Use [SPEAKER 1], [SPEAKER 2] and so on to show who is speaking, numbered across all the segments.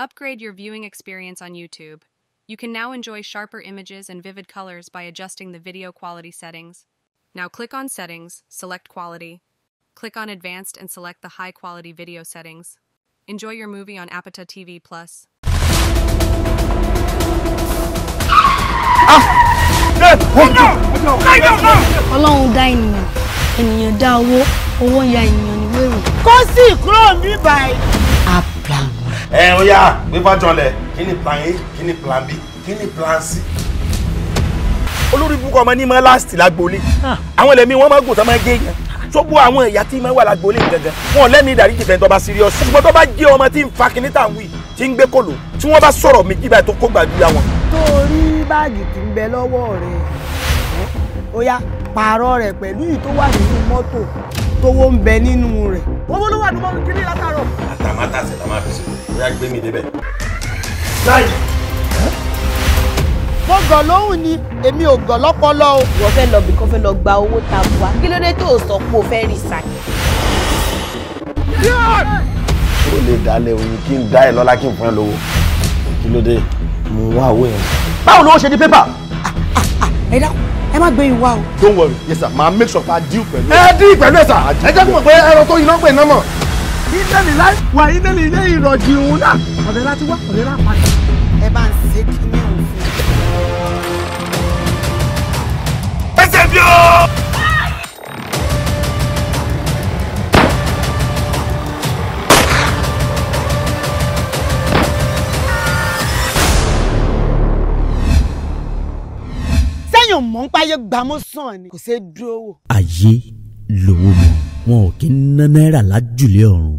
[SPEAKER 1] Upgrade your viewing experience on YouTube. You can now enjoy sharper
[SPEAKER 2] images and vivid colors by adjusting the video quality settings. Now click on Settings, select Quality. Click on Advanced and select the High Quality Video settings. Enjoy your
[SPEAKER 1] movie on Apata TV+. Plus. Ọlọ́run dá ènìyàn,
[SPEAKER 3] ènìyàn dá owó, owó ya ènìyàn níwèrè. Kó sì kúrò
[SPEAKER 4] ẹ ó yá gbégbá jọlẹ̀ kí ni plan a kí ni plan b kí ni plan c.
[SPEAKER 5] olórí búkọ ọmọ
[SPEAKER 4] ní mọ last lágboolé ah. àwọn ẹlẹmí wọn máa gùn tán máa
[SPEAKER 5] gé yẹn tó gbọ́ àwọn ìyá tí máa wà lágboolé gangan wọn lẹ́ni ìdáríjì fẹ́ tó bá serious ṣùgbọ́n tó bá jẹ́ ọmọ tí ń
[SPEAKER 4] fa kinní tà ń wí tí ń gbé kòló tí wọ́n bá sọ̀rọ̀ méjì báyìí tó kó gbàdúrà wọn.
[SPEAKER 1] torí báàgì
[SPEAKER 5] tí ń bẹ lọ́wọ́ rẹ̀ ó yá pààrọ̀ rẹ̀ pẹ̀lú ì tó tówó ń bẹ nínú rẹ̀. owó ló wà ní mọ́mí kiri látàárọ̀. àtàmátàsẹ̀ la máa fi ṣe bóyá gbé mi débẹ̀. láì. mo gàn lóhùn ni èmi ò gàn lọ́pọlọ o. ìwọ fẹ́ lọ bí kò fẹ́ lọ gba owó ta bua kí ló dé tó o sọ pé o fẹ́ rìn sàkè. o lè dalẹ̀ oyin kí n dá ẹ lọ́la kí n fún ẹ lówó kí ló dé mo wá owó yẹn. báwo ló ń ṣe ní pépà ẹ dákun ẹ má gbé ìwà o. don't worry yes sir Ma make sure pa deal pẹ̀lú. ẹ díì pẹ̀lú ẹ sà ẹ jẹ́ kí mọ̀ pé ẹran tó iná pè náà mọ̀. ìdẹ́lì láì wà ìdẹ́lì ilé ìrọ̀jì òun náà ọ̀rẹ́ láti wá ọ̀rẹ́
[SPEAKER 1] láti padà. ẹ bá ń ṣe kí ní òfin. ẹsẹ̀ bí o.
[SPEAKER 5] téèyàn mọ̀ ń páyé gbámú sàn ni kò ṣeé dúró wò.
[SPEAKER 6] ayé lówó mu wọn ò kí ń ná náírà lájùlé ọ̀run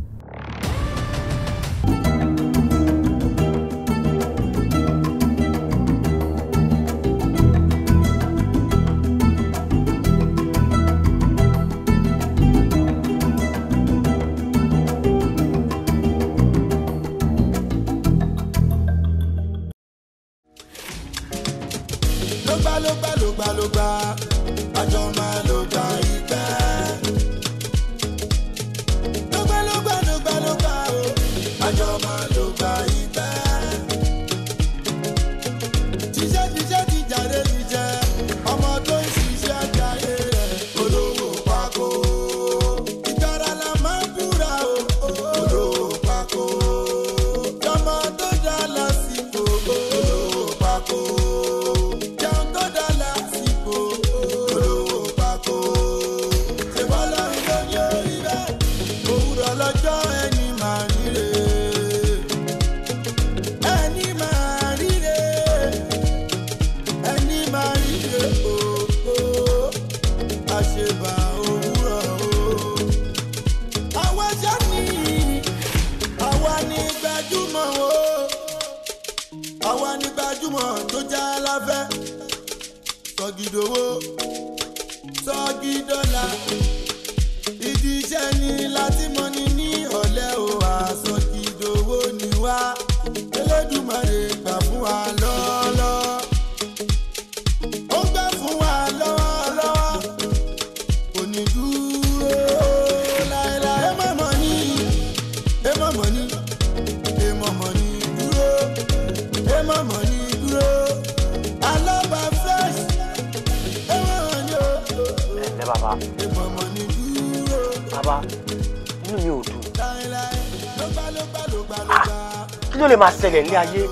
[SPEAKER 5] ilé ayé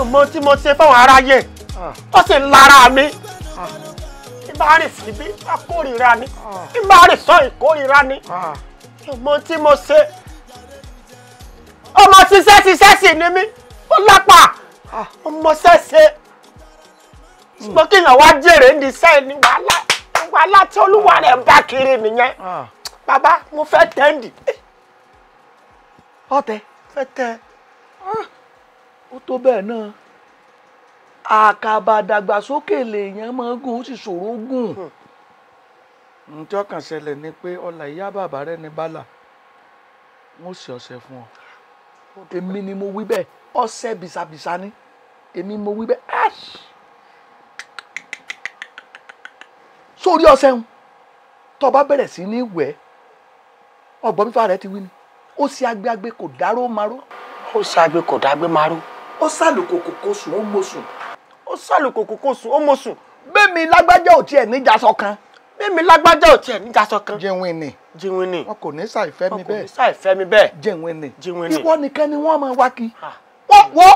[SPEAKER 5] ọmọ tí mo ṣe fáwọn aráyé ó sì ń lára mi ìbá rìn síbí bá ni ìbá rìn sọ ìkórìíra ni tí mo ṣe ọmọ ṣiṣẹ́ ṣiṣẹ́ sì ni mí ó lápá ọmọ ṣẹ́ṣe kí èèyàn wá jèrè ní iṣẹ́ wàhálà tí olúwa rẹ̀ ń bá kiri nìyẹn mo fẹ́ ó tó bẹ́ẹ̀ náà àkàbà dàgbàsókè lèèyàn máa gùn ó sì ṣòro gùn
[SPEAKER 6] ǹjọ́ hmm. kan ṣẹlẹ̀ ni pé ọlà ìyá bàbá rẹ ní bàlà wọ́n sì ọṣẹ fún ọ èmi ni mo
[SPEAKER 5] wí bẹ́ẹ̀ ọṣẹ bìsàbìsà ni èmi mo wí bẹ́ẹ̀ sórí ọṣẹ ń tó bá bẹ̀rẹ̀ sí ní wẹ̀ ọgbọ́n fífa rẹ ti wí ni ó ṣe agbẹ́agbẹ́ kò dáró maró. ó ṣe agbẹ́ kò dágbé maró ó sàlùkòkò kò sùn ó mọ̀ sùn. ó sàlùkòkò kò sùn ó mọ̀ sùn bẹ́ẹ̀mi lágbájá ò tiẹ̀ níjà sọ̀kan bẹ́ẹ̀mi lágbájá ò tiẹ̀ níjà sọ̀kan. jẹun ni jẹun ni wọn kò ní ṣàìfẹ́ mi bẹ́ẹ̀ wọn kò ní ṣàìfẹ́ mi bẹ́ẹ̀ jẹun ni jẹun ni ìwọ nìkan ni wọ́n máa wá kí. wọ́n wọ́n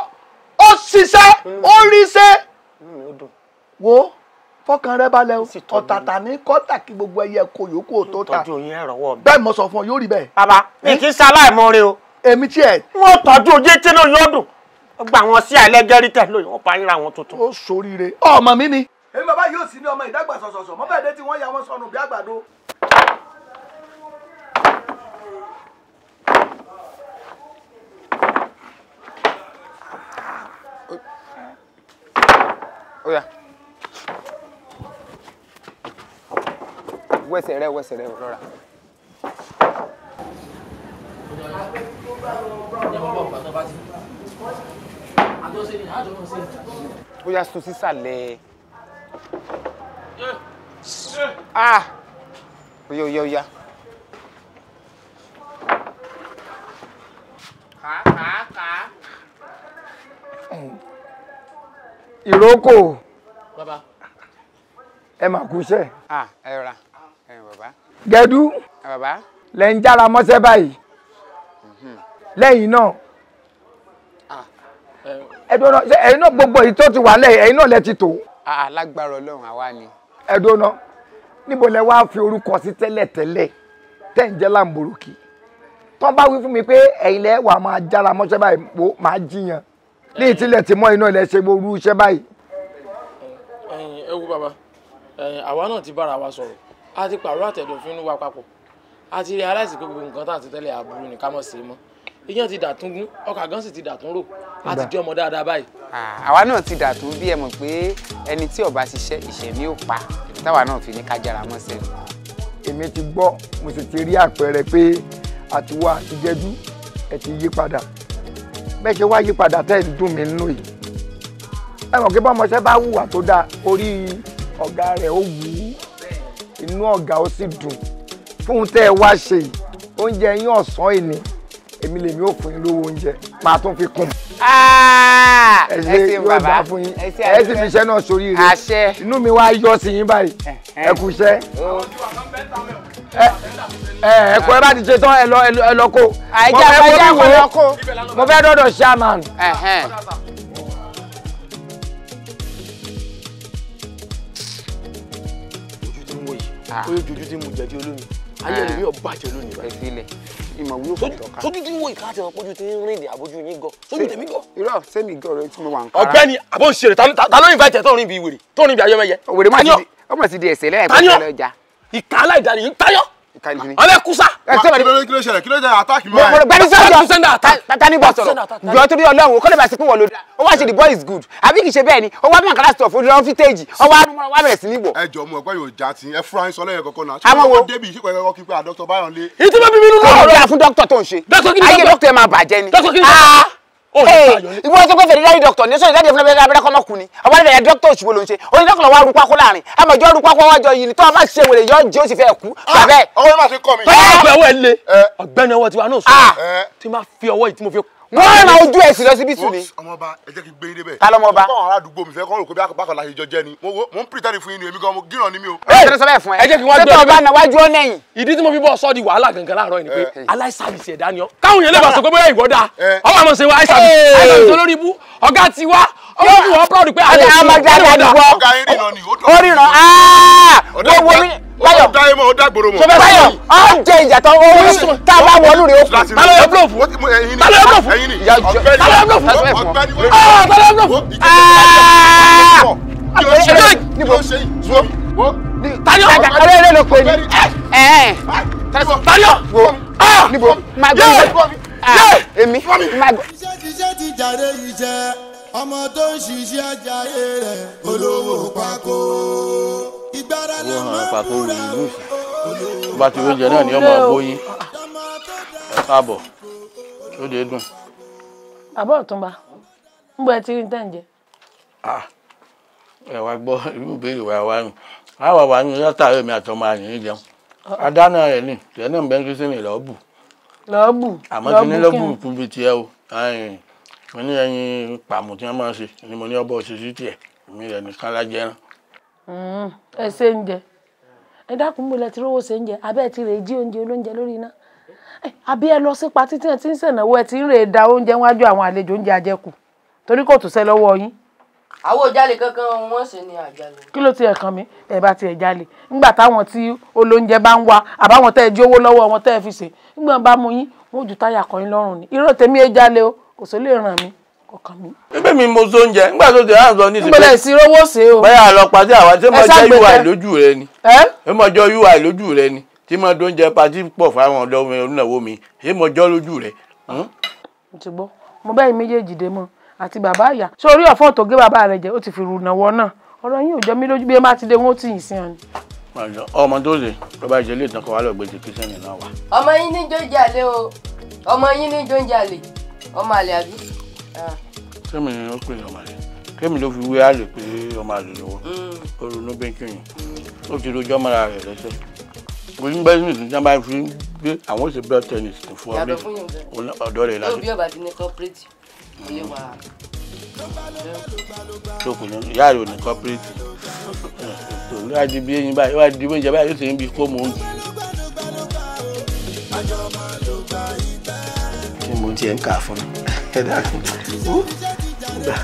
[SPEAKER 5] ó ṣiṣẹ́ hmm. ó rí iṣẹ́ wo fọkàn rẹ balẹ̀ o ọ̀tàtà ní kọ́tà kí gbogbo ẹyẹ kò yòókù tó ta bẹ́ẹ̀ mo sọ fún ọ yóò rí bẹ́ẹ̀. bàbá mi hmm? kì í ṣe aláìmọ́re o. èmi tiẹ̀. wọ́n tọ́jú ojú ó gba àwọn sí àìlẹ́gẹ́rì tẹ̀lé òyìnbó pa yín ra tuntun. ó ṣoríire ọmọ mi ni. èmi bàbá yóò sí ní ọmọ ìdàgbàsọ̀sọ̀sọ̀ mọ́ bẹ́ẹ̀ dé tí wọ́n ya wọn sọnù bí àgbàdo. Oya. Wẹ́sẹ̀ rẹ wẹ́sẹ̀ rẹ lọ́ra. Ọjọ́ ìgbà bóyá sún sísàlẹ̀ ah oya oya oya. ìrókò bàbá ẹ mà kú iṣẹ́.
[SPEAKER 7] ah ẹ rà ẹ bàbá. gẹdú bàbá
[SPEAKER 5] lẹ ń jára mọ́ṣẹ́ báyìí mhm. lẹ́yìn náà ẹdùnà ẹ̀yin náà gbogbo èyí tó ti wà lẹ ẹ̀yin náà lẹ ti tò.
[SPEAKER 7] alágbára Ọlọ́run àwa ni.
[SPEAKER 5] ẹdùnà níbo lẹ wá fi orúkọ sí tẹ́lẹ̀tẹ́lẹ̀ tẹ́ ń jẹ́ làǹbòrókì tọ́ bá wí fún mi pé ẹ̀yin lẹ wà máa jára mọ́ṣẹ́ báyìí mo máa jiyàn ní ìtìlẹ̀ tí mọ́ iná ilẹ̀ ṣe gbogbo iṣẹ́ báyìí. ẹ wo bàbá àwa náà ti bára wa sọ̀rọ̀ a ti pààrọ̀ àtẹ̀dọ̀fínú wa papọ̀ a ti rí aláìsí pé gbogbo nǹkan tá à ń ti tẹ́lẹ̀ àbúrò ní ká mọ̀ sí i mọ́ iyán ti dàtúngún ọkà gan sì ti dàtúnrò a ti jẹ́ ọmọ dáadáa báyìí.
[SPEAKER 7] àwa náà ti dàtún bí ẹ mọ̀ pé
[SPEAKER 5] ẹni tí ọba ṣiṣẹ́ ìṣẹ̀mí ò pa táwa náà fi ní kájára mọ́sẹ̀. èmi ti gbọ́ mo sì ti rí àpẹẹrẹ pé àtiwá ti jẹ́jú ẹ ti yí padà bẹ́ẹ̀ ṣe wá yí padà tẹ́ ẹ dùn mí nínú yìí. ẹ mọ̀ pé bọ́mọṣẹ́ bá hùwà tó dáa orí ọ̀gá rẹ̀ ó wù ú inú ọ̀gá ó sì dùn fún tẹ́ ẹ wá ṣe oúnjẹ yín ọ̀sán ìní èmi lèmi ò fún yín lówó oúnjẹ máa tún fi kún.
[SPEAKER 1] Ah! ẹ ṣe yóò dá fún yín ẹ sì fi iṣẹ́ náà
[SPEAKER 5] sórí rẹ̀ inú mi wá yọ sí yín báyìí ẹ kú iṣẹ́. ẹ ẹkọ ẹ bá ti ṣe tán ẹ lọ ẹ lọ kó mo fẹ́ kó mi
[SPEAKER 1] wo
[SPEAKER 6] mo fẹ́ dọ́dọ̀ chairman. ojú
[SPEAKER 5] tí ń wo ah. yìí ojú tí mo jẹ di olómi ayé ah. ẹlòmíràn bàjẹ́ lónìí báyìí kí n mọ wúlò fún ìtọ́ka. sójú tí ń wo ìka àti ọ̀pọ̀jù tí ń rìn dè àbójú yín gan sójú tèmi gan. irọ́ sẹ́mi gan rẹ tí mo wà ń kára. ọ̀gbẹ́ni àbó ń ṣeré ta ló ń invite tó ń rìn bí wèrè tó ń rìn bí ayọmẹyẹ. òwèrè mọ̀ sí di ẹ̀sẹ̀ lẹ́yìn pẹ̀lú ọjà. ìka aláìdáni yìí ń tayọ́. Ale kusa. ẹ sẹ́wọ̀n
[SPEAKER 4] ni kí ló ṣẹlẹ̀ kí ló ṣẹlẹ̀ attack mi. mo gbẹ́ni sọ́jọ́ sẹ́ndà attack. tatani bọ̀
[SPEAKER 5] sọ̀rọ̀ jọ torí ọlọ́run kọ́lẹ̀ bá sípò wọ̀ lóda ó wá ṣe the boy is good àbí kì í ṣe bẹ́ẹ̀ ni ó wá bí àkàrà sọ̀fọ̀ ojú lọ́wọ́
[SPEAKER 4] fítéèjì ó wá mú wa bẹ̀rẹ̀ sí ní wọ̀. ẹ jọ mu ẹgbẹ́ yóò já ti ẹ fura yín sọ lẹ́yìn kọ̀ọ̀kan náà. àmọ́ wo débi ìṣèpẹ́ kọ́kọ́ kí pé à dókítà báyọ̀ lé.
[SPEAKER 5] ìtumọ̀ bíbí nínú ọ̀rọ̀. kò ní kí a fún dókítà tó ń ṣe. ayé
[SPEAKER 4] dókítà máa bàjẹ́ ni. dókítà kí
[SPEAKER 5] ni. Ah! ìwọ ẹsẹ pé fẹdẹdẹ dọkítọ ní sọyìn jáde fúnra bẹ́ẹ̀ abẹrẹ kọmọ kù ni àwọn ẹlẹyà dọkítọ òṣùwò ló ń ṣe onídọkọlọ wa rúpa kó láàrin àmọjọ rúpa kó wájọ yìí ni tó a máa ṣe wèrè yọ jẹ ó sì fẹ́ kú. Ah,
[SPEAKER 4] ọwọ́ ẹ máa ṣe kọ́ mi. ọgbẹ́ ọwọ́ ẹ le ọgbẹ́ni ọwọ́ tiwa náà sọ ah. eh. tí máa fi ọwọ́ yìí tí mo fi wọ́n ràn ojú ẹ̀ sí lọ síbí tù ni. ọmọọba ẹ jẹ́ kí n gbé yín débẹ̀. ta lọmọọba. ọmọ àwọn àdúgbò mi fẹ́ kọ́ rò pé bákan láti jọ jẹ́ ni mo ń pìtẹ́rì fún yín ni èmi gan mo gíràn ni mi o. ẹ jẹ́ sọ́lá ẹ̀ fún ẹ. ẹ jẹ́ kí wọ́n gbé ọba náà wájú ọ̀nà yìí.
[SPEAKER 5] ìdí tí mo fi bọ́ sọ́ di wàhálà gangan láàárọ̀ yìí ni pé eh, eh. aláìsàbìsì ẹ̀dá ni ọ. káwọn yẹn lè bá ọmọ mi wọ́n pé àwọn ọmọ
[SPEAKER 4] mi ah! wọ́n dà ó ríran wọ́n wo mi báyọ̀ báyọ̀ ọ̀ jẹ ìjà tán owó mi tá a bá wọlú rẹ̀ ó kù báyọ̀ yóò blóòfù báyọ̀ yóò blóòfù báyọ̀ yóò blóòfù báyọ̀ yóò blóòfù ah, ah!
[SPEAKER 5] tayọ ọlọ ilé ló
[SPEAKER 4] pe ni ẹ
[SPEAKER 1] tayọ wo níbo magbọ èmi magbọ. iṣẹ́ ti ṣe ti jàre yìí jẹ́. ọmọ tó ń ṣiṣẹ́ ajá yé rẹ̀ olówó pákó.
[SPEAKER 6] ìgbára ló máa ń múra o. tó bá ti oúnjẹ náà ni ọmọ bóyin ẹ káàbọ̀ tó lè dùn.
[SPEAKER 3] àbọ̀ ọ̀túnba ń gbọ́ ẹ ti rí tẹ̀ǹjẹ.
[SPEAKER 6] ẹ wá gbọ́ irú ìbéèrè wa wá rùn á wà wá nínú látàrí èmi àtọmọ àyìn jẹun adáná rẹ ni tẹ̀ náà bẹ́ńkì sí ni lọ́ọ́ bù.
[SPEAKER 5] kí àmọ́
[SPEAKER 6] kúbi o. mo ní ẹyin pàmò tí wọ́n máa ṣe ni mo ní ọbọ̀ ṣíṣí tiẹ̀ mi rẹ̀ nìkan lájẹran.
[SPEAKER 5] Hmm, ẹ ṣe ń jẹ ẹ dákun mo lẹ ti rówó ṣe ń jẹ abẹ́ ti rè jí oúnjẹ olóúnjẹ lórí iná àbí ẹ lọ sí patí tí ẹ ti ń ṣènáwó ẹ ti ń rè é da oúnjẹ wájú àwọn àlejò oúnjẹ àjẹkù torí kò tún sẹ lọ́wọ́ yín. àwọn òjálè kankan wọn
[SPEAKER 8] sì ni àjálè.
[SPEAKER 5] kí ló tiẹ̀ kàn mi ẹ bá tiẹ̀ jálè nígbà táwọn tí olóúnjẹ bá ń wá àbáwọn tẹ́ ẹ jówó lọ́wọ́ wọn tẹ́ ẹ fi ṣe nígbà bá mú yín wọn ò ju táyà kọ́ yín lọ́rùn ni irọ́ tèmi ẹ jálè o kò sí lè ràn mí
[SPEAKER 6] ọkàn mi. níbẹ̀ mi mo so oúnjẹ nígbà tó ti hàn sọ ní ìsìnkú. ìbẹ̀rẹ̀ ìsìn owó ṣe o. bẹ́ẹ̀ àlọ́ pàṣẹ àwọn tí mo jẹ́ ui lójú rẹ ni. ẹ mo jọ ui lójú rẹ ni tí mo dún jẹ pàṣẹ pọ̀ fáwọn ọ̀dọ́ onínáwó mi ṣé mo jọ lójú rẹ. Hmm? mo ti
[SPEAKER 5] gbọ́ mo bẹ́ẹ̀ méjèèjì dé mọ́ àti bàbá àyà ṣé orí ọ̀fọ́n tó gé bàbá rẹ jẹ ó ti fi rùnàwọ́ náà ọ̀rọ̀ yín ò jọ mí lójú bí ẹ má ti dé wọn ó tì yín sí ọ ni
[SPEAKER 6] ọmọ tó lè tó bá jẹ ilé ìtàn kan wà lọ gbèsè kìsẹ́nì náà wà.
[SPEAKER 5] ọmọ yín ní jóúnjẹ àlè o ọmọ yín ní jóúnjẹ àlè ọmọ àlè àbí. Ah.
[SPEAKER 6] kémi ó pè ọmọ àlè kémi ló fi wé àlè pé ọmọ àlè lọ́wọ́ mm. ó ronú bẹ́ńkì yìí ó ti rojọ́ mọ́ra rẹ̀ lẹ́sẹ̀ wọ́n bẹ́ẹ̀ ní ìdíjà bá fi gbé àwọn ṣe bẹ́ẹ̀ tennis tó fún ọ bí ọ̀dọ́ rẹ̀ láti. olùbí
[SPEAKER 1] ọba ti ní corporate ilé wa.
[SPEAKER 6] tó kù ní ò ní corporate bí eyín báyìí wá di bí oúnjẹ báyìí yóò ṣe ń bi kó mò ń jù mo tiẹ̀ ń kà fún un ẹ dákun ó gbà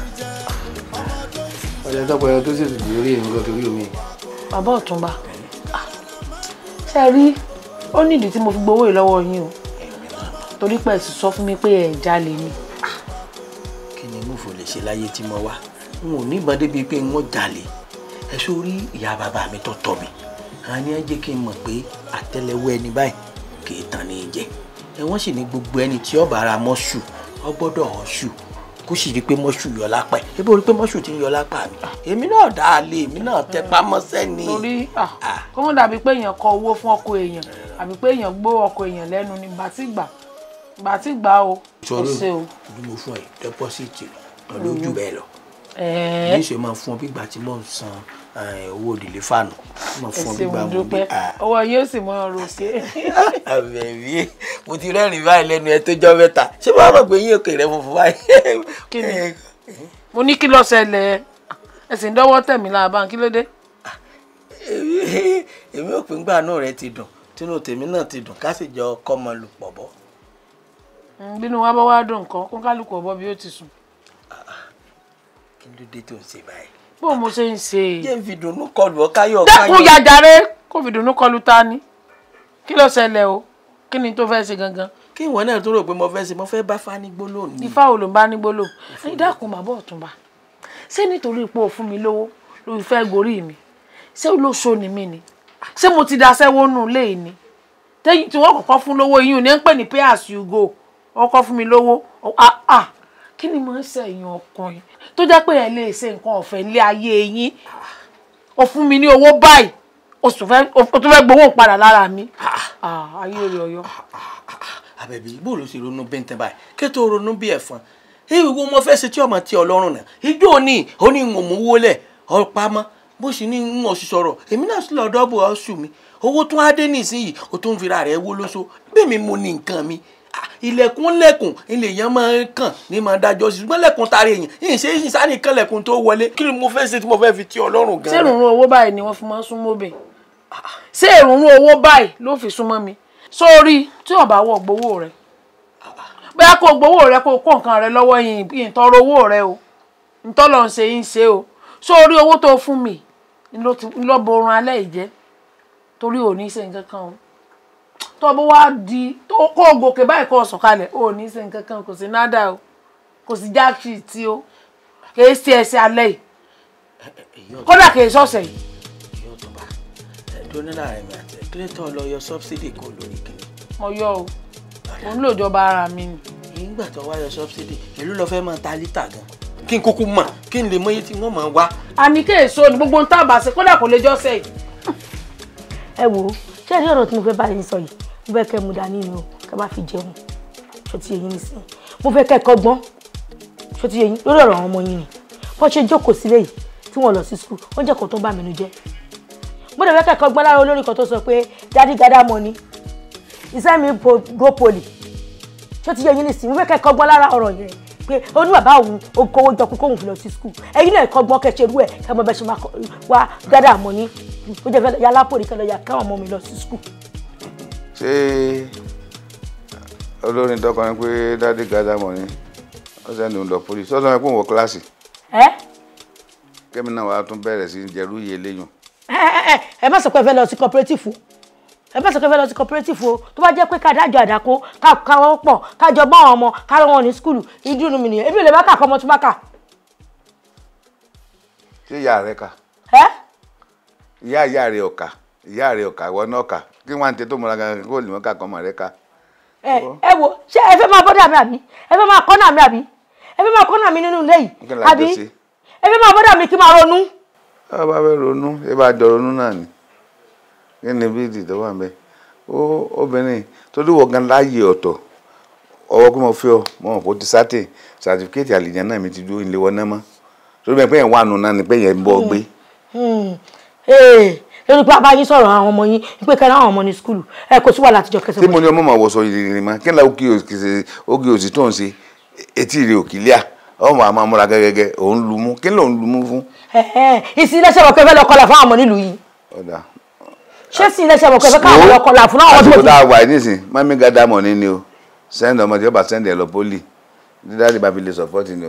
[SPEAKER 6] ọjà tọpọ ẹran tó sì tù lórí èmi kan torí omi.
[SPEAKER 3] bàbá ọ̀túnba ṣe rí ó nídìí tí mo fi gbowó yìí lọ́wọ́ yín o torí pé ẹ̀sùn sọ fún mi pé ẹ̀ jalè ni.
[SPEAKER 5] kí ni mo fò lè ṣe láyé tí mo wá n ò ní ìbọn débi pé wọ́n jalè ẹ sórí ìyá bàbá mi tó ni ẹ ẹ wọ́n sì ní gbogbo ẹni tí ọba ara mọ́ṣù ọ gbọ́dọ̀ ọṣù kó sì rí i pé mọ́ṣù yọ lápá ẹ̀ ẹ bó rí i pé mọ́ṣù ti ń yọ lápá mi èmi náà dá a lé èmi náà tẹpá mọ́ṣẹ́ ni. torí kọ́mọ́ dàbí pé èèyàn kọ owó fún ọkọ èèyàn àbí pé èèyàn gbó ọkọ èèyàn lẹ́nu ni bàtígbà bàtígbà o. sọ̀rọ̀
[SPEAKER 6] ìlú mo fún ẹ dẹ́pọ́sìtì lọ́dún jù mm-hmm. bẹ́ẹ̀ lọ. ní ìṣe máa fún ọ bí gbà tí mò ń san Eh, owó òdìlé fàánù mo fún gbígbà mo bí a.
[SPEAKER 5] Ah. ọwọ́ yóò sì mọ ọrọ̀ òkè.
[SPEAKER 6] àbẹ̀bí mo ti rẹ́rìn báyìí lẹ́nu ẹ tó jọ mẹ́ta ṣé wàá mọ̀ pé yín òkè rẹ funfun báyìí. kí ni eh,
[SPEAKER 5] mo ní kí ló ṣẹlẹ̀ ẹ sì ń dọ́wọ́ tẹ̀mí láàbá kí ló dé. Ah,
[SPEAKER 6] èmi ò pé ńgbà náà rẹ ti dùn tínú tèmi náà ti dùn ká sì jọ kọ́mọ lù pọ̀ bọ́.
[SPEAKER 5] Hmm, bínú wa bá wá dùn nǹkan kó kálukú ọ̀bọ bí ó ti sùn. Ah,
[SPEAKER 6] kí ló dé tó ń ṣe báyìí
[SPEAKER 5] bó mo ṣe ń ṣe. jẹ́ n fi dùnnú kọlù ọ̀káyọ̀ ọ̀káyọ̀. dẹ́kun yàjàre kó fi dùnnú kọlù ta ni kí ló ṣẹlẹ̀ o kí ni tó fẹ́ ṣe gangan. kí ìwọ náà tó rò pé mo fẹ́ ṣe mo fẹ́ bá fánigbólò ni. ifá ò ló ń bá nígbólò ní dákun màbọ̀ ọ̀túnba ṣé nítorí ipò òfún mi lówó ló fẹ́ gorí mi ṣé olóṣó ni mí ni ṣé mo ti daṣẹ́ wónú ilé yìí ni tí wọ́n kọ́kọ́ fún lówó yín ò ní pè ní pay as you go ọkọ fún mi lówó ah ah kí ni mo ń ṣe èèyàn ọkùnrin tó jẹ́ pé ẹ lè ṣe nǹkan ọ̀fẹ́ ilé ayé yín ó fún mi ní owó báyìí o tún fẹ́ gbowó padà lára mi
[SPEAKER 6] ayé rẹ̀ ọ̀yọ́. àbẹ̀bí bó ló ṣe ronú bẹ́ńtẹ́ báyìí kí tó ronú bí ẹ̀fọn ìwọ mo fẹ́ ṣe tí ọmọ tí ọlọ́run náà ijó ni ó ní ń mú wọlé ọ̀pá mọ́ bó sì ní ń ọ̀sùn sọ̀rọ̀ èmi náà sì lọ́ọ́ dọ́bù ọ̀sùn mi owó tún á dé nísìnyí o tún fira rẹ̀ wó lóṣó bẹ́ẹ̀ mi mo ní nǹkan mi ilẹ̀kùn lẹ̀kùn ilé yẹn máa ń
[SPEAKER 5] kàn ní máa dájọ́ sí ṣùgbọ́n lẹ̀kùn tara èèyàn yìí ṣe yìí sáré kan lẹ̀kùn tó wọlé kí ni mo fẹ́ ṣe tí mo fẹ́ fi ti ọlọ́run gan. ṣé ìrùnrún owó báyìí ni wọ́n fi máa ń sún mọ́bẹ̀ ṣé ìrùnrún owó báyìí ló fi súnmọ́ mi sórí tí o bá wọ gbowó rẹ bóyá kó gbowó rẹ kó kó nǹkan rẹ lọ́wọ́ yìí ìtọrọ owó rẹ o ntọ́lọ́ ń ṣe yín ṣe o sórí owó tó fún mi ńlọ́bọ̀ọ́rùn alẹ́ ìjẹ́ tó bó wá di kó o gòkè báyìí kó o sọ̀kalẹ̀ o ò ní ṣe nǹkan kan kò sí nádà o kò sí jákì tí o kèé ṣe ẹsẹ̀ alẹ́
[SPEAKER 6] yìí kódà
[SPEAKER 5] kèé sọ̀sẹ̀ yìí. yóò tó
[SPEAKER 6] bá donella rẹmi àti clayton lọ yọ sọbsidi kó lórí kìnnì.
[SPEAKER 5] mo yọ o mo ń lòjọba ara mi ni. nígbà tó wá yọ sọbsidi èló lọ fẹ́ máa ta lítà gan kí n kúkú mọ̀ kí n lè mọ iye tí wọ́n máa wá. àní kéèso ni gbogbo ń tàbà sí kódà kò lè jọ́ sẹ́yìn.
[SPEAKER 3] ẹ wo ṣé ẹ rí ọ̀rọ̀ tí mo fẹ́ bá sọ yìí mo fẹ́ kẹ́ mu dání ni o kẹ́ má fi jẹun ṣó ti yé yín mo fẹ́ kẹ́ kọ́gbọ́n ṣó ti lórí ọ̀rọ̀ ọmọ yín ni bọ́n ṣe jókòó sílẹ̀ yìí tí wọ́n lọ sí skul ó jẹ́ kó tó ń bà mí nu jẹ́ mo dẹ̀ fẹ́ kẹ́ kọ́gbọ́n lára olórin kan tó sọ pé dadi gada money iṣẹ́ mi go poli ṣó ti ni yín nísìnyí mo fẹ́ kẹ́ kọ́gbọ́n lára ọ̀rọ̀ yẹn pé ó ní bàbá òun ó kówó jọ kókó òun fi lọ sí skul ẹ̀yin náà kọ́gbọ́n kẹ́ ṣe irú kẹ́ mọ bẹ́ẹ̀ ṣe máa wá gada money ó jẹ́ fẹ́ yàrá pòrí kẹ́ lọ yà káwọn ọmọ mi lọ sí skul
[SPEAKER 7] ṣé olórin tọkọrin pé dáàdì gada mọ̀ ni ó sẹ́ni òun lọ police ó sọ pé wọ kíláàsì. ẹ. tún bẹ̀rẹ̀ sí iye léyìn. ẹ
[SPEAKER 3] ẹ ẹ má sọ pé fẹ́ lọ sí cooperative ẹ má sọ fẹ́ lọ cooperative o tó bá jẹ́ pé ká dájọ́ àdàkó ká káwọ́ pọ̀ kájọ bá ọmọ ká wọn ní skulu mi nìyẹn ebi
[SPEAKER 7] kí wọ́n á tẹ tó múra gangan kó lè mọ́ ká kọ́mọ rẹ ká.
[SPEAKER 3] ẹ ẹ wo ṣé ẹ fẹ́ máa bọ́dà mi àbí ẹ fẹ́ máa kọ́nà mi àbí ẹ fẹ́ máa kọ́nà mi nínú ilé yìí àbí ẹ fẹ́ máa bọ́dà mi kí máa ronú.
[SPEAKER 7] a bá fẹ́ ronú ẹ bá jọ ronú náà ni kí ni bí ìdìtọ́ wà mẹ́ ó obìnrin tó dúwọ̀ gan láàyè ọ̀tọ̀ ọwọ́ pé mo fẹ́ ọ mo mọ̀ kó ti sátẹ̀ sàtífíkẹ́tì àlìjá náà mi ti dúró ìléwọ́ náà mọ́ torí bẹ́ẹ̀ pé yẹn wà nù náà ni pé yẹn ń bọ́ gbé.
[SPEAKER 3] Hmm, hmm lórí pé abáyé sọ̀rọ̀ àwọn ọmọ yín pé kẹrẹ àwọn ọmọ ní skulu ẹ kò sí wàhálà àtijọ́ kẹsẹ̀. tí mo ní ọmọ
[SPEAKER 7] màá wọṣọ ìrìnrìn mọ kí n la oge òsì tó ń ṣe etí rè òkìlíà ọmọ àmọ́ amúra gẹ́gẹ́ òun lu mú kí lóun lu mú fún.
[SPEAKER 5] ìsìnlẹsẹ mọ pé fẹ́ lọ kọlà fún àwọn ọmọ nílùú yìí. ṣé ìsìnlẹsẹ mọ pé fẹ́ káwọn lọ kọlà fún àwọn
[SPEAKER 7] ọmọ gada mọ̀ ní ni o sẹ́ńdọ̀ ọmọ tí ó bá sẹ́ńdẹ̀ lọ pólì dídáàdì bá fi lè sọ̀pọ́tì ni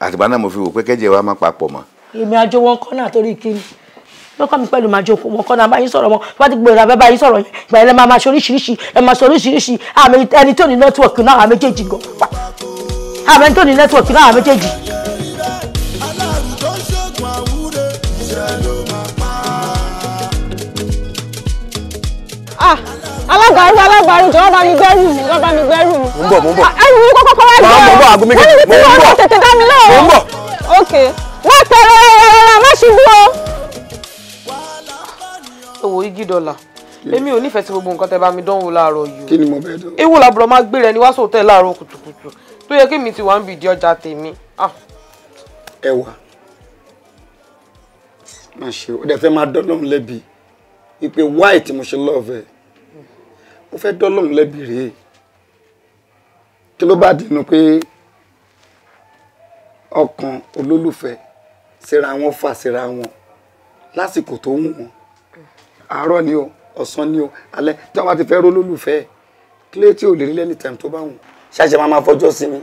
[SPEAKER 7] àtìgbà náà mo fi wò pé kẹ́jẹ́ wa máa papọ̀ mọ́.
[SPEAKER 5] èmi àjò wọn kọ́ náà torí kí ni lọ́kọ́ mi pẹ̀lú màjò wọn kọ́ náà báyìí sọ̀rọ̀ mọ́ bá ti gbèrò àbẹ́ báyìí sọ̀rọ̀ yẹn gbà ẹ̀lẹ́ máa ṣe oríṣiríṣi ẹ̀ máa ṣe oríṣiríṣi ẹni tó ní nẹ́tíwọ̀kì náà àmì méjèèjì gan ẹni tó ní nẹ́tíwọ̀kì náà àmì méjèèjì.
[SPEAKER 3] alágbàrú alágbàrú jọ bá mi gbẹ́rù mi lọ bá mi gbẹ́rù mi. mo ń bọ̀ mo ń bọ̀. Ah, ẹrù mi kọ́kọ́ kọ́ wá gbé ọ. mo ń bọ̀ àgbo méjèèjì mo ń bọ̀. wọ́n ní tètè dá mi lọ́wọ́. mo ń bọ̀. ok wọ́n tẹ̀lé ẹ̀rọ má ṣubú o.
[SPEAKER 5] owó igi dọ́là èmi ò nífẹ̀ẹ́ sí gbogbo nǹkan tẹ́ bá mi dánwò láàárọ̀ yìí o. kí ni mo bẹ́ẹ̀ dán. ewu làbúrò máa gbé rẹ ní wá sòtẹ́ láàárọ̀ kùtùkùtù tó yẹ kí mi ti wà ń bìdí ọjà tèmi. Ah. ẹwà máa ṣe ó dẹ fẹ́ máa dán lẹ́bi wípé wáì mo ṣe lọ́ọ̀fẹ́ ó fẹ́ dọ́lọ́hún lẹ́bi rèé kí ló bá dínú pé ọkàn olólùfẹ́ síra wọn fà síra wọn lásìkò tó wù wọn àárọ̀ ni o ọ̀sán ni o alẹ́ tí wọ́n bá ti fẹ́ rólólùfẹ́ kílé tí ò lè rí lẹ́ni tẹ̀m tó bá wù ṣáṣẹ́ máa máa fọjọ́ sí mi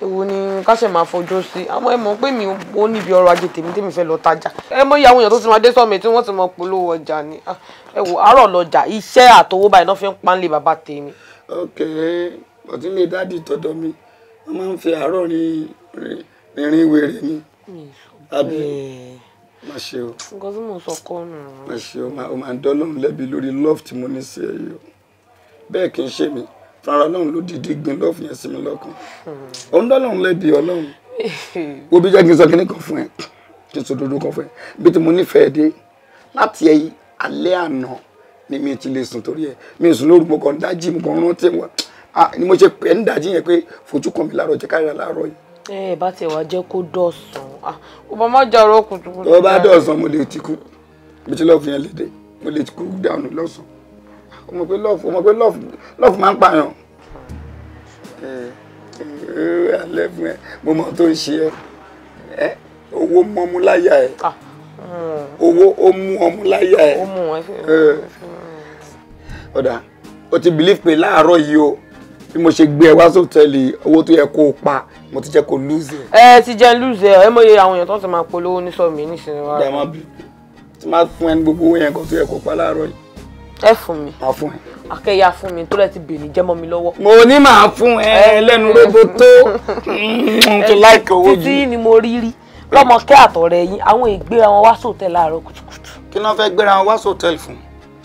[SPEAKER 5] èwo ni ká ṣe máa fojú sí àmọ́ ẹ mọ̀ pé mi ò níbi ọrọ̀ ajé tèmi tèmi fẹ́ lọ tajà ẹ mọ̀ iye àwọn èèyàn tó ti máa dé sọ́ọ̀mì tí wọ́n ti mọ polówó ọjà ni ah, ẹ wò àárọ̀ lọ́jà iṣẹ́ àtowó báyìí náà fi ń pa ń lè bàbá tèmi. ok ọtí lè dáàdì tọ̀dọ̀ mi wọ́n máa ń fi àárọ̀ rìnrìn wèrè ni àbí má ṣe o nǹkan tí mo sọ kọ́ nù. má ṣe o máa ń dọ́lọ́run lẹ́bi lórí love tí mo ní sí ẹ yìí o bẹ́ẹ̀ kì í ṣèmi fara lọ́run ló dìde gbin lọ́ọ̀fù yẹn sí mi lọ́kàn òun dọ́lọ́run lẹ́bi ọlọ́run òbí jẹ́ kí n sọ kí ní kan fún ẹ kí n sọ dodo kan fún ẹ bí ti mo nífẹ̀ẹ́ dé láti ẹyí alẹ́ àná ni mi ti lè sùn torí ẹ mi sùn lóru mo kàn dájí mo kàn rántí wọn ah, ni mo ṣe pẹ́ ń dájí yẹn pé fojú kan mi láàárọ̀ jẹ́ káyọ̀ láàárọ̀ yìí. ẹ bá tiẹ̀ wá jẹ́ kó dọ̀sán ó ah, bá má jẹ́ ọ̀rọ̀ kùtùkùtù. tó bá dọ̀sán
[SPEAKER 2] mo lè ti kú bí ti lọ́ọ̀fù yẹn lè mo lè ti kú dáhùn lọ́sàn
[SPEAKER 5] o mọ̀ pé lọ́ọ̀fù o mọ̀ pé lọ́ọ̀fù lọ́ọ̀fù máa ń pààyàn alẹ́ fún ẹ mo mọ̀ tó ń ṣe ẹ owó mọ́mú láyà ẹ ah. owó ó mú ọmú láyà ẹ ọ̀dà o ti believe pé láàárọ̀ yìí o bí mo ṣe gbé ẹ wá sọ́tẹ́ẹ̀lì owó tó yẹ kó o pa mo ti jẹ́ kó lose ẹ. ẹ ti jẹ́ lose ẹ ẹ mọ̀ iye àwọn èèyàn tó ti máa polówó ní sọ́ọ̀mù yìí nísìnyí wa. dàmọ́ bí tí máa fún ẹni gbogbo owó yẹn kan tó yẹ kó pa láàárọ̀ yìí ẹ fún mi. a fún ẹ. akẹ́yà fún mi tó lẹ́ ti bèèrè jẹ́ mi lọ́wọ́. mo ní màá fún ẹ lẹ́nu roboto
[SPEAKER 1] tó like owó jù. títí
[SPEAKER 5] ni mo rí rí lọ́mọ kẹ́ àtọ̀rẹ́ yín àwọn ìgbéra wọn wá sòtẹ́ẹ̀lì àárọ̀ kùtùkùtù. kí ló fẹ́ gbéra wọn wá sòtẹ́ẹ̀lì fún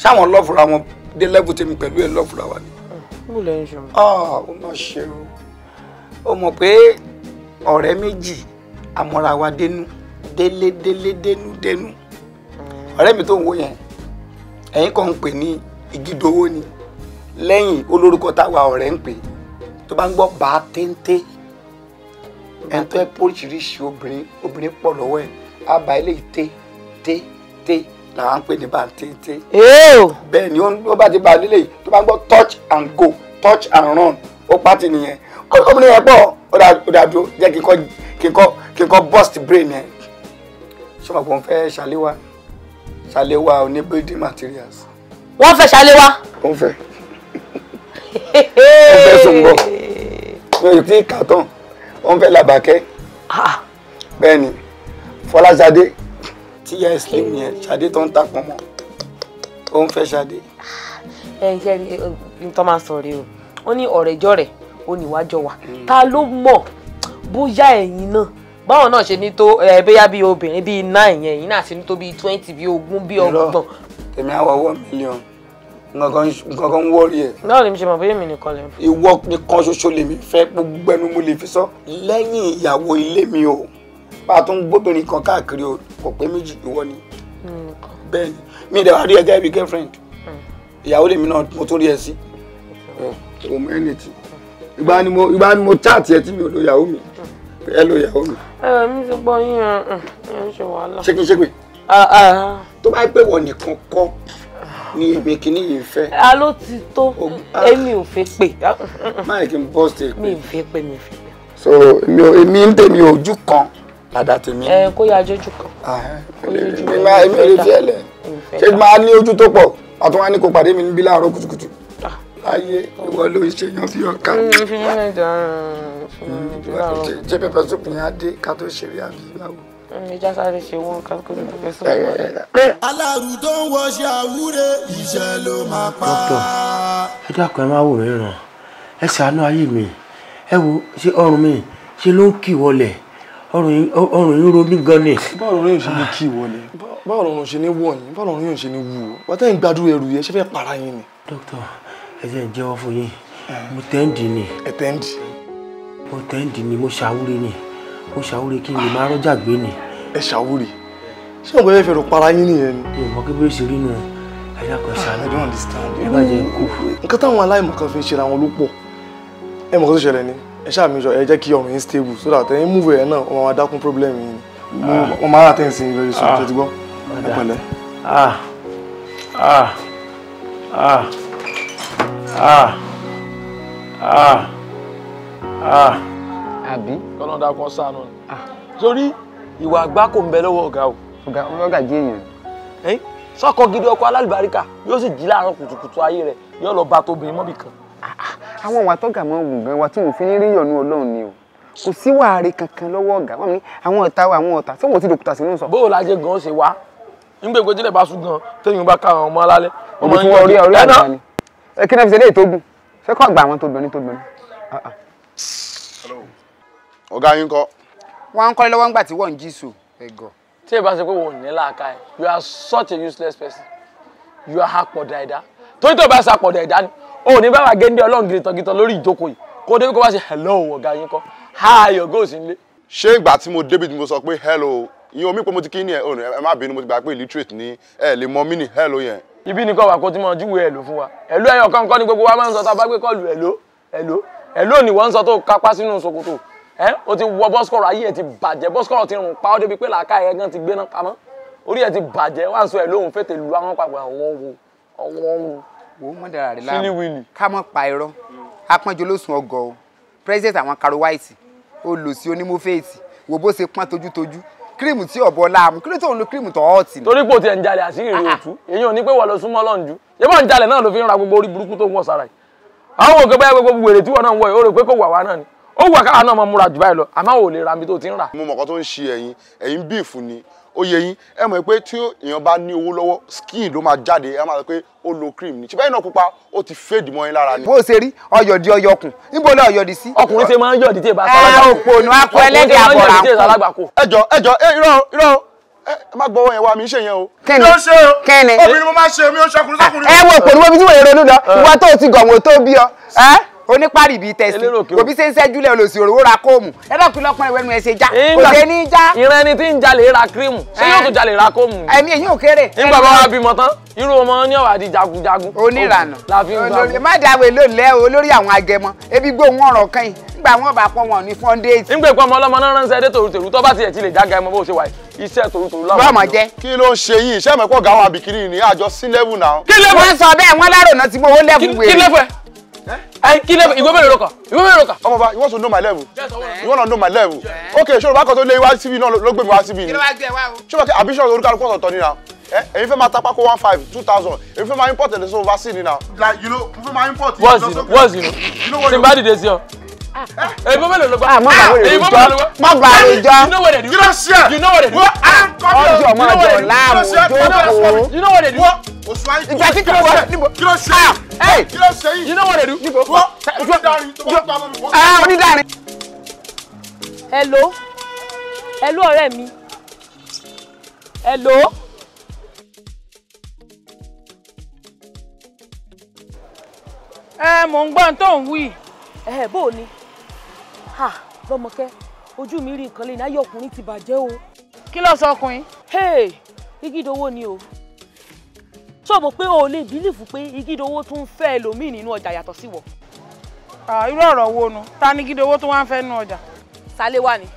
[SPEAKER 5] ṣáwọn lọ́fùrà wọn dé lẹ́bù tèmi pẹ̀lú ẹ̀ lọ́fùrà wa ni. Mm, mo lè ń ṣe mọ. ọ ọ náà ṣe o ó mọ̀ pé ọ̀rẹ́ méjì àmọ́ra wa dénú délé délé dénú dénú mm. ọ̀rẹ́ mi tó ń wo yẹn ẹ̀yin kan ń pè ní ìgídowó ni lẹ́yìn olórúkọ táwa ọ̀rẹ́ ń pè tó bá ń gbọ́ bá téńté ẹni tó ẹ póríṣiríṣi obìnrin obìnrin pọ̀ lọ́wọ́ ẹ̀ á bá ilé ìté té té làwọn ń pè ní bá téńté. bẹ́ẹ̀ ni ó bá ti bá ilé yìí tó bá ń gbọ́ touch and go touch and run ó pàtì nìyẹn obìnrin yẹn pọ̀ ó dà dúró jẹ́ kí n kọ́ bust brain yẹn ṣé wọn kò ń fẹ́ ṣàléwá ṣàléwá oní building materials.
[SPEAKER 3] wọ́n fẹ́ ṣàléwá.
[SPEAKER 5] ó fẹ́ ó fẹ́ sùn bọ̀ mi ò tí ì kà tán ó ń fẹ́ làbàkẹ́ ah. bẹ́ẹ̀ ni fọláṣadé tíyà islam yẹn ṣadé tó ń ta pọ̀ mọ́ ó ń fẹ́ ṣadé. ẹ ṣe ní tó máa sọ rèé o ó ní ọ̀rẹ́jọ́ rẹ̀ ó níwájọ wa hmm. ta ló mọ̀ bóyá ẹ̀yin náà báwọn náà ṣe ní tó ẹ bóyá bíi obìnrin bíi nine yẹn yìí náà ṣe ní tó bíi twenty bíi ogún bíi ọgbọ̀n. èmi àwọ̀ ọwọ́ mílíọ̀nù nǹkan kan ń wọ́ọ̀rì ẹ̀. náà lè mi ṣe mọ̀ bóyá èmi nìkan lè. ìwọ nìkan ṣoṣo lèmi fẹ́ gbogbo ẹnu mo lè fi sọ. lẹ́yìn ìyàwó ilé mi o bá a tún gbóbìnrin kan káàkiri o kò pé méjì ìwọ ni. bẹ́ẹ̀ ni mi ìdàgbà rí ẹgẹ́ ibi girlfriend hmm. ìyàwó lèmi náà mo tún rí ẹ sí. ọmọ ẹni tí ìgbà ni mo chat ẹ tí mi ò lo ìyàwó mi. Hmm ẹ lo ìyàwó mi. ẹ mi ti gbọ́ yín ẹ ẹ ń ṣe wàhálà. ṣé kí n ṣe pé. Ah, ah. tó bá pẹ́ wọ nìkan kọ́ ní ibi kìíní yìí fẹ́. a ló ti tó ah. èmi ò fẹ́ pè. máyì kí n bọ́ sí pé. mi ò fẹ́ pè mi ò fẹ́ pè. so èmi ò èmi ń tèmi ojú kan ládàá tèmi. ẹ kó yá ajójú kan. èmi máa èmi ò lè fi ẹ lẹ ṣé máa ní ojú tó pọ̀ àtún wá ní kó pàdé mi níbí láàárọ̀ kùtùkùtù. láyé ìwọ ló ṣe yan fi ọkà. mi ò fi ní ẹja rẹ. Mm, jẹ́ pẹpẹ súpù yẹn á dé ká tó ṣeré àbí báwo. Mm, ìjà sáré ṣe wọn ká tó ní pẹpẹ súpù yẹn. alárù tó ń
[SPEAKER 1] wọṣẹ àwúre ìṣẹ́ ló máa
[SPEAKER 6] pa. dókítà ẹ dákun ẹ má wò mí ràn ẹ ṣàánú ayé mi ẹ wo ṣé ọrùn mi ṣe ló ń kì wọlẹ̀ ọrùn yín ronú gan ni. báwo ló ń ṣe ní kí wọlé ah.
[SPEAKER 5] báwo ló ń ṣe ní
[SPEAKER 6] wọ̀ yín báwo ló ń ṣe ní
[SPEAKER 5] wù ú wọ́tẹ́ ń gbádùn ẹrù yẹn ṣe fẹ́
[SPEAKER 6] ó tẹ́ǹdì ni mo ṣàwúre ni mo ṣàwúre kí n lè máa rọ́jà gbé ni. ẹ ṣàwúre ṣé òun bẹ́ẹ̀ fẹ́ rò para yín nìyẹn ni. mi ò mọ kí bí ó ṣe rí
[SPEAKER 5] nu ẹ̀dá kan ah, ṣàánú. I don't understand. ẹ bá jẹ kú. nǹkan táwọn aláìmọ̀kan fi ń ṣe ra wọn ló pọ̀ ẹ mọ̀ kó tó ṣẹlẹ̀ ni ẹ ṣáà mi sọ ẹ jẹ́ kí ọrùn yín stable so that ẹ̀yin move ẹ̀ náà wọ́n máa dákún problem yín ni ah. wọ́n máa àtẹ̀ sí very soon ah. ṣe ti ah ah ah ah ah. Ah. àbí. kọ́lọ́dà kan sànù ni. torí ah. ìwà àgbákò ń bẹ lọ́wọ́ ọ̀gá o. ọ̀gá ọlọ́gà jẹ́ èèyàn. sọ́kọ gidi ọkọ alálùbáríkà yóò sì jí láàárọ̀ kùtùkùtù ayé rẹ̀ yóò lọ bá tóbìnrin mọ́bì kan. Ah, àwọn ìwà tọ́gà mọ́ wù gan wa tí mo fi ń rí yọ̀nù ọlọ́run ni o kò sí wàhálà kankan lọ́wọ́ ọ̀gá wọn ni àwọn ọ̀tá wa àwọn ọ̀tá tí wọ́n ti dòkúta sínú sọ. bó o lajẹ gan ṣe wá nígbà ègbè jílẹ̀ bá sùn gan téèyàn bá ká àwọn ọmọ alálẹ̀. ọmọ tí wọn rí ọrí àgbà ni kí náà fi ṣe léyìí tó gùn ṣé kó àgbà àwọn tó bẹ̀rẹ̀ tó bẹ̀rẹ̀ ọ̀gá yín kọ́. wọ́n á ń kọ́ lọ́wọ́ ńgbà tí wọ́n ń jí so ẹ̀gọ́. tí ẹ bá ṣe pé wọn ò ní láàka ẹ you are such a useless person you are apọ̀dà ẹ̀dá torí tó bá ṣe apọ̀dà ẹ̀dá ni o ò ní bá wà géńdé ọlọ́run gìrìtọ̀gìtọ̀ lórí
[SPEAKER 4] ìjókòó yìí kó débi kó bá ṣe hello ọ̀gá yín kọ́ hi ọ̀gá òsì nílé. ṣé ìgbà tí mo débi ni mo sọ pé hello ìyẹn omi pé mo ti kí ni ẹ òun ẹ má bínú mo ti gbà pé illiterate ni ẹ lè mọ mí ni hello yẹn. ibi ni kọ́ wà
[SPEAKER 5] kó ti mọ ojúwe ẹ̀ ló fún wa
[SPEAKER 4] ẹ̀lú ẹ̀yọ̀ kankan ni gbogbo wa máa ń sọ tá bá gbé kọ́ọ̀lù ẹ̀ló
[SPEAKER 5] ẹ̀ló ẹ lónìí wọ́n ń sọ tó kápá sínú ṣòkòtò ẹ o ti wọ bọ́sikọ́rọ̀ ayé ẹ ti bàjẹ́ bọ́sikọ́rọ̀ ti rùn pa ọ́ débi pé làákà ẹ gan ti gbéná pamọ́ orí ẹ ti bàjẹ́ wà ń sọ ẹ lóhùn fètè lu àwọn papọ̀ àwọn wo ọwọ́n wo. wo mọ dara rẹ láàmú ká mọ pa irọ́ apọnjọ ló sun ọgọ o president àwọn karo white ó lò sí onímọ̀fẹ́ẹ̀tì wo bó ṣe pọ́n tojútojú kírìmù tí ọ̀bọ láàmú kí ló tó ń lo kírìmù tó ọ̀tì. torí pò tí ẹ ń jalè àṣírí rẹ ah, ah. òtú èyí ò ní pé wà lọ súnmọ́ lọ́njú yẹ́n bá ń jalè náà ló fi ń ra gbogbo orí burúkú tó ń wọ̀ sára yìí àwọn òkè báyìí gbogbo
[SPEAKER 4] wèrè tí wọn náà wọ yìí ó rò pé kò wà wá náà ni ó wà káwa náà mọ múra jù báyìí lọ àmọ́ ò lè ra mi tó ti ń rà. mo mọ̀ kọ́ tó ń ṣe ẹ̀yin ẹ̀yin bíìfù ni ó yẹ yín ẹ mọ̀ pé tí èèyàn bá ní owó lọ́wọ́ skin ló máa jáde ẹ máa sọ pé ó lo cream ni ṣùgbọ́n iná pupa ó ti fèdì mọ́ yín lára ni. bó o ṣe rí ọyọ̀dì ọyọkùn níbo ni ọyọ̀dì sí. ọkùnrin ṣe máa ń yọ̀dì tí ì bá sálágbà kó. ẹ òpònú má gbọ́ yẹn wá mi ṣe yẹn o. kíni kíni obìnrin mo máa ṣe mi ò ṣọkùnrin sọkùnrin. ẹ wo òpònú wo bí tí wọ́n yẹn ronú lọ ìwà tó
[SPEAKER 5] ti gọ̀wọ́ tó bí ọ onípàrí bíi tẹ̀sí òbí ṣe ń ṣẹ́jú lẹ́ olùsí òróró ra kóòmù ẹ̀dọ́kùn lọ́pọ̀ ìwẹ́nu ẹ̀ ṣe já kò ṣe ní já. ìran ẹni tí ń jalè ra kírìmù ṣé yóò tún jalè ra kóòmù. ẹ̀mí èyí ò kéré. nígbà bá wa bímọ tán irú ọmọ ní ọ̀wà di jagunjagun. oníranà olórí má dáwé lónìí olórí àwọn agẹmọ ebi gbóhùn ọ̀rọ̀ kan nígbà wọn bá pọ̀ wọn ní fọ́ndéètì. nígbà ìpamọ ọlọmọ náà ránṣẹ́ dé tòrútòrú tó bá tiẹ̀
[SPEAKER 4] ti lè jága ẹmọ bó ṣe wà iṣẹ́ tòrútòrú láwọn. bọ́ọ̀mọ̀ jẹ́. kí ló ń ṣe yìí iṣẹ́ mẹ́kọ̀ọ́ gàwọn àbíkiri ni àjọ sí náà. kí lẹ́wù. wọ́n sọ bẹ́ẹ̀ wọ́n láròó náà ti gbowó lẹ́wù wèrè. kí lẹ́wù ẹ ẹ kill lẹ́bù ìwé mélòó ló kà ìwé mélòó ló kà. ọmọ bá you want to know my level you want to know my level Okay. ok ṣòro bá kọ́ tó lé wá síbi náà ló gbé mi wá síbi ni ṣòro kí àbíṣọ́ orúkọ àlùkò ọ̀tọ̀ ni na eh, èyí fẹ́ máa ta pákó one five two thousand èyí fẹ́ máa import ẹ̀ lọ́sọ̀ overseas ni na. like you know mo fẹ́ máa import. wọ́ọ̀sì wọ́ọ̀sì ni
[SPEAKER 1] You know what? Somebody sí ọ Hey, eh, èyìnbó mélòó ló gbọ́. what bàbá rẹ̀ jọ mọ́ bàbá rẹ̀ jọ. you know what they do. you know what they do. You know what they do? you know what they do.
[SPEAKER 4] ìgbà tí kìlọ̀ wọ̀ níbo. kìlọ̀ ṣe yìí. kìlọ̀ ṣe yìí. Ah, you know what they do. what
[SPEAKER 5] onídàárín tó bá gbà what mi. onídàárín. hello hello ọ̀rẹ́ mi hello. ẹ eh, mò ń gbọ́n tó ń wí. ẹ eh, bò ni ha lọ́mọkẹ́ ojú mi rí nǹkan lẹ́yìn ayé ọkùnrin ti bàjẹ́ o. kí ló sọ ọkùnrin. hey Igídowó ni o sọ mọ̀ pé o ò lè bílífù pé Igídowó tún ń fẹ́ ẹlòmíì nínú ọjà yàtọ̀ sí wọ. irú ọ̀rọ̀ wo nu ta ni Igídowó tó wá ń fẹ́ nínú ọjà. Sálẹ́wà ni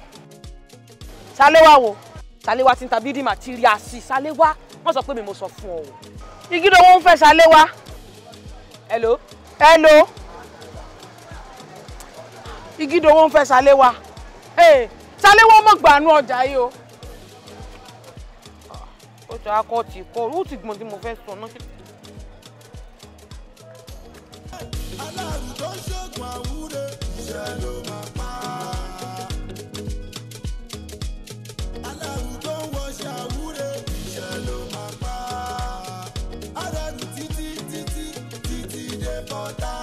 [SPEAKER 5] Sálẹ́wà wo Sálẹ́wà ti ń ta bídìí màtíríà sí Sálẹ́wà wọ́n sọ pé mi mo sọ fún ọ. Igídowó ń fẹ́ Sálẹ́wà. hello. hello. Igídowó ń fẹ́ Ṣaléwá Ṣaléwá mọ̀ gbanú ọjà yìí o. ó ti akọ ti kọ ó ti gbọ́n tí mo fẹ́ sọ
[SPEAKER 1] náà. aláàrù tó ń ṣègùn àwúre iṣẹ́ ló máa pa aláàrù tó ń wọṣẹ́ àwúre iṣẹ́ ló máa pa aráàlú títí títí títí dé bọ́tà.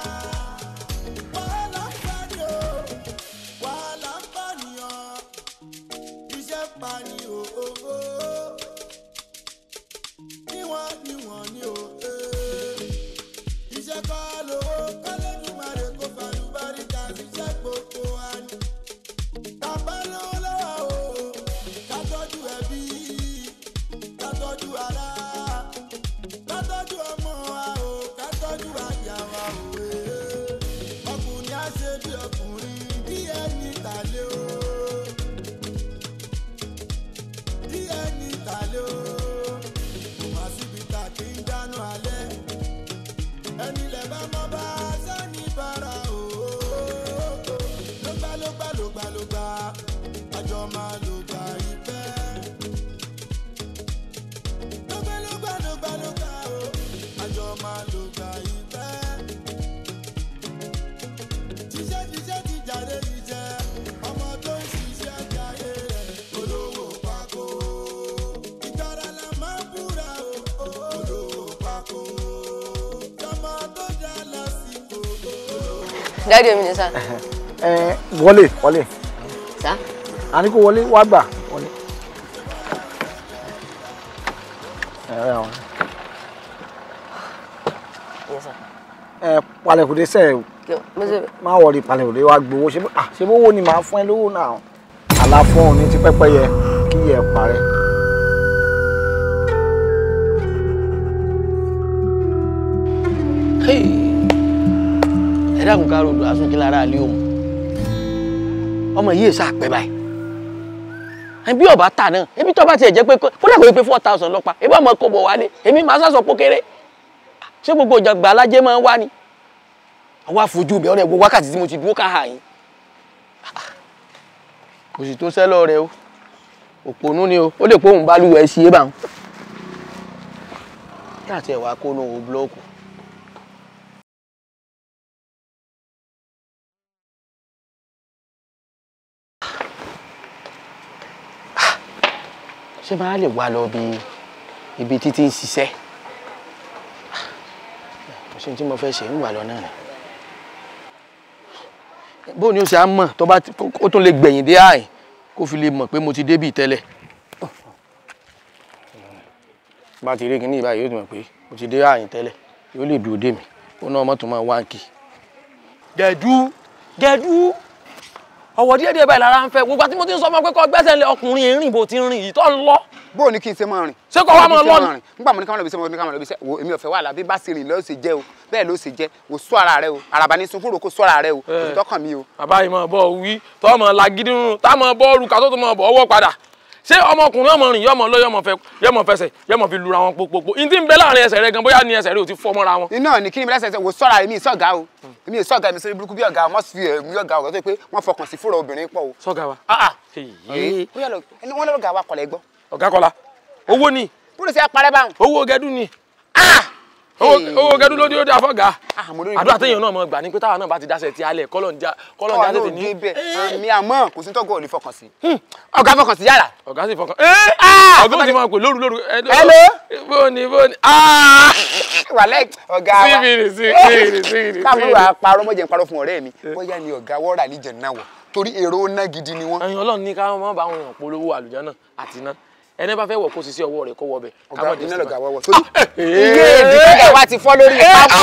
[SPEAKER 1] dáàdì mi ni sá.
[SPEAKER 5] ẹ eh, wọlé wọlé. sá. àní kò wọlé wá gbà wọlé. ẹ palẹ̀kùdé sẹ́ẹ̀ máa wọlé eh, palẹ̀kùdé wá gbowó ṣe bó ah, wo ni màá fún ẹ lówó náà àlàfo òní ti pẹ́pẹ́ yẹ kí yẹ parẹ́. dákun ká rodò asúnkí lára àlẹ́ òun ọmọ yìí èso àpẹ báyìí ẹbí ọba tà náà ẹbí tó bá tiẹ̀ jẹ́ pé kódà kò yẹ pé four thousand lọ́pa ẹbí ọmọ kò bọ̀ wálé èmi máa sá sọ pókéré ṣé gbogbo ìjàgbá alájẹ máa ń wá ni àwa fojú bẹ ọ̀rẹ́ gbogbo wákàtí tí mo ti dúró ká hà yín
[SPEAKER 6] kò sì tó sẹ́lọ̀ rẹ o òpònú ni o ó lè pòun bá lúwẹ̀ẹ́ sí é bá ń. kí àti
[SPEAKER 1] ẹ̀wà kó nu òun búlọ́ọ̀kù
[SPEAKER 5] ṣé máa lè wá lọ bí ibi títí ń ṣiṣẹ́
[SPEAKER 6] kò sí tí mo fẹ́ ṣe ń wà lọ náà rẹ̀ bó ni ó ṣe á mọ̀ tó bá ó tún lè gbẹ̀yìn dé àyìn kó fi lè mọ̀ pé mo ti débì tẹ́lẹ̀ bá ti rí kíní ìbáyìí yóò ti mọ̀ pé mo ti dé àyìn tẹ́lẹ̀ yóò lè bí òde mi ó náà mọ́tò máa wá ń kì. gẹ̀dú
[SPEAKER 5] gẹ̀dú ọwọ́ díẹ̀ díẹ̀ báyìí lára ń fẹ́ gbogbo àti mo ti ń sọ fún ọ pé kọ́ ọkùnrin rìn bó ti rìn yìí tó ń ní kí n ṣe máa rìn. ṣé kò wá máa lọ ni. nígbà mo ní káwọn lọ mo ní káwọn lọ wo èmi ò wà lábí bá sì rìn lọ́ọ́ ṣe jẹ́ o bẹ́ẹ̀ ló ṣe jẹ́ o sọ ara rẹ o araba ní sunfúnro kó sọ ara rẹ o eh. tọkàn mi o. bàbá yìí máa bọ̀ wí tọ́ máa la rún tá máa bọ́ ọrù ká tó tó máa bọ̀ ọwọ́ padà ṣé ọmọkùnrin ọmọ rìn yọmọ lọ yọmọ fẹ yọmọ fẹsẹ̀ yọmọ fi lura wọn popopo n ti ń bẹ láàrin ẹsẹ̀ rẹ gan bóyá ni ẹsẹ̀ rẹ ò ti fọ́ mọ́ra wọn. iná ni kí ni bẹ́lẹ́sẹ̀ wò sọ́ra èmi ìsọ̀gá o èmi ìsọ̀gá mi sórí burúkú bí ọ̀gá wọn fi ẹ̀mí ọ̀gá ọ̀gá tó pé wọ́n fọkàn sí fúnra obìnrin pọ̀ o. sọ́gá wa. Ah, ah. wọ́n lọ́gà wa kọ̀lẹ́ gbọ́. ọ̀gá kọ́lá owó ni. bó owó gẹdú ló dé ó dé afọ́gà ah, àdúrà téèyàn náà mọ gbà ní pé táwa náà bá ti dáṣẹ ti alẹ kọlọ ń já kọlọ ń já tètè ní. Ah, mi àmọ́ kò sí tọ́gọ̀ òní fọkàn sí. Hmm. ọ̀gá fọkàn sí yàrá. ọ̀gá sì fọkàn ẹ́ ah! ọ̀gá òsì máa pè lóru lóru. hello. bóni bóni. wàlẹ́ ọ̀gá wa sí mi sí mi sí mi. káàmù wà á parọ́ mọ́jẹ̀ ń parọ́ fún ọ̀rẹ́ mi bóyá ni ọ̀gá wọ́ọ̀rà níjẹ̀ náà wọ̀ torí èrò ná gidi ni wọ́n. ẹyin Ọlọ́run ní ká má bá àwọn èèyàn polówó àlùjá náà àti náà ẹni bá fẹ́ wọ̀ kó ṣiṣẹ́ ọwọ́ rẹ̀ kó wọ bẹ̀. ọ̀gá iná lọ̀gá wọ́wọ́ sórí. iye ìdílé wa ti fọ́ lórí pápá.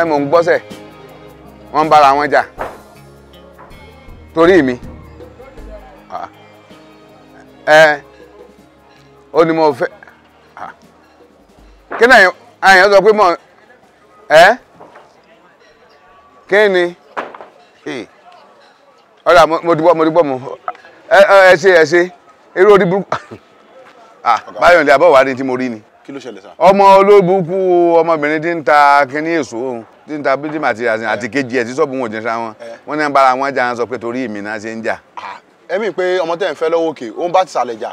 [SPEAKER 7] ẹ mò ń gbọ́sẹ̀ wọ́n ń bára wọn jà torí mi ẹ ó ní mo fẹ́ kí ni àyàn sọ pé mo ẹ kí ni ọ̀rọ̀ mo dúpọ̀ mo dúpọ̀ mo ẹ ṣe ẹ ṣe eré orí burúkú báyọ̀ ní abọ́wárí tí mo rí ni kí ló ṣẹlẹ̀ sá. ọmọ olóògùn kú ọmọbìnrin tí ń ta kínní èso òun tí ń ta bídí materials àti eh. kejì ẹ̀ tí sọ́ọ̀bù wọn ò jẹ́
[SPEAKER 4] sáwọn wọn eh. ní bára wọn jà ń sọ pé torí èmi náà ṣe ń jà. Ah, ẹ̀mí pé ọmọ tẹ̀ ń fẹ́ lọ́wọ́ òkè òun bá ti sàlẹ̀ jà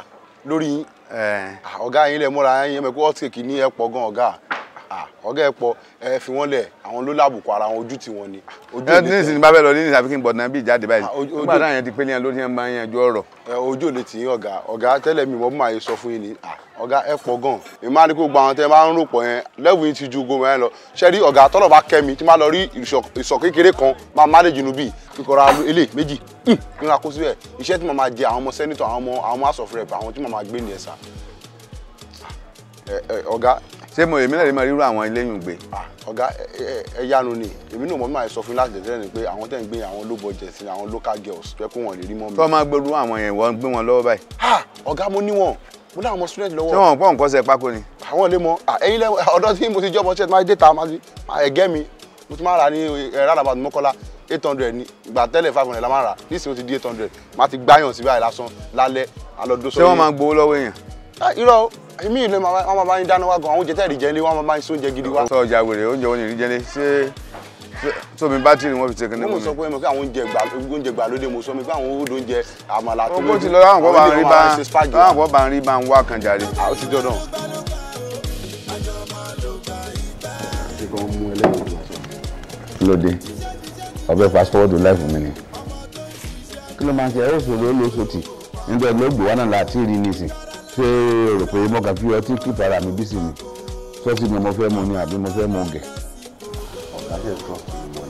[SPEAKER 4] lórí yín eh. ah, ọ̀gá yín lẹ̀ múra yín mẹ́kú ọ̀sẹ̀ kì ní ẹ̀ gan ọ̀gá ọgá ẹ pọ ẹ fi wọn lẹ àwọn ló lábùkù ara wọn ojú tiwọn ni. ẹ ní ìsìn bá bẹ lọ
[SPEAKER 7] nínú ìsàfikún bọ̀dọ̀ náà bí ìjáde báyìí nígbà táwọn
[SPEAKER 4] yẹn ti pé ní ẹ ló ní ẹ máa ń yanjú ọ̀rọ̀. ojú ò lè tì í ọ̀gá ọ̀gá tẹ́lẹ̀ mi mo máa yẹ sọ fún yín ni ọ̀gá ẹ pọ̀ gan èmi máa ní kó gba àwọn tẹ́ máa ń rò pọ̀ yẹn lẹ́bùn ti ju gbogbo yẹn lọ ṣé rí tọ́lọ̀ bá kẹ́ mi tí máa lọ rí ìsọ̀ kékeré kan máa má kíkọ́ra eléyìí méjì nínú àkóso ẹ̀ iṣẹ́ tí mo máa jẹ àwọn ọmọ sẹ́nitọ̀ àwọn ọmọ àwọn ọmọ asọ̀fẹ́rẹ́ àwọn tí mo máa gbé nìyẹn sá ọ̀gá ṣé mo èmi náà lè máa ríru àwọn eléyìn gbé. Ah, ọ̀gá ẹ yánu ni èmi náà mo máa sọ fún láti tẹ̀lé ni pé àwọn tẹ̀ ń gbé àwọn low budget sí àwọn local girls fẹ́ kó wọn lè rí mọ́ mi. tọ́ máa
[SPEAKER 7] gbẹrú àwọn yẹn wọ́n gbé wọn lọ́wọ́ báyìí.
[SPEAKER 4] Ah, ọ̀gá mo ní wọn mo ní àwọn student lọ́wọ́. ṣé wọn
[SPEAKER 7] pọ̀ nǹkan ṣe pákó ni.
[SPEAKER 4] àwọn lè mọ ah, ẹyin lẹ ọ̀dọ́ tí mo ti jọ́bọ̀ ṣe máa dé ta ẹ̀gẹ́ mi mo ti máa rà ní rárabàtú eh, mọ́kọ́lá eight hundred ni ìgbà tẹ́lẹ̀ five hundred la máa rà nísìnyí ó ti di eight hundred máa ti gbáyàn síbí àìlásán lálẹ́ alọ́dún sọ́yìn. ṣé wọ́n máa gbowó lọ́wọ́ èèyàn. Ah, irọ́ mi ìlú wọn máa bá yín dáná wá gan àwọn oúnjẹ tẹ́ẹ̀rì jẹ́lé wọn máa bá yín sóúnjẹ gidi wá. sọ ọjà wèrè oúnjẹ wọn nìyí jẹ́lé ṣé tómi bátìrì wọn fi ṣe kìnìún mi. mo sọ pé mo kí àwọn oúnjẹ gbàlódé mo sọ mi pé àwọn owó oúnjẹ àmàlà tó lójú. owó ti lọ láwọn kọ́ bá ń rí bá ń wá kan jàre. ó ti dandan.
[SPEAKER 7] lóde ọbẹ̀ pàṣípọ̀ọ̀dù láìfù mi ni kí ló máa ń ṣe ẹ̀rọ ìṣòro olóṣòtì nígbà ìlú ògbò wọn náà láti rí nísìnyí ṣé o rò pé mọ́gà fi ọtí kíp para mi bí sì ni sọ́ọ̀sì ni mo fẹ́ mu ni àbí mo fẹ́ mu ọ̀gẹ̀.
[SPEAKER 1] ọ̀gá tẹ̀ sọ ọmọ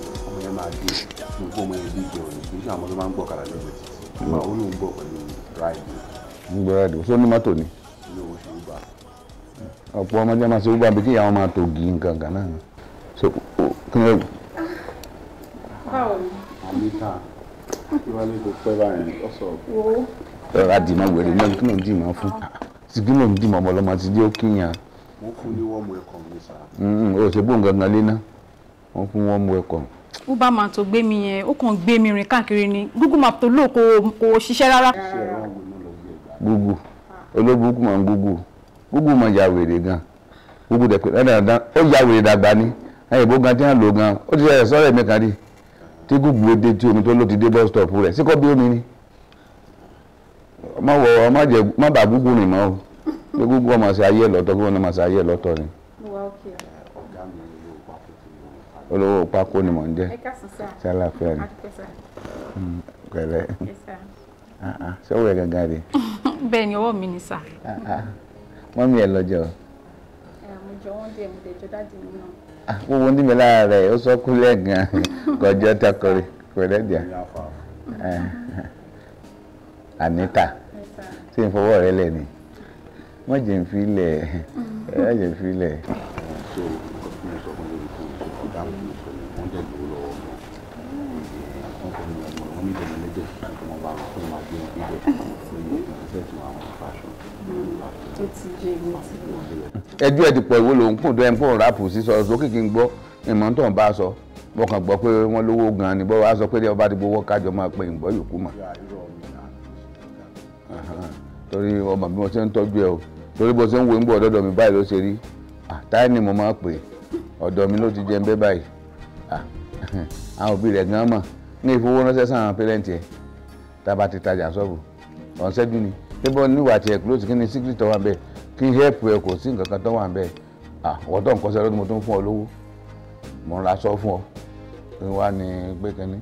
[SPEAKER 1] yẹn máa dé gbogbo
[SPEAKER 4] ọmọ yẹn bí ìgbẹ́ òní kì í ṣe àwọn tó máa ń gbọ́ kàrà lẹ́gbẹ̀ẹ́ títí ìgbà ó lóun bọ̀ pẹ̀lú ráìdì.
[SPEAKER 7] ń gbọ́ ráìdì ṣé ó ní mọ́tò ni. ọ̀pọ̀ ọmọdé máa ṣe wúgbà bí kí ìyá wọn máa tó gi nǹkan kan náà rárá dìmọ̀ wèrè náà kí ló ń dìmọ̀ fún kí ló ń dìmọ̀ ọmọ ọlọ́mọ ti dé ó kíyàn.
[SPEAKER 4] wọ́n fún ní
[SPEAKER 8] wọ́ọ̀mù ẹ̀kọ́
[SPEAKER 7] mi sá. o ṣe bóun gangan lé ná wọ́n fún wọ́ọ̀mù ẹ̀kọ́.
[SPEAKER 3] ó bá máa tó gbé mi yẹn ó kàn gbé mi rìn káàkiri ni Google map tó lò kò kò ṣiṣẹ́ rárá.
[SPEAKER 7] Google olóògùn kò máa ń Google Google máa ya wèrè gan Google dẹ̀ pé dáadáa ó ya wèrè dàgbà ni ẹ̀yìn bó gan tí wọ́n lò gan ó ti sọ̀rọ̀ ẹ̀mí kan rí tí Google dé tí omi tó lò ti dé bus stop rẹ̀ síkọ́ bí omi ni ọmọ wọ ọmọ jẹ má bàa gúgú rìn mọ́ o pé gúgú ọmọ sí ayé lọ́tọ̀ kí wọ́n náà sí ayé lọ́tọ̀ ni.
[SPEAKER 4] olówó pákó ni mò
[SPEAKER 7] ń jẹ́ sí àlàáfíà ni
[SPEAKER 4] hmm, pẹ̀lẹ́
[SPEAKER 7] ah, ah, ṣé owó yẹ gangan rè.
[SPEAKER 3] bẹ́ẹ̀ ni ọwọ́ mi ni sà.
[SPEAKER 7] wọ́n ah, mi ẹ̀ lọ́jọ́.
[SPEAKER 3] mo jọ wọ́n dé mo dé jọ dáàdì mi náà
[SPEAKER 7] gbogbo ní mi lára rẹ̀ ó sọ kúlẹ̀ gan kọjọ́ takọrin pẹ̀lẹ́dìá eh, Anita ṣé n fọwọ́ rẹ lẹ̀ ni má jẹ́ n fi lẹ̀ mm-hmm. má jẹ́ n fi lẹ̀. ẹjọ́ ẹ̀ mm-hmm. ti pọ̀ ìwé lòun kùn tó ẹ̀ ń fò ráàpù sísọ sókè kí n gbọ́ ìmọ̀ tó ń bá a sọ mo kàn gbọ́ pé wọ́n lówó gan-an ni bọ́ wá sọ pé ọba ti gbowó kájọ máa pé ìgbọ́ yòókù mọ̀ torí ọmọ mi mo ṣe ń tọ́jú ẹ o torí bó ṣe ń wo ń bọ̀ ọ̀dọ́dọ̀ mi báyìí ló ṣe rí táyì ni mo máa pè ọ̀dọ̀ mi ló ti jẹ́ ń bẹ́ báyìí àwọn òbí rẹ̀ gan mọ̀ ní ìfowóránṣẹ́ sáwọn pẹ́rẹ́ǹtì ẹ̀ tá a bá ti tajà sọ́ọ̀bù ọ̀nṣẹ́jú ni débọ̀ níwà tiẹ̀ kúló ti kí ni secret tó wà bẹ́ẹ̀ kí help ẹ kò sí nǹkan kan tó wà bẹ́ẹ̀ àwọn tó ń kọ́ṣẹ́ lọ́dún mo tó ń fún ọ lówó mo ń ra aṣọ fún ọ kí wàá ní gbé kínní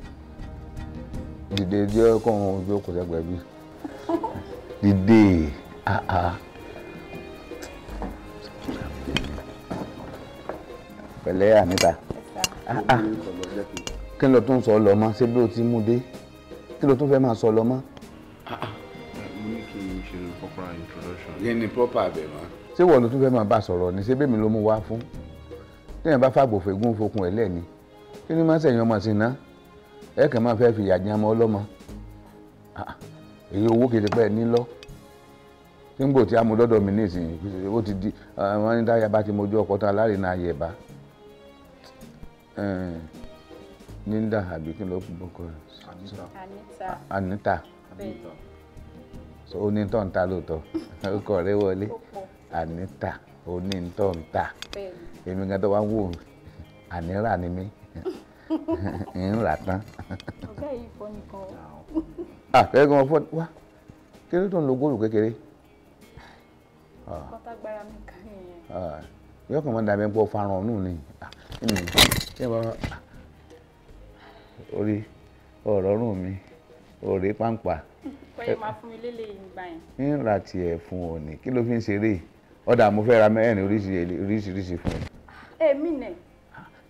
[SPEAKER 7] dìde díẹ̀ kọ́ ọ̀hún ojú òkùnṣẹ́gbẹ̀ẹ́ bíi dìde àhà. pẹ̀lẹ́ àníta ah, ah. kí ló tún sọ lọ́mọ ṣé bí o ti mú dé kí ló tún fẹ́ máa sọ lọ́mọ.
[SPEAKER 6] Ah, mo
[SPEAKER 7] ní kí n ṣe proper introduction. yẹn ni proper abẹ mọ. ṣé wọ́n ló tún fẹ́ máa bá sọ̀rọ̀ ni ṣé bẹ́ẹ̀ mi ló mú wá fún téèyàn bá fàgbòfè gún fokùn ẹ̀ lẹ́ni kí ni máa ṣẹ̀yìn ọmọ sí ná ẹ̀ kàn máa fẹ́ fìyà jẹ ọmọ ọlọ́mọ èyí owó kìí ṣe pé ẹ nílọ nígbò tí a mú lọ́dọ̀ mi nísìnyí ó ti di wọ́n ní táyà bá ti mojú ọkọ̀ tán alárinà ayẹ̀bá níńdà àbí kí ló kún bọ́kọ rẹ̀. Anita. Anita. ó ní tọ́ ń ta lóòótọ́ orúkọ rẹ̀ wọlé Anita ó ní tọ́ ń ta èmi gan tó wá ń wò mí ànírà ni mí ń rà tán.
[SPEAKER 3] ọ̀gá yìí fọ́ nìkan o
[SPEAKER 7] àkẹ́rẹ́ ah, gan fọ́ wá kéré tó ń lo góòlù kékeré. Ah. kọ́tàgbára
[SPEAKER 3] mi ká nìyẹn.
[SPEAKER 7] Ah, yóò kàn máa dàbí pọ̀ farahàn nù ni orí ọ̀rọ̀ rùn mi òrè pàǹpà.
[SPEAKER 3] pẹ́yì máa fún mi lélẹ̀ ìgbà
[SPEAKER 7] yẹn. ń ra tiẹ̀ fún ọ ní kí ló fi ń ṣeré ọ̀dà mo fẹ́ ra mẹ́rin oríṣiríṣi fún ẹ. èmi nẹ.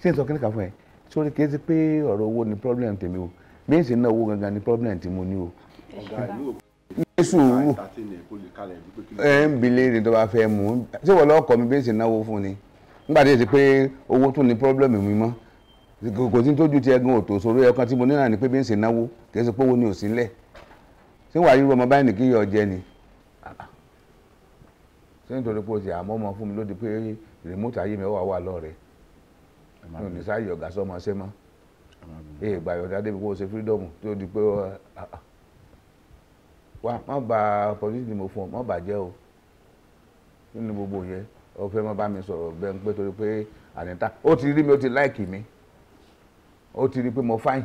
[SPEAKER 7] ṣé n sọ kí ni ká fún ẹ sórí kí ẹ ti pé ọ̀rọ̀ owó ni problem tèmi o bí n sì náwó gangan ni problem ti mo ní o.
[SPEAKER 4] jésù wù ẹ ń bi
[SPEAKER 7] léèrè tó bá fẹ́ mú ṣé wọ́n mi bí n sì náwó fún ni nígbà tí èsì pé owó tún problem mi mọ́ kò sí tójú ti ẹgbẹ́ òtò sórí ẹ̀kan tí mo ní náà ni pé bí n sì náwó kì í ṣe ni ò sí lẹ̀ ṣé wàá ọmọ báyìí yọ jẹ ni ṣé nítorí pé o ti àmọ́ ọmọ fún mi lóde pé ayé mi wà wà lọ́ọ̀rẹ́ ee gba ìyọ̀dá débi kó o ṣe fírídọ́ọ̀mù tí ó di pé wa má ba opportunity ni mo fún ọ má bàjẹ́ o nínú gbogbo yẹn o fẹ́ má bá mi sọ̀rọ̀ bẹ́ẹ̀ pé torí pé àníta ó ti rí mi ó ti láìkì mi ó ti rí pé mo fáìn.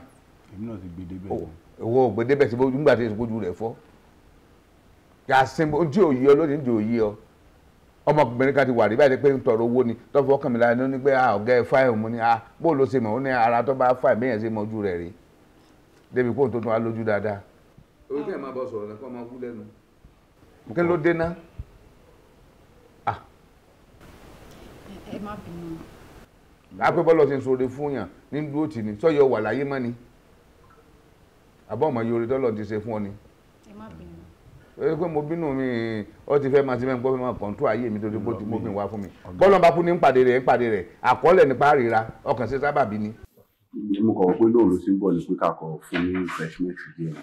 [SPEAKER 7] èmi náà ti gbèdé bẹ́ẹ̀. owó gbèdé bẹ́ẹ̀ sí nígbà tí èsì gbójú rẹ̀ fọ́ yà á sin ojú òye ọ lónìí di òye ọ ọmọkùnrin kan ti wà rí báyìí pé ń tọrọ owó ni tó fi ọkàn mi lára ní pé ọ̀gá ẹ̀ fáìlì mu ni bó ló ṣe mọ̀ ó ní ara tó bá fáìlì bẹ́ẹ̀ ṣe mọ ojú rẹ̀ rí débi kó tó tún wá lójú dáadáa. orúkọ ẹ̀ máa bọ sọ̀rọ̀ lẹ́kọ́ máa kú lẹ́nu. kí ló dé náà. ẹ má bínú. apẹ́ bọ́lá ṣe ń sọ̀rọ̀ fún yàn ní dúró tì ní sọ́yọ̀ wà láyé mọ́ ni àbọ̀ ọmọ yorùbá ti ṣe fún ọ ni. ẹ má bínú ẹ pé mo bínú mi ọ ti fẹ́ máa ti fẹ́ gbọ́ fẹ́ máa kọ̀ǹtú ayé mi tó ti bó ti mú mi wá fún mi bọ́lá bá kú ní pàdé rẹ̀ ń pàdé rẹ̀ àkọọ́lẹ̀ nípa ríra ọkàn sí sábàbí ni. mo kọ̀ pé lóòrò sí ń bọ̀ ní pé kakọ̀ fún ní refreshment díẹ̀ nípa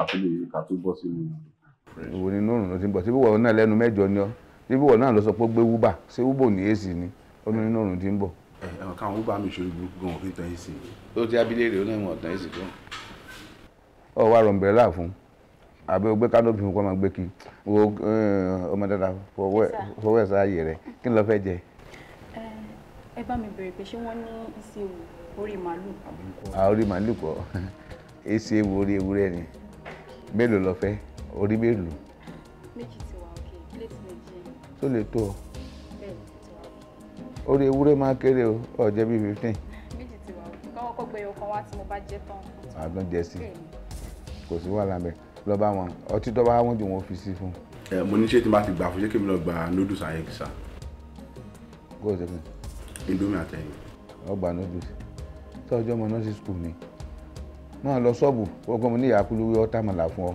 [SPEAKER 7] àfihàn yìí ká tó bọ́ sínú. ìwò nínú òrùn ló ti ń bọ̀ síbí wọ̀ náà lẹ́nu mẹ́jọ ni ọ́ síbí wọ̀ náà lọ sọ pé gbé wúbà ṣé wúbò ní èsì ni ó ní nínú ti ń bọ̀. ẹ ẹ wúbà mi àbí o gbé kánópì fún kó máa gbé kí wo eh, ọmọ dáadáa fọwọ́ ẹ̀sán ààyè rẹ kí ni lọ́ọ́ fẹ́ jẹ.
[SPEAKER 3] ẹ bá mi bèrè pé ṣé wọ́n ní ìṣe ewu orí màálù.
[SPEAKER 7] orí màálù kọ́ ìṣe ewu orí ewúrẹ́ ni mélòó lọ́ọ́ fẹ́ orí mélòó. méjì ti wà òkè pílẹ̀tì méjì. tó lè tó ọ orí ewúrẹ́ máa kéré o ọ̀jẹ́ bíi fifteen.
[SPEAKER 3] méjì ti wà òkè kọ́wọ́ kó gbé ọkàn wá tí mo bá jẹ tán.
[SPEAKER 7] àgbọn jẹ sí kò sí wàhálà bẹ́ẹ̀ lọ bá wọn ọtí tó bá wọn jù wọn fi sí fún.
[SPEAKER 4] ẹ mo ní ṣé tí n bá ti gbà fún ṣé kí mi lọ gba noodles ayẹkìsà. kó o ṣe fún. indomie àtẹyìn.
[SPEAKER 7] ọgbà noodles tí ọjọ́ ọmọ nọ́ọ̀sì school ni máa lọ ṣọ́ọ̀bù wọ́n pẹ́ mo ní ìyá kúlúwé ọ́tàmọ̀là fún ọ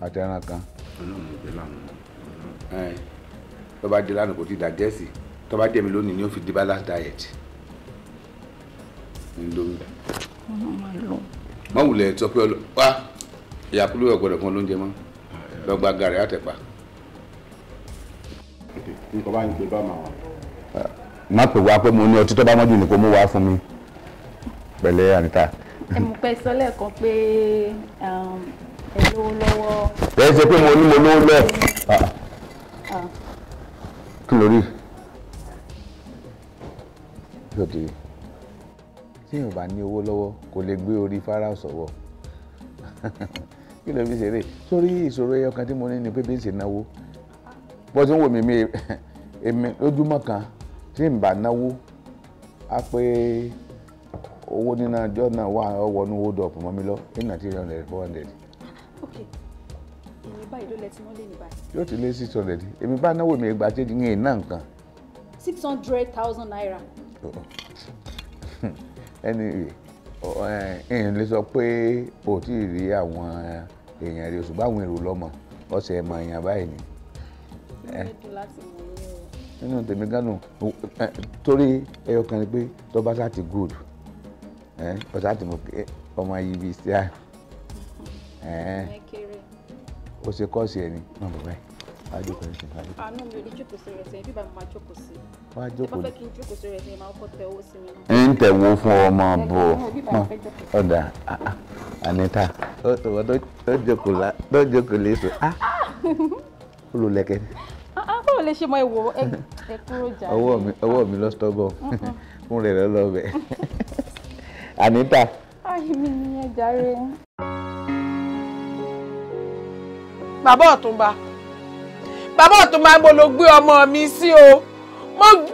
[SPEAKER 7] àti ẹran kan. ọlọ́run ò bẹ́ẹ̀ lánàá. tó bá dé lánàá kò tí ì dà gẹ́ẹ̀sì tó bá dé mi lónìí ni ó fi di balance diet. indomie. má wulẹ̀ sọ ọlọ́ wá ìyá kúlú ọ̀gbọ́dọ̀ kan ló ń jẹ mọ́ lọ́gbà gàrí àtẹ̀pà.
[SPEAKER 3] nǹkan bá ń gbé bá màá.
[SPEAKER 7] má pè wá pé mo ní ọtí tó bá mọ́jú ni kò mú wá fún mi pẹ̀lẹ́ Anita.
[SPEAKER 3] ẹ mú pẹ́ sọ lẹ́ẹ̀kan pé um, ẹ lówó lọ́wọ́.
[SPEAKER 7] ẹ ṣe pé mo ní mo lówó lẹ́ẹ̀. Ah. Ah. kí ló rí lóde tí èèyàn bá ní owó lọ́wọ́ kò lè gbé orí fáráǹsì ọ̀wọ́ kí ló ń fi ṣeré sórí ìṣòro ẹyọ kan tí mo ní ni pé bí ń ṣe náwó bó ti ń wò mí mi èmi lójúmọ́ kan tí ń bá náwó á pé owó níná ọjọ́ náà wà ọwọ́nú mọ́ mi lọ eight ninety hundred
[SPEAKER 3] ok èmi báyìí ló lẹ tí wọ́n lé ní báyìí.
[SPEAKER 7] yóò ti lé six hundred èmi bá náwó mi ìgbà tí ń
[SPEAKER 3] six hundred thousand naira.
[SPEAKER 7] ẹni sọ pé o ti rí àwọn èèyàn rẹ ṣùgbọ́n àwọn èrò lọ́mọ ọ̀sẹ̀ ẹ̀mọ èèyàn báyìí ni. nínú tèmi gánà torí ẹyọ kan ni pé tọ́ba sá ti good ọ̀sá ti mọ̀ pé ọmọ yìí bíi ṣíà ó ṣe kọ́ọ̀sì ẹni náà bàbá
[SPEAKER 1] yìí wá jókòó sí wá jókòó.
[SPEAKER 3] àánú mi ò ní jókòó sí rẹ̀ sẹ́yìn bíbá mi máa jókòó sí. wá jókòó sí. ẹ bá fẹ́ kí n jókòó sí
[SPEAKER 1] rẹ̀ sẹ́yìn máa kọ́ tẹ owó sí mi. ń tẹ̀wó fún ọmọ bò ọ̀dà ah, ah.
[SPEAKER 7] Anita ó tó wọ́n tó jókòó tó jókòó léṣo ah olùlẹ̀kẹ̀.
[SPEAKER 3] Ah, ah, báwo lè ṣe mọ ìwò ẹ kúrò jà. ọwọ́
[SPEAKER 7] mi ọwọ́ mi lọ stọ́bọ̀ fún rẹ̀ lọ́lọ́ bẹ̀ Anita.
[SPEAKER 3] ayé mi ni ẹ
[SPEAKER 5] jàre. bàbá ọ̀túnba bàbá ọ̀túnba mo ló gbé ọmọ mi sí o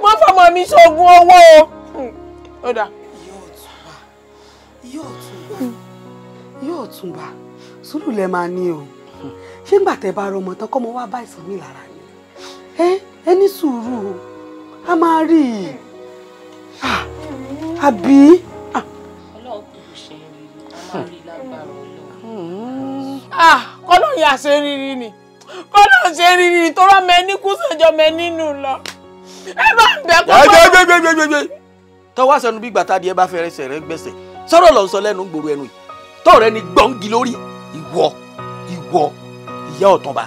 [SPEAKER 5] mo fọmọ mi ṣoògùn owó o. ó yóò tún wá yóò tún yóò túnbà sùúrù lẹ máa ní o ṣé ń gbàtẹ́ bá rọmọ tán kọ́mọ wá bá ìsàn mi lára ni ẹ ẹ sùúrù a máa rí i ah, àbí. Ah. Ah, ọlọ́run ṣe é ni kọ́lọ́ ṣe rírí ni tó rọ́ mẹ́ni kú sọ́jọ́ mẹ́ni nù lọ ẹ bá ń bẹ
[SPEAKER 6] kó tó. tọ́wọ́ sẹ́nu bí ẹ bá fẹ́rẹ̀ sẹ̀rẹ̀ gbẹ̀sẹ̀ sọ̀rọ̀ lọ́sọ lẹ́nu gbòòrò ẹnu yìí
[SPEAKER 5] tọ́ọ̀rẹ́ ni gbọ́ngi lórí ìwọ ìwọ ìyá ọ̀túnba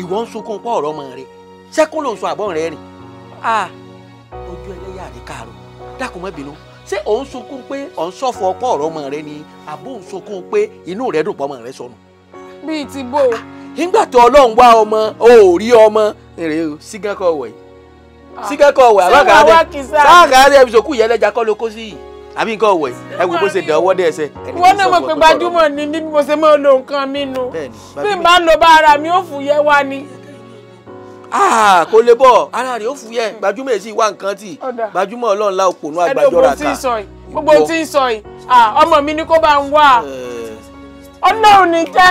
[SPEAKER 5] ìwọ ń sunkún pọ̀ ọ̀rọ̀ ọmọ rẹ sẹ́kún ló ń sun àbọ̀ rẹ rìn a ojú ẹlẹ́yà rẹ káàró dákun má bínú ṣé ò ń sunkún pé ò ń sọ̀fọ̀ ọ̀pọ̀ ọ̀rọ̀ ọmọ rẹ ni àbó ń sunkún pé inú rẹ dùn pọ̀ ọmọ rẹ sọnù. bíi ti bó. nígbà tí ọlọ́run wá ọmọ o ò rí ọmọ rè o sígákọ̀ wẹ̀ sígákọ̀ wẹ̀ àbákàdé sáà kàdé ẹbí sòkú ìyẹlẹ́jà kọ́ ló kó sí yìí àbí nǹkan ọ̀wẹ̀ ẹ wò bó ṣe dẹ̀ ọwọ́ dẹ̀ ẹsẹ̀.
[SPEAKER 1] wọ́n náà mọ̀ pé gbajúmọ̀
[SPEAKER 5] ni bí mo ṣe máa lo nǹkan mi nu bí n bá ń lo bá ara mi ó fúyẹ́ wá ni. Ah, kò lè bọ̀ ara rẹ̀ ó fúyẹ́ hmm. gbajúmọ̀ èsì wá nǹkan tì gbajúmọ̀ ọlọ́run lá òpònú àgbàjọra ká. gbogbo tí ń sọ yìí ah, ọmọ mi ni kó bá ń wá eh. ọlọ́run ní jẹ́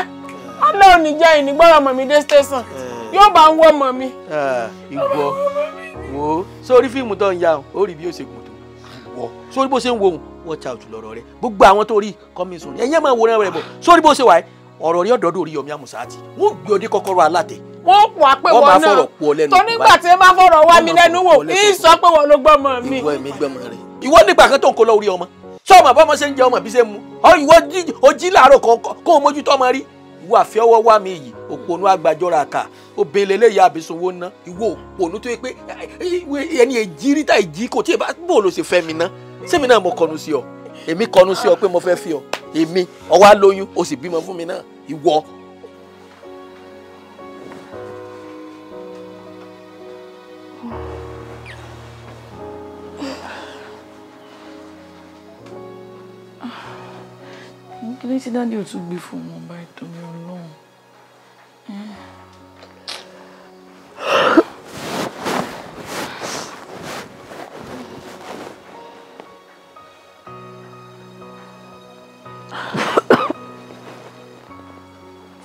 [SPEAKER 5] ọlọ́run ní jẹ́ ìnigbọ́rọ̀ ọmọ mi dé station eh. yóò bá ń wọ́ ọmọ mi.
[SPEAKER 6] Ah, ìgbọ́ wo sórí fíìmù tó ń ya ó rí bí ó ṣe kù wọ sórí bó ṣe ń wo òun watch out lọ̀rọ̀ rẹ gbogbo àwọn tó rí kọ́mí sùn
[SPEAKER 5] ẹ̀yẹ́ máa wòran rẹ bọ̀ sórí bó ṣe wà ẹ́ ọ̀rọ̀ rí ọ̀dọ́dọ̀ orí yomi amusati wọ́n gbé ọdẹ kọ́kọ́rọ́ alátẹ. wọ́n wà pé wọn náà torí gbà tí ẹ bá fọ̀rọ̀ wá mi lẹ́nu wò kí sọ pé wọn ló gbọ́mọ mi. ìwọ mi gbọ́mọ rẹ. ìwọ nígbà kan tó ń kó lọ orí ọmọ sọ ọmọ bọ́mọ ṣe ń jẹ ọmọ bí ṣe mu ọ ìwọ ojí làárọ̀ kó o mójútó ọmọ rí wà fẹ́wọ́ wà mí yìí òpònú agbàjọra kà
[SPEAKER 6] obìnrin eléyìí àbísọwọ́ ná ìwọ òpònú tó yẹ pé ẹni èjì ríta èjì kò tí ì bá bò ló ṣe fẹ́ mi ná sẹ́mi náà mo kọnu sí ọ èmi kọnu sí ọ pé mo fẹ́ fi ọ èmi ọwọ́ á lóyún o sì bímọ fún mi náà ìwọ
[SPEAKER 1] kí ni tí dáàdi ò tún gbé fún wọn báyìí torí ọlọ́run.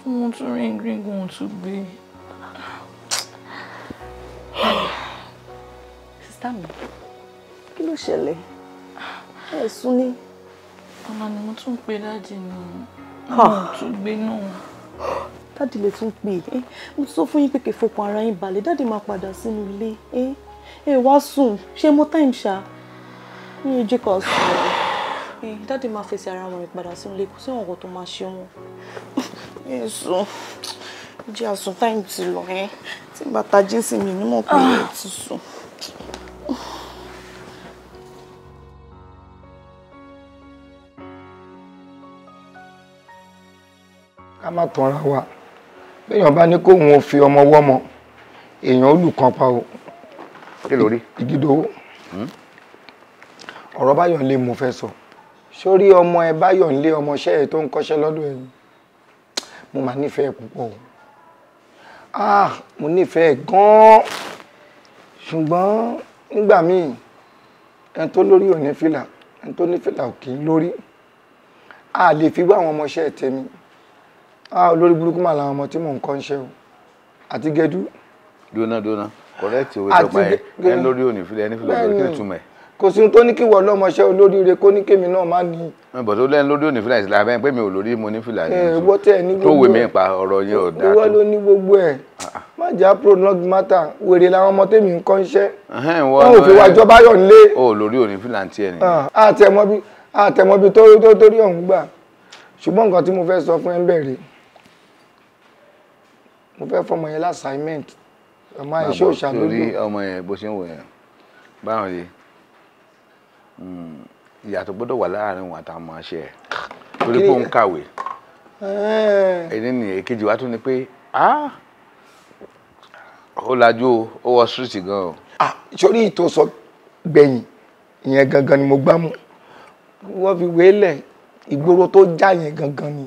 [SPEAKER 5] fún wọn tún rí gírígùn wọn tún gbé.
[SPEAKER 3] sísá mi kí ló ṣẹlẹ̀ ẹ̀ sún ní tún pè dáàdì ni wọn tún gbé náà. dáàdì lè tún pè é eh? mo sọ fún yín pé kẹ́ fọkàn ara yín balẹ̀ dáàdì máa padà sínú ilé eh? ẹ wá sùn ṣé mo time ṣá ní ojú kan sùn ẹ eh, dáàdì máa fèsì ara wọn ìpadà sínú ilé kò sí ọ̀gọ̀ tó máa ṣe wọn. ẹ sùn jẹ́ àsùn time ti lọ tí bàtà jíǹsì mi ni mo pè é ti sùn.
[SPEAKER 5] ká má tanra wa béèyàn bá ní kóun ò fi ọmọ wọ́mọ èèyàn olùkan pa o kí ló rí ìgídówó hmm? ọ̀rọ̀ báyọ̀ lé mo fẹ́ sọ sórí ọmọ ẹ báyọ̀ lé ọmọọṣẹ́ ẹ tó ń kọ́ṣẹ́ lọ́dọ̀ ẹ mo máa nífẹ̀ẹ́ púpọ̀ o ah mo nífẹ̀ẹ́ gan-an ṣùgbọ́n nígbà míì ẹni tó lórí ò ní fìlà ẹni tó ní fìlà ò kì í lórí a lè
[SPEAKER 7] fi wá àwọn ọmọọṣẹ́ tèmi
[SPEAKER 5] ah olórí burúkú mà làwọn ọmọ tí mò ń kọ́ ń ṣe o
[SPEAKER 7] àti gẹdú. dona dona correct owó ìjọba ẹ ẹ lórí òní filẹ ẹni filẹ ọdún kí ni túmọ̀ ẹ.
[SPEAKER 5] kò sí tó ní kí wọ lọmọṣẹ olóríire kó ní kémi náà má ní.
[SPEAKER 7] bọ̀ tó lẹ́nu lórí òní filẹ ìsìlẹ̀ abẹ́yẹn pé mi ò lórí mo ní filẹ yìí tó wè mí pa ọ̀rọ̀ yẹn ò dáa tó. ìwọ
[SPEAKER 5] ló ní gbogbo ẹ ah, ah. má jà prolong matter wèrè làwọn ọmọ tèmi ń kọ́ ń ṣẹ́.
[SPEAKER 7] wọn ò fi wá jọba yọ̀ ń lé. o lórí òní filẹ àǹtí ẹ nìyẹn.
[SPEAKER 5] àtẹ̀mọ́bí ah, àtẹ̀mọ́bí tó torí ọ̀hún gbà ṣùgbọ́n mo fẹ́ fọmọ yẹn lásàímẹ́ǹtì ọmọ yẹn ṣó ṣàlódò. torí
[SPEAKER 7] ọmọ yẹn bó ṣe ń wò yẹn báwọn yìí hmm, ìyàtọ̀ gbọ́dọ̀ wà láàrin wọn àtàwọn ọmọ ṣe ẹ̀ torí pé ó ń kàwé ẹni ni èkejì wa tún ni pé ó lajú ó wọ sírìtì gan o. sórí ìtò sọ gbẹ̀yìn
[SPEAKER 5] ìyẹn gangan ni mo gbámú wọ́n fi wélẹ̀ ìgboro tó já yẹn gangan ni.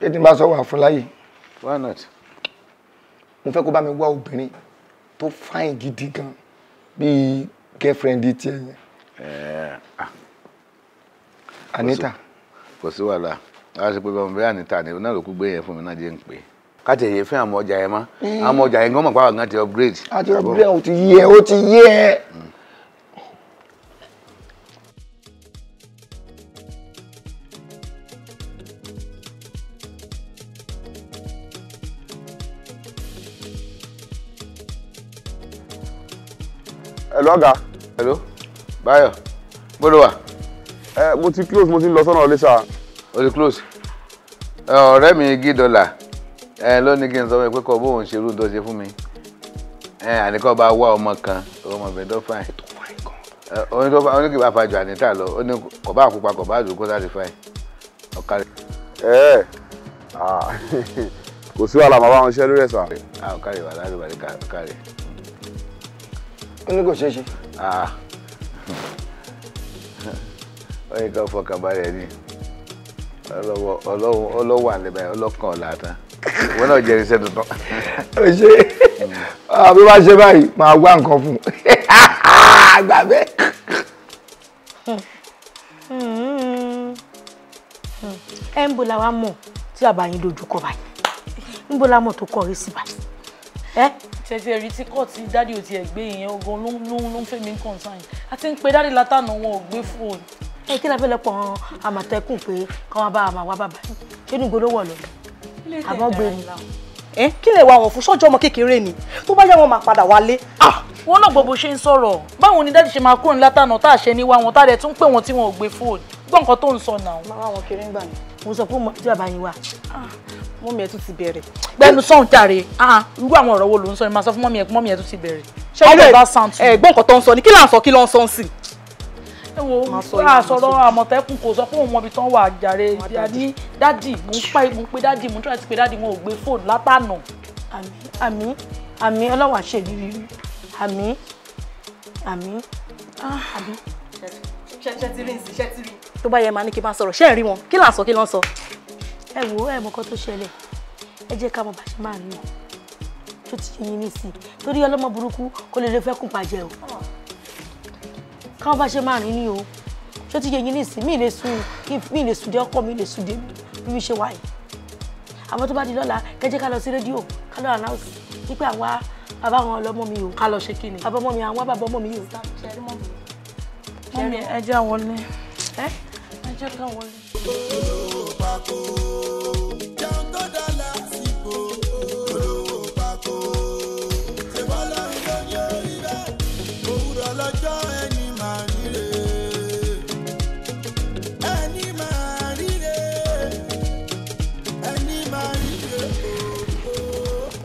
[SPEAKER 5] ṣé tí n bá sọ wà why not. mo fẹ́ kó bá mi wá obìnrin tó fáìn gidi gan bíi girlfriend tiẹ̀ yẹn.
[SPEAKER 7] Eh, ah. Anita. kò sí wàhálà a ṣe pé bọ́mọ̀ bẹ́ẹ̀ Anita ni náà ló kú gbé yẹn fún mi náà jẹ́ ń pè é káti ẹ̀yẹ fẹ́ àwọn ọjà yẹn mọ́ eh. àwọn ọjà yẹn gan mọ̀ pàwọn gan ti upgrade. a ti upgrade
[SPEAKER 5] o ti yẹ o ti yẹ. Mm.
[SPEAKER 4] lọ́gàá. hello Báyọ̀
[SPEAKER 7] bó ló wà. ẹ mo ti close mo ti lọ sọ́nà ọ̀lẹ́sà. o ti close ọ̀rẹ́ mi gí dọ́là ẹ ló ní kí n sọ fún mi pé kọ́ bóun ṣe irú tó ṣe fún mi ẹ àníkọ́ bá wá ọmọ kan ọmọ bẹ̀ oh dọ́fà ẹ oníkìbá fàjọ àníta lọ ó ní kò bá àkópa kò bá àdúgbò láti fà ẹ ọ̀kadì. Ah, ẹ kò sí wàhálà màá bá wọn ṣe lórí ẹ̀ sàn. ọ̀kadì wà láti wà ní kárẹ̀ ó ní kò ṣeé ṣe. Ah. ó yẹ ká fọkànbalẹ̀ ni ọlọ́wọ́ àlebà ọlọ́kàn ọ̀la tán wọn náà jẹ́rìí sẹ́tù tán. ó ṣe
[SPEAKER 5] àbí ah, wàá ṣe báyìí máa wá nǹkan fún un
[SPEAKER 7] àgbà bẹ́ẹ̀.
[SPEAKER 3] ẹ ń bo làwa mọ̀ tí bàbá yín dojú kọ báyìí ń bo làwa mọ̀ tó kọrí sí báyìí. Eh?
[SPEAKER 5] tẹ̀sí ẹ̀rí tí kọ́ọ̀tì dáàdì ò tiẹ̀ gbé ìyẹn ogun ló ń ló ń fẹ́ mi kọ̀ǹtàn a ti ń pe dáàdì látànà wọn ò gbé fóònù. ẹ eh, kí ni a fẹ́ lọ pọ̀ ọ́n àmọ̀tẹ́kùn pé káwọn bá a máa wá bàbá
[SPEAKER 3] nínú igbó ló wọ̀ lọ àmọ́ gbé ni ẹ eh, kí lè wa àwọn fún sọ́jọ́ ọmọ kékeré ni tó bá yá wọn máa padà wálé. Ah! wọn náà gbọ́ bó ṣe ń sọ̀rọ̀ báwo ni dáàdì ṣe máa kúrò ní látànà tá a
[SPEAKER 5] ṣe ní wa wọn tá a dẹ̀ tún pè wọn tí wọn ò gbé fóònù gbọ́ nǹkan tó ń sọ náà.
[SPEAKER 3] màmá àwọn kiri ń gbà mí mo sọ fún mọ tí bàbá yín wà. Ah! mọ́mí ẹ̀ tún ti bẹ̀rẹ̀
[SPEAKER 5] gbẹ́nu sọ̀hún jàre ah, irú àwọn ọ̀rọ̀ wo ló ń sọ ni
[SPEAKER 3] màá sọ fún mọ́mí ẹ̀ pé mọ́mí ẹ̀ tún ti bẹ̀rẹ̀ ṣé ilé ìbá sound tù. ẹ̀gbọ́n nǹkan tó ń sọ ni kí là ń sọ kí ló ń sọ ń sìn.
[SPEAKER 5] ẹ wo àsọ̀rọ̀ àmọ̀tẹ́kùn kò sọ pé òun mọbi tán wà jàre ní dádì mò ń pa ìgbọ̀n pé dádì mò ń tọ́ àti pé dádì wọn ò gbé fóònù látànà. àmín àmín
[SPEAKER 3] àmín ọlọ́wà ṣèlérí àmín àmín àmín. ṣẹ́tìrì ṣẹ́tìrì. tó bá yẹ máa ní kí n máa sọ̀rọ̀ ṣé ẹ̀ rí wọn kí là ń sọ kí ló sọ ẹ wo ẹ mọ̀kọ́ tó ṣẹlẹ̀ ẹ jẹ́ ká mọ̀ bá ṣe máa rí o tó ti yín nísìn torí ọlọ́mọ burúkú kò lè lè fẹ́ kún pàjẹ́ o ká mọ̀ bá ṣe máa rí ni o tó ti yín nísìn mí lè sùn mí lè sùn dé ọkọ mi lè sùn dé bí mi ṣe wà yìí àmọ́ tó bá di lọ́la kẹ́ jẹ́ ká lọ sí rédíò ká lọ ànáwùsì wípé àwa bàbá àwọn ọlọ́mọ mi o ká lọ ṣe kíni bàbá ọmọ mi àwọn bàbá ọmọ mi o. mọ́mi ẹ jẹ́ àwọn ọlẹ́ ẹ
[SPEAKER 1] jẹ́ ká wọlé.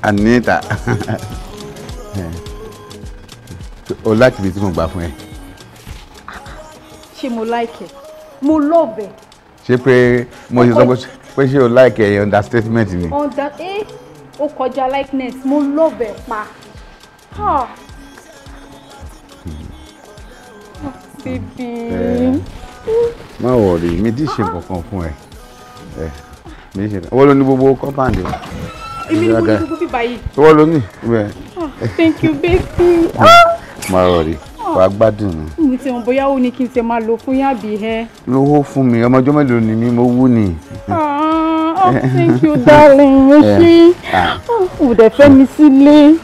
[SPEAKER 4] Anita
[SPEAKER 7] o láti bí tí mo gbà fún ẹ.
[SPEAKER 3] ṣé mo láìkẹ mo lọ́ọ̀bẹ̀
[SPEAKER 7] ṣé pé mo ṣe sọ pé ṣé o like ẹ̀yẹ eh, understatement ni.
[SPEAKER 3] ọ̀dà ẹ eh, o kọjá likeness mo love ẹ pa. Ah, bíbí. Eh,
[SPEAKER 7] má wọrí mi dì ṣe kankan fún ẹ mi ṣe owó ló ní gbogbo compound wa. èmi ni mo ní gbogbo bíbá yìí. owó ló ní.
[SPEAKER 3] Ah, thank you baby. má wọrí wàá gbádùn mi. mo ti hàn bóyá ó ní kí n ṣe máa lo fún yàbí ẹ.
[SPEAKER 7] lówó fún mi ọmọ mélòó ni mi mo wú ni.
[SPEAKER 3] oh thank you darling o ṣe kò dẹ̀ fẹ́ mi sílé.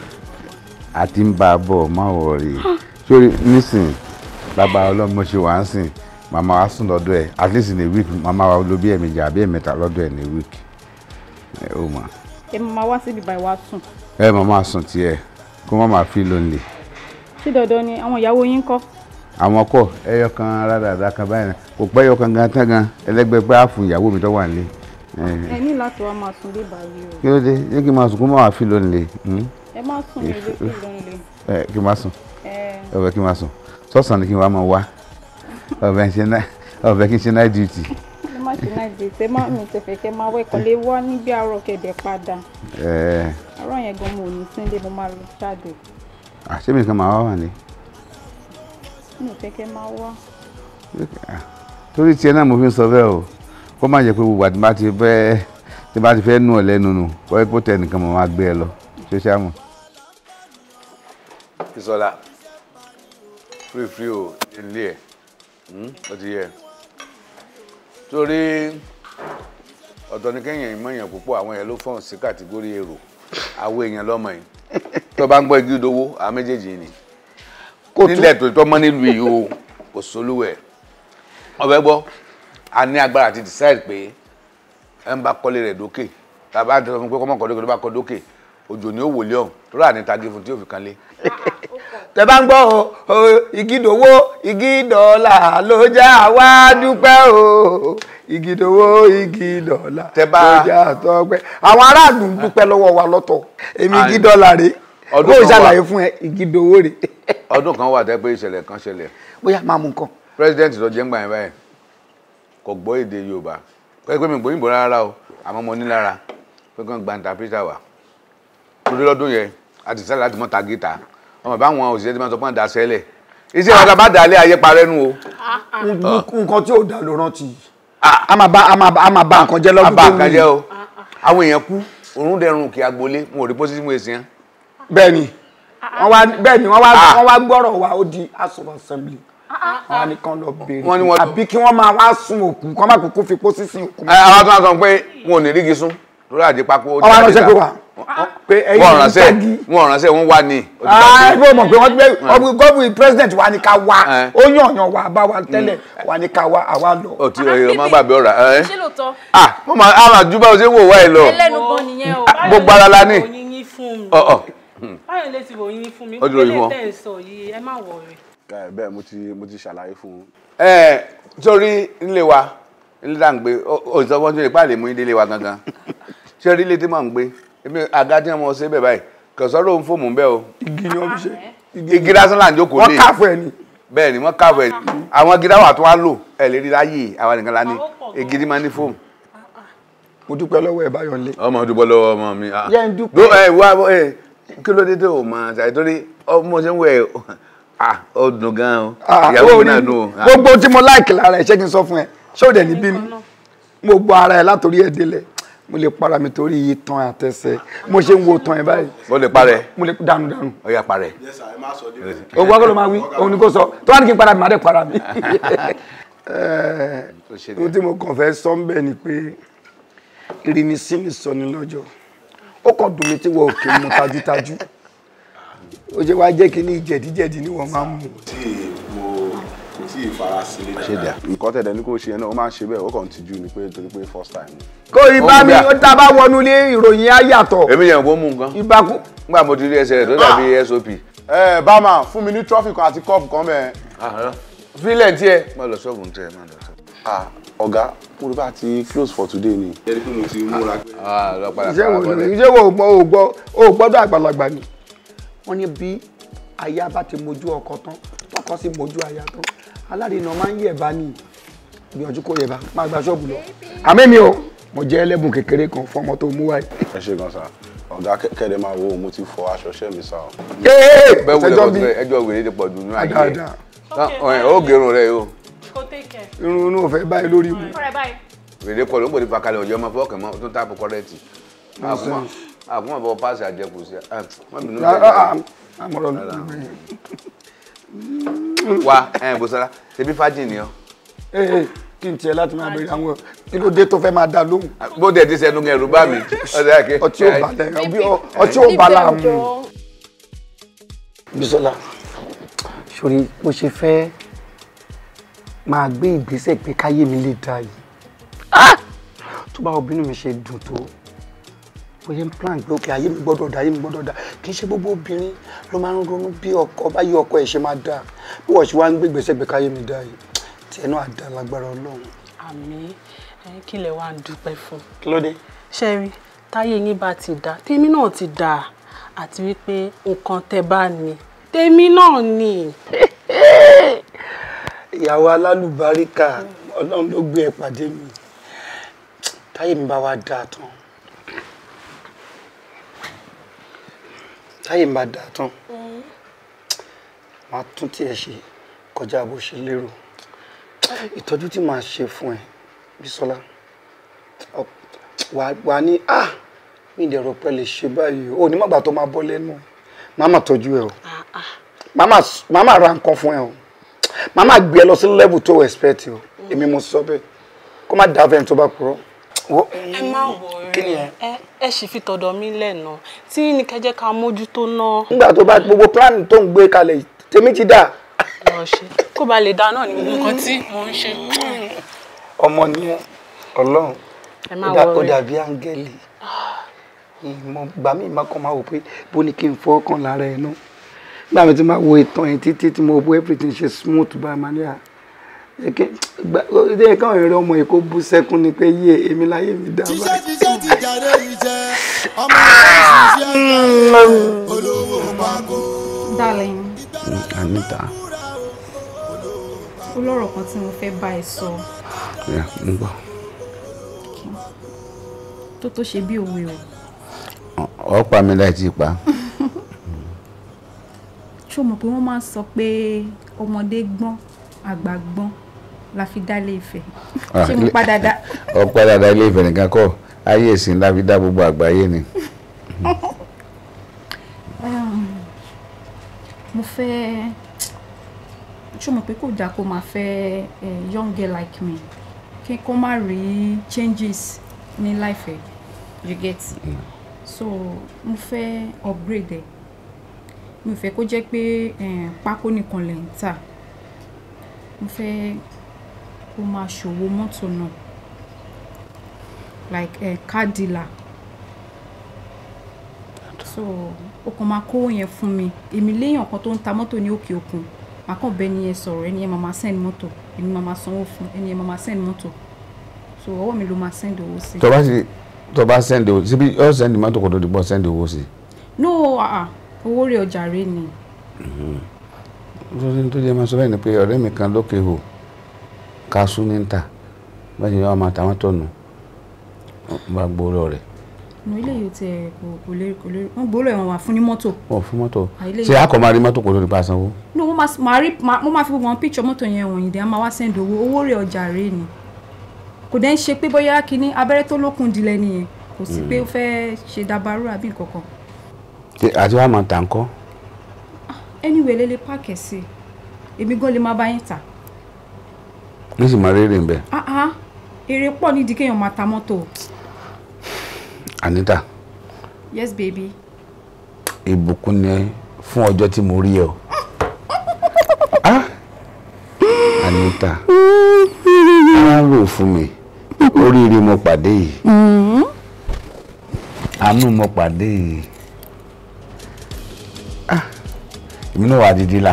[SPEAKER 7] a ti ń bá a bọ̀ má wọ̀ọ́rì sórí nísìn bàbá ọlọ́mọ ṣe wà sìn màmá wa sùn lọ́dọ̀ ẹ̀ at least in a week màmá wa ló bí ẹ̀mejì àbí ẹ̀mẹ́ta lọ́dọ̀ ẹ̀ in a week. ẹ o mà.
[SPEAKER 3] ẹ màmá wá síbi báyìí wá sùn.
[SPEAKER 7] ẹ màmá sùn tiẹ̀ kó má máa fi lonely
[SPEAKER 3] sí dandan ni àwọn ìyàwó yín kọ́.
[SPEAKER 7] àwọn kọ ẹyọ kan rárá kan báyìí kò pẹ́ ẹyọ kan gan tán gan ẹlẹ́gbẹ́ pé á fún ìyàwó mi tó wà nílé. ẹ
[SPEAKER 3] ní láti wá máa sùn dé báyìí o.
[SPEAKER 7] kí ló dé yé kí n máa sùn kó má wàá fi lónìí. Hmm?
[SPEAKER 3] ẹ má sùn ní ilé kí lónìí.
[SPEAKER 7] ẹ kí n má sùn ẹ bẹ kí n má sùn sọ́sàn ni kí n wá máa wá ọ̀bẹ kí n ṣe night duty
[SPEAKER 3] má ṣe náà dé tẹ má mi tẹfẹ kẹ má wẹkọ lé wá níbi àárọ̀ kẹdẹ padà
[SPEAKER 7] àárọ̀
[SPEAKER 3] yẹn gan mo ò ní sílé mo máa lọ jáde
[SPEAKER 7] àṣé mi nìkan máa wá wà ní.
[SPEAKER 3] mi ò kẹ́kẹ́ máa wá.
[SPEAKER 7] Ah, torí tiẹ̀ náà mo fi ń sọ bẹ́ẹ̀ o kó má jẹ́ pé gbogbo àti bá ti fẹ́ tí bá ti fẹ́ nù ọ́ lẹ́nu nù kó ẹ kó tẹ nìkan mọ̀ máa gbé ẹ lọ ṣé ṣáàmù. Ìṣọ̀lá fúrifúri ò nílé ẹ̀ hmm, ó ti yẹ torí ọ̀dọ́ ni kẹ́yìn ìmọ̀ èèyàn púpọ̀ àwọn èèyàn ló fọ́n sí kàtígórì èrò àwọn èèyàn lọ́mọ yìí tó bá ń gbọ́ igi ìdówó àwọn méjèèjì ni nílẹ̀ tó tọ́ mọ́ nílùú yìí o kò solúwẹ̀ ọ̀fẹ́ gbọ́ a ní agbára ti decide pé ẹ̀ ń bá kọ́lé rẹ̀ dókè tàbá tẹ fún pé kọ́mọ̀ kọ́ dókè tó bá kọ́ dókè òjò ni ó ọ̀hún tó ah, ah, rà o igi ìdòwó igi ìdọ̀ọ̀la
[SPEAKER 5] ló já wá o igi ìdòwó igi ló já tọ́pẹ́ àwọn aráàlú dúpẹ́ wa lọ́tọ̀ èmi igi ọdún kan wà ṣàlàyé
[SPEAKER 7] fún ẹ ìgidò owó rè. ọdún kan wà tẹ́ pé ìṣẹ̀lẹ̀ kan ṣẹlẹ̀. bóyá máa mú nǹkan. president tó jẹ́ ń gbà yẹn báyìí kò gbọ́ èdè yorùbá pé pé mi gbọ́ òyìnbó rárá o àmọ́ mo ní lára pé kàn gba interpreter wà lórí lọ́dún yẹn a ti sáré láti mọ́ ta gíta ọmọ bá wọn òṣìṣẹ́ tí wọ́n sọ pé wọ́n sẹ́lẹ̀ iṣẹ́ wọn bá dalẹ̀ ayé parẹ́ nu o. nǹkan tí ò dà ló rántí. Ah.
[SPEAKER 5] a máa bá a máa bá nǹkan
[SPEAKER 7] jẹ́ lọ́dún tó ń bọ̀. àwọn èèyàn kú òrùn dẹrùn kí agboolé wọn ò rí pósítì mú èsì yẹn bẹ́ẹ̀ni ah, ah. wọ́n wá bẹ́ẹ̀ni wọ́n wá ah. wọ́n wá gbọ́rọ̀ wa ó di aṣọ assembly wọ́n ní
[SPEAKER 5] kán lọ béèrè àbí kí wọ́n máa wá sun òkú kán má kúkú fi pósí sin òkú.
[SPEAKER 7] ẹ àwọn tó ń sọ pé wọn ò ní rígi sún lórí àdìpapọ̀ ó jẹ́ àdìta wọ́n ránṣẹ́ wọ́n ránṣẹ́ wọ́n wá ní. ẹgbẹ́ ọmọ pé wọ́n ti bẹ́ẹ̀ mm. ọmọ
[SPEAKER 5] gọ́ọ̀bù president wa ni ká wá eh. ó yàn yàn wá bá wa tẹ́lẹ̀ mm. wa ni ká wá àwa lọ. o ti ọyọ ọmọ gbàgbé ọ̀rà ẹ. Eh?
[SPEAKER 7] ṣé lóòótọ́.
[SPEAKER 1] ah mo máa
[SPEAKER 7] ju báwo ṣe wò wá ẹ lọ.
[SPEAKER 4] ẹlẹ́nu gan nìyẹn o. gbogbo ara la ní. ọ̀ọ́ báyọ̀ lè ti ròyìn fún mi kí lè tẹ̀ ń sọ yìí ẹ má wọ̀ rẹ̀. bẹ́ẹ̀ mo ti mo ti ṣàlàyé fún
[SPEAKER 7] un. ẹ torí nílé wa nílé tá à ń gbé òṣìṣẹ́ wọn tún lè pàlè mú ilé wa gangan ṣé rí ilé tí mò ń gbé èmi àga tí mo ṣe bẹ̀ báyìí kọ̀sọ́rọ̀ ń fòmù bẹ́ẹ̀ o.
[SPEAKER 2] igi ni wọ́n fi ṣe.
[SPEAKER 1] Ah, igi lásán là ń jókòó lé. wọ́n
[SPEAKER 7] káfọ́ ẹ̀ ni. bẹ́ẹ̀ ni wọ́n káfọ́ ẹ̀ ni ah, ah. àwọn igi dáwà tó wá lò ẹ̀ lè rí láyè àwa nìkan lá igi ni máa ní fòmù mo dúpẹ́ lọ́wọ́ ẹ̀ báyọ̀ lé. ọmọ dúpẹ́ lọ́wọ́ ọmọ mi. yẹ dúpẹ́ kí ló dé tó o máa ṣàyẹ torí ọmọ ṣe ń wẹ ọ dùn gan o ìyàwó mi náà dùn o. gbogbo tí mo
[SPEAKER 5] láìkì lára ẹ ṣé kí n sọ fún ẹ ṣé òde ní bí mi mo gbọ́ ara ẹ látòrí ẹ délẹ̀ mo lè para mi torí iye tan àtẹsẹ mo ṣe ń wo tan ẹ báyìí. mo lè parẹ. mo lè dànù dànù.
[SPEAKER 7] ó yá parẹ. ogun akọlọ máa
[SPEAKER 5] wí òun ni kò sọ tó wà ní kí n para mi má dé para mi. Eh, ohun tí mo kàn fẹ́ sọ ń bẹ̀ ni pé ìrìnnì sí sọ ni lọ́jọ́ ó kàn dùn mí tí wọ́n ò kì í mu tajútajú ó jẹ́ wá jẹ́ kí ní jẹ̀díjẹ̀dí ni wọ́n máa ń mu.
[SPEAKER 4] nǹkan tẹ̀lé ní kò ṣe náà ó máa ń ṣe bẹ́ẹ̀ ó kàn tijú ni pé torí pé first time. kò ibà mi ó dábàá wọnú ilé ìròyìn á èmi yẹn kò mú nǹkan. ibà kú. nígbà mo ti rí ẹsẹ̀ rẹ̀ tó
[SPEAKER 7] dàbí ah! sop.
[SPEAKER 4] ẹ bàmà fún mi ní trọ́fì kan àti kọ́ọ̀pù kan
[SPEAKER 7] bẹ́ẹ̀.
[SPEAKER 4] filẹ̀ tiẹ̀. má lọ sọ́ọ̀bù ń tẹ̀ má lọ sọ́ọ̀bù ah Oga, mo rí ti close for today ni. jẹ́rí pé mo ti múra pé.
[SPEAKER 5] iṣẹ́
[SPEAKER 2] wo o gbọ́ o gbọ́dọ̀ àgbàlagbà ni
[SPEAKER 5] wọ́n ní bí aya bá ti mojú ọkọ tán tọkọ sì mojú aya tán aládìní máa ń yẹ̀bá ni gbìyànjú kò yẹ̀bá máa gba ṣọ́ọ̀bù lọ
[SPEAKER 4] àmì mi o mo jẹ́ ẹlẹ́bùn kékeré kan fún ọmọ tó mú wáyé. ẹ ṣe gan sa ọ̀gá kẹ́kẹ́rẹ́ máa wo mo ti fọ aṣọ ṣẹ́ mi sá o. bẹ́ẹ̀ wo lẹ́kọ̀ọ́ ẹjọ́ wèrè ti pọ̀ dùn ní ayé ẹ̀ ó gẹrun rẹ̀
[SPEAKER 7] o kó take care. irun inú òfẹ́ báyìí lórí mu. rèdè kọ ló ń pè ní fakalẹ̀ ọ̀jọ́ ọmọ fọ́ọ̀kẹ́ mọ́ tó tààpù kọ́rẹ́ẹ̀tì àkúmọ̀ bọ́ páàsì àjẹkù sí wa ẹ̀ bùsọ̀lá ṣebí fájì ni ọ́
[SPEAKER 5] kí n tiẹ̀ láti máa bèrè àwọn kí ló dé tó fẹ́ máa dá lóhùn.
[SPEAKER 7] bó dẹ̀ ti sẹnu ẹ̀rù bá mi. ọtí ò balẹ̀
[SPEAKER 2] ọtí ò balẹ̀ àmú.
[SPEAKER 7] Bisola
[SPEAKER 5] sori mo ṣe fẹ́ máa gbé ìgbésẹ̀ pé káyé mi lè dá yìí ah! tó bá obìnrin mi ṣe dùn tó bóyá plan pé òkè ayé mi gbọ́dọ̀ dá ayé mi gbọ́dọ̀ dá kì í ṣe gbogbo obìnrin ló máa ń ronú bí ọkọ báyìí ọkọ ẹ̀ ṣe máa dá bí wọ́n ṣe wá ń gbé ìgbésẹ̀ pé káyé mi dá yìí tiẹ̀ náà àdá lágbára ọlọ́run.
[SPEAKER 3] àmín kí lẹ wá ń dúpẹ́ fún. kí ló dé. ṣẹ́rí táyé yín bá ti dá tèmi náà ti dá àti wípé nǹkan tẹ bá ní tèmi náà ni.
[SPEAKER 1] ìyàwó
[SPEAKER 5] alálùbáríkà ọlọ́run ló gbé ẹ pàdé mi táyé mi bá wá dáa tán táyé mi bá dáa tán màá tún tiẹ̀ ṣe kọjá bó ṣe lérò ìtọ́jú tí màá ṣe fún ẹ Bísọ́lá wà ní ah mi ìdẹ̀rọ̀ pẹ́ lè ṣe báyìí o ní mọ̀gbà tó máa bọ́ lẹ́nu màá mà tọ́jú ẹ o ah, ah. màá mà ra nǹkan fún ẹ o màá máa gbé ẹ lọ sí level tó expect o èmi mo sọ bẹ́ẹ̀ kó má dáa fẹ́ni tó bá kúrò. ẹ má wọ ẹ ẹ sì fi tọ̀dọ̀ mi lẹ́nu tí ní kẹjẹ́ ká mójútó náà. nígbà tó bá gbogbo plan tó ń gbé kalẹ̀ tèmi ti dà. kó ba lè dá náà ní gbogbo nǹkan tí mò ń ṣe. ọmọ ni Ọlọ́run ó dàbí áńgẹ́lì gbàmí ìmọ̀kànmá wò pé bó ni kí n fọ́ ọkàn lára ẹ̀ nígbà mi ti máa wo ìtàn yẹn títí everything ṣe smooth bá ma ní à ìdí ẹ̀ka ọ̀rẹ́ ọmọ yìí kó bú sẹ́kún ni pé
[SPEAKER 1] darling. anita. ó lọ́rọ̀
[SPEAKER 3] kan tí mo fẹ́ bá ẹ sọ.
[SPEAKER 7] ìyá mo gbọ́.
[SPEAKER 3] tó tó ṣe bí òwe
[SPEAKER 7] o. ọ̀pá mi láì pa
[SPEAKER 3] ṣó mọ̀ pé wọ́n máa ń sọ pé ọmọdé gbọ́n àgbà la fi dá ilé Ifẹ̀ ah, ṣé mo padà dá.
[SPEAKER 7] ọ̀pá dada ilé Ifẹ̀ nìkan kọ́ ayé la fi dá gbogbo àgbáyé ni.
[SPEAKER 3] mo fẹ́ ṣó mọ̀ pé kò dáa kó m'a fẹ́ young girl like me kí kó má rí changes ní life ẹ̀ you get mm. so mo fẹ́ upgrade ẹ̀ mi ò fẹ́ kó jẹ́ pé eh, pákó nìkan lẹ̀ ń tà mo fẹ́ kó máa ṣòwò mọ́tò náà like uh, car dealer so o kàn máa kó yẹn fún mi èmi léèyàn kan tó ń ta mọ́tò ní òkè òkun màá kàn bẹ́ẹ̀ ni yẹn sọ̀rọ̀ ẹni yẹn máa máa send mọ́tò èmi máa máa sanwó fún ẹni yẹn máa máa send mọ́tò so ọwọ́ mi ló máa send owó sí.
[SPEAKER 7] tó bá sì send owó síbi yóò send mọ́tò kó tó di bọ́ send owó sí.
[SPEAKER 3] no ah uh, uh owó rẹ̀ ọjà rẹ̀ ni.
[SPEAKER 7] tó jẹ́ máa sọ bẹ́ẹ̀ ni pé ọ̀rẹ́ mi kan lókè hò kaṣú ní ta bẹ́ẹ̀ ni wọ́n máa tàwọn tọ̀nù bá gbòòrò rẹ̀.
[SPEAKER 3] nù ilé yìí tẹ kò lè kò lè wọn gbòòrò ẹ̀ wọn wà fún ní mọ́tò. wọn fún mọ́tò ṣé a máa
[SPEAKER 7] rí mọ́tò kó tó di pa sanwó.
[SPEAKER 3] no mo máa rí mo máa fi gbogbo àwọn píkṣọ mọ́tò yẹn wọ̀nyí dẹ́ a máa wá sẹ́ndì owó owó rẹ̀ ọjà rẹ̀ ni kò dẹ́n ṣe pé bóyá kínní abẹ́rẹ́ tó lókun dilẹ̀ nìyẹn kò sí mm. pé ó fẹ́ ṣe dabarú àbí nǹkan kan
[SPEAKER 7] àti wàá máa tà ń kọ́.
[SPEAKER 3] anyway lè lè páàkì sí i èmi gan lè máa bá yín tà.
[SPEAKER 7] ní sì máa rere ń bẹ.
[SPEAKER 3] èrè pọ̀ nídìí kéèyàn máa ta mọ́tò. Anita. yes baby.
[SPEAKER 7] ìbùkún ni fún ọjọ́ tí mo rí ẹ o. Anita ah! ara rò fún mi oríire mo pàdé yìí mm-hmm. àánú mo pàdé yìí. èmi náà wà di dílà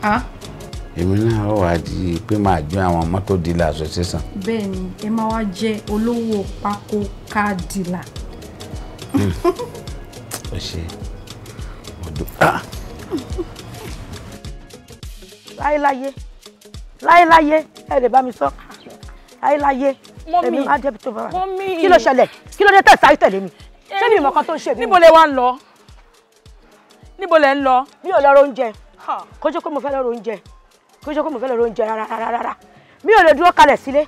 [SPEAKER 7] ah, ah. èmi náà wà di pé máa jẹ àwọn mọ́tò dílà association.
[SPEAKER 3] bẹ́ẹ̀ni ẹ máa wá jẹ olówó pákó ká dílà.
[SPEAKER 7] ó hmm. ṣe ọdún.
[SPEAKER 3] Ah. láéláyé láéláyé ẹ lè bá mi sọ láéláyé èmi máa jẹ́ bí tó bá wà kí ló ṣẹlẹ̀ kí ló dé tẹ̀sán tẹ̀lé mi ṣé mi ìmọ̀ kan tó ń ṣe mí. níbo lè wá ń lọ níbo lẹ ń lọ. mi ò lọ oúnjẹ kó jẹ́ pé mo fẹ́ lọ oúnjẹ kó jẹ́ pé mo fẹ́ lọ oúnjẹ rárá mi ò lè dúró kalẹ̀ sílé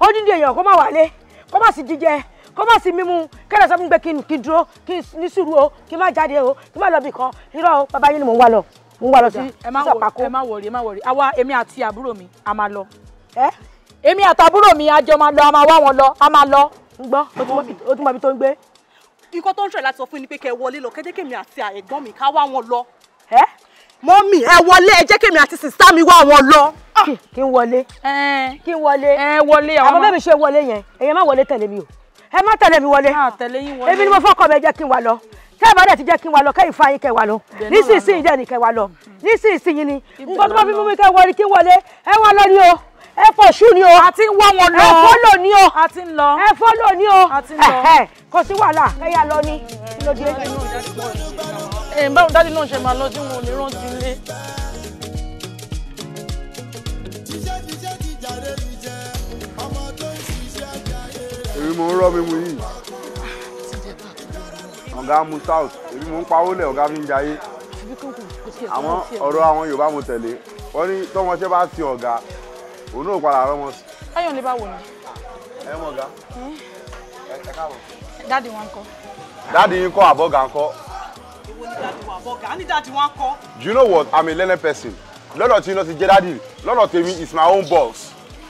[SPEAKER 3] ó dídì èèyàn kó má wálé kó má sì jíjẹ kó má sì mímu kẹ́lẹ́ sọ fún mi pé kí n dúró kí n ní sùúrù o kí n má jáde o kí n má lọ bì kan irọ́ o bàbá yín ni mò ń wá lọ mò ń wá lọ sí sọ̀pàkó. ẹ má wọrí ẹ má wọrí àwa èmi àti àbúrò mi a máa lọ. ẹ èmi àtàbúrò mi a jọ máa lọ a máa wá wọn lọ a máa lọ. ń gbọ́ o tún mọ ibi tó ń gbé nǹkan tó ń ṣẹlẹ̀ láti sọ fún ni pé kẹ́ ẹ wọlé lọ kẹ́jẹ́ kèmi àti ẹ̀gbọ́n mi ká wá wọn lọ. ẹ mọ́mì ẹ wọlé ẹ jẹ́ kèmi àti sìsá mi wá wọn lọ. Ah! kí n wọlé kí n wọlé ẹ wọlé àwọn ọmọ bẹ́ẹ̀ mi ṣe wọlé yẹn èyàn má wọlé tẹ̀lé mi o ẹ má tẹ̀lé mi wọlé èmi ni mo fọ́kọ̀ mi ẹ jẹ́ kí n wá lọ tẹ́ ẹ bá dẹ̀ ti jẹ́ kí n wá lọ kẹ́yìn fún ayín kẹ́ wá lọ nísinsìnyí dẹ̀ ni kẹ́ wá lọ mm. nísinsìnyí ni nǹkan tó bá fi mú mi kẹ́ wọlé kí n wọlé ẹ wá lọ ni o ẹ fọṣú ni o àti ń wá wọn lọ ẹ fọlọ ni o àti ń lọ ẹ fọlọ ni o àti ń lọ kò sí wàhálà ẹ yà lọ ní lóde. ẹ̀ ń báwọn dáàdì náà ṣe
[SPEAKER 5] máa lọ tí wọn ò ní rántí ilé.
[SPEAKER 2] èmi mò ń rọ́ mi mu yìí
[SPEAKER 4] ọ̀gá mu south èmi mò ń pawó lẹ̀ ọ̀gá mi ń jayé
[SPEAKER 5] àmọ́ ọ̀rọ̀
[SPEAKER 4] àwọn Yorùbá mo tẹ̀lé wọ́n ní tọ́mọṣẹ́ bá ti ọ̀gá òun no padà rán wọn si.
[SPEAKER 3] táyọ̀ ní bá wò ni. ẹ mọ̀ ga eh. ẹ káàbọ̀. dáàdi kọ.
[SPEAKER 4] dáàdi yín kọ àbọ̀gà ń kọ.
[SPEAKER 3] èwo ni dáàdi wọn àbọ̀gà ní dáàdi wọn kọ.
[SPEAKER 4] do you know what i'm a learning person Lọna tí iná ti jẹ́ dáàdi lọ́dọ̀ tèmi is my own boss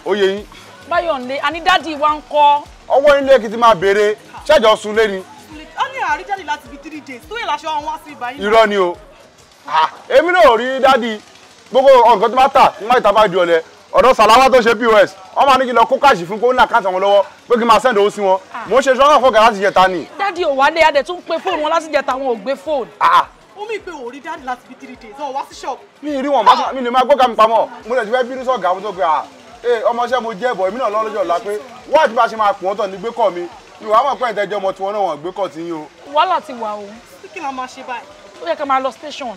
[SPEAKER 4] ó yẹ yín.
[SPEAKER 5] báyọ̀nlé àní dáàdi wa ń kọ́.
[SPEAKER 4] ọwọ́ ilé kìí ti máa béèrè ṣẹ́jọ́ ni.
[SPEAKER 5] ó ní àárí jáde láti fi three days tó yẹ láṣọ àwọn sí ibà irọ́ ni
[SPEAKER 4] o ah, èmi náà rí dáàdi gbogbo nǹkan tó bá tà nígbà tí bá di ọ̀dọ̀ sàláwá tó ṣe pos wọ́n máa ní kí lọ kó káàṣì fún kó ní àkáǹtì wọn lọ́wọ́ pé kí n máa sẹ́ndì owó sí wọn ah. mò ń ṣe ṣọ́nà fọ́gà láti jẹta ni. dádì ò wálé adẹ tún pé fóònù wọn láti jẹta wọn ò gbé fóònù. Ah, ah.
[SPEAKER 5] ó mì pé òórí dádì láti fi three days ọ̀ wá sí ṣọ́ọ̀bù.
[SPEAKER 4] mi ì rí wọn mi lè máa gbọ́gà mi pamọ́ mo lè ti fẹ́ bínú sọ̀gà mo tó pe ọmọọṣẹ́ mo jẹ́ ìbọ̀ èmi náà lọ́lọ́jọ́ ọ̀la pé wáàtí bá ṣe máa pọ̀ ọ́tọ̀ ní gbé kọ́ mi ìwà mọ̀ pé ìtẹ́jọ́ ọmọ tiwọn náà wọ́n gbé kọ́ ti yín o.
[SPEAKER 3] wàhálà ti wà o. station.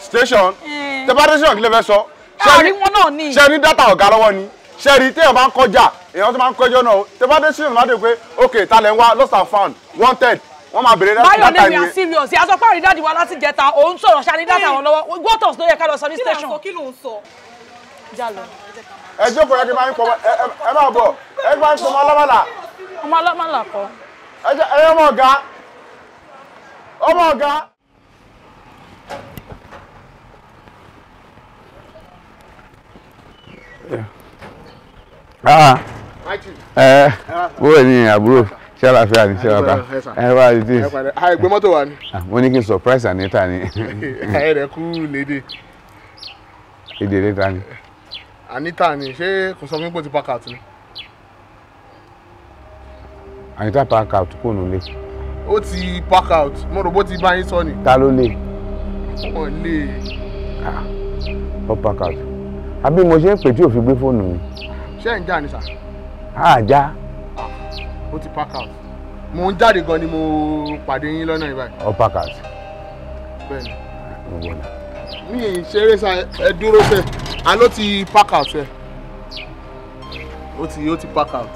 [SPEAKER 4] station eh. tẹ bá tẹsán kí lè fẹ́ sọ àárín wọn náà ni. ṣe ní dátà ọ̀gá lọ́wọ́ ni ṣe rí téèyàn máa ń kọjá èèyàn tó máa ń kọjọ́ náà tẹ bá dé sílẹ̀ máa dé pé ok talẹ̀ ń wá lost and found wanted wọ́n máa bèrè dátà ìwé. báyọ̀ ní mi à
[SPEAKER 5] serious ìyá sọ pé àrídáàdì wa láti jẹta òun sọ̀rọ̀ ṣáà ní
[SPEAKER 3] dátà wọn
[SPEAKER 4] lọ́wọ́ gọ́tọ̀s ló yẹ ká lọ sọ ní station. kí ló ń sọ jalo. ẹ jókòó ẹ kí n máa ń pọ ẹ máa bọ ẹ máa ń pọ ọmọ alámàlà. ọmọ alámàlà kọ.
[SPEAKER 5] ẹ jẹ ẹ ọmọ ọgá ọmọ ọgá.
[SPEAKER 7] Ah, ah. eh, eh, wọ́n ní àbúrò ṣàlàfíà ní ṣàlàfà ẹ wá di tí. àìgbé mọ́tò wa ni. Ah, mo ní kí n surprise Anita ni. ẹ
[SPEAKER 8] rẹ kú lédè. èdè lédè ni. Anita ni ṣé kò sọ fún pé ti park out ni.
[SPEAKER 7] Anita park out kò nù lé.
[SPEAKER 8] ó ti park out mo rò bó ti bá yín sọ ni. ta ló lè. wọn lè.
[SPEAKER 7] ó park out àbí mo ṣe ń pè tí ò fi gbé fóònù mi ṣé ń jà ni sà. a já.
[SPEAKER 8] O ti park out mò ń jáde gan ni mo pàdé yín lọ́nà ìbáyìí. ọ park out. bẹ́ẹ̀ni. mi ì ṣeré sa ẹ dúró sẹ àló ti park out ẹ O ti o ti park out.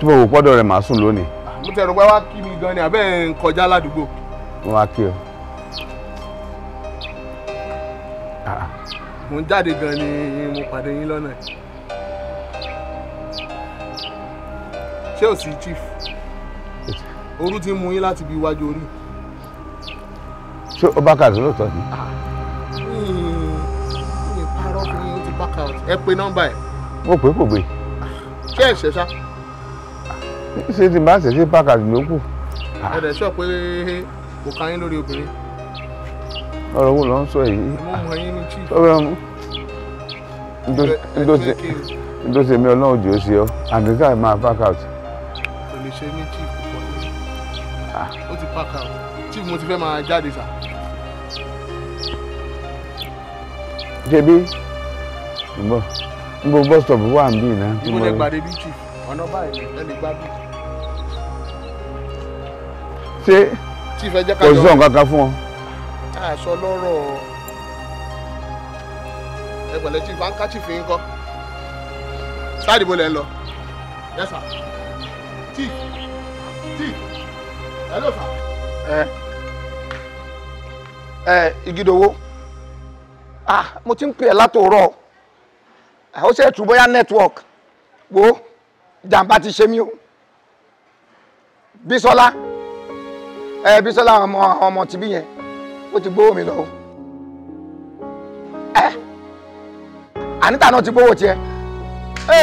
[SPEAKER 7] tí mo wò pọ́dọ̀ rẹ̀ màá sùn lónìí.
[SPEAKER 8] mo tẹ̀rù pé wá kí mi gan ni àbẹ́ ń kọjá ládùúgbò. wọ́n á kí o. mo ń jáde gan ni mo pàdé yín lọ́nà yìí. Chelsea chief orú ti mú yín láti bí iwájú orí.
[SPEAKER 7] ṣé o bá kàdé lóòótọ́ ni.
[SPEAKER 8] Ah. Hmm. mi ì parọ́ fún yín ẹ pe nọ́mbà ẹ̀. mo pè é kò gbé. ṣé ẹ ṣe ṣá.
[SPEAKER 7] ṣé ti máa ṣẹ̀ṣẹ̀ pàkàdé ló kù.
[SPEAKER 8] Ah. ẹ dẹ̀ sọ pé kò ká yín lórí obìnrin.
[SPEAKER 7] ọ̀rọ̀ wo ló ń sọ èyí. mo mọ
[SPEAKER 8] ẹyin ní chief. ọ̀rọ̀
[SPEAKER 7] se ndó ṣe mi ọlọ́run jù ú sí ọ àgíkà máa pàkàdé
[SPEAKER 8] ṣe ní chief púpọ̀ ó ti pack out chief mo ti fẹ́ máa jáde sà.
[SPEAKER 7] jẹbi nbọ nbọ bus stop wà ń bì náà. ibo lè gbàdé
[SPEAKER 8] bí chief ọ̀nà báyìí ẹ lè gbá bí. ṣé kò sí ọ̀n kankan fún ọ. àṣọ lọ́rọ̀ ẹgbẹ̀lẹ̀ chief ankachi fi ń kọ́ sáàdìbò lẹ́ ń lọ. Yes, sir. Chief.
[SPEAKER 5] igidowo ah mo ti n pe lati oro o se tu boya network wo jamba ti se mi o bisola eh bisola ọmọ omo ti bi yen o ti gbowo mi lo eh anita na ti gbowo ti e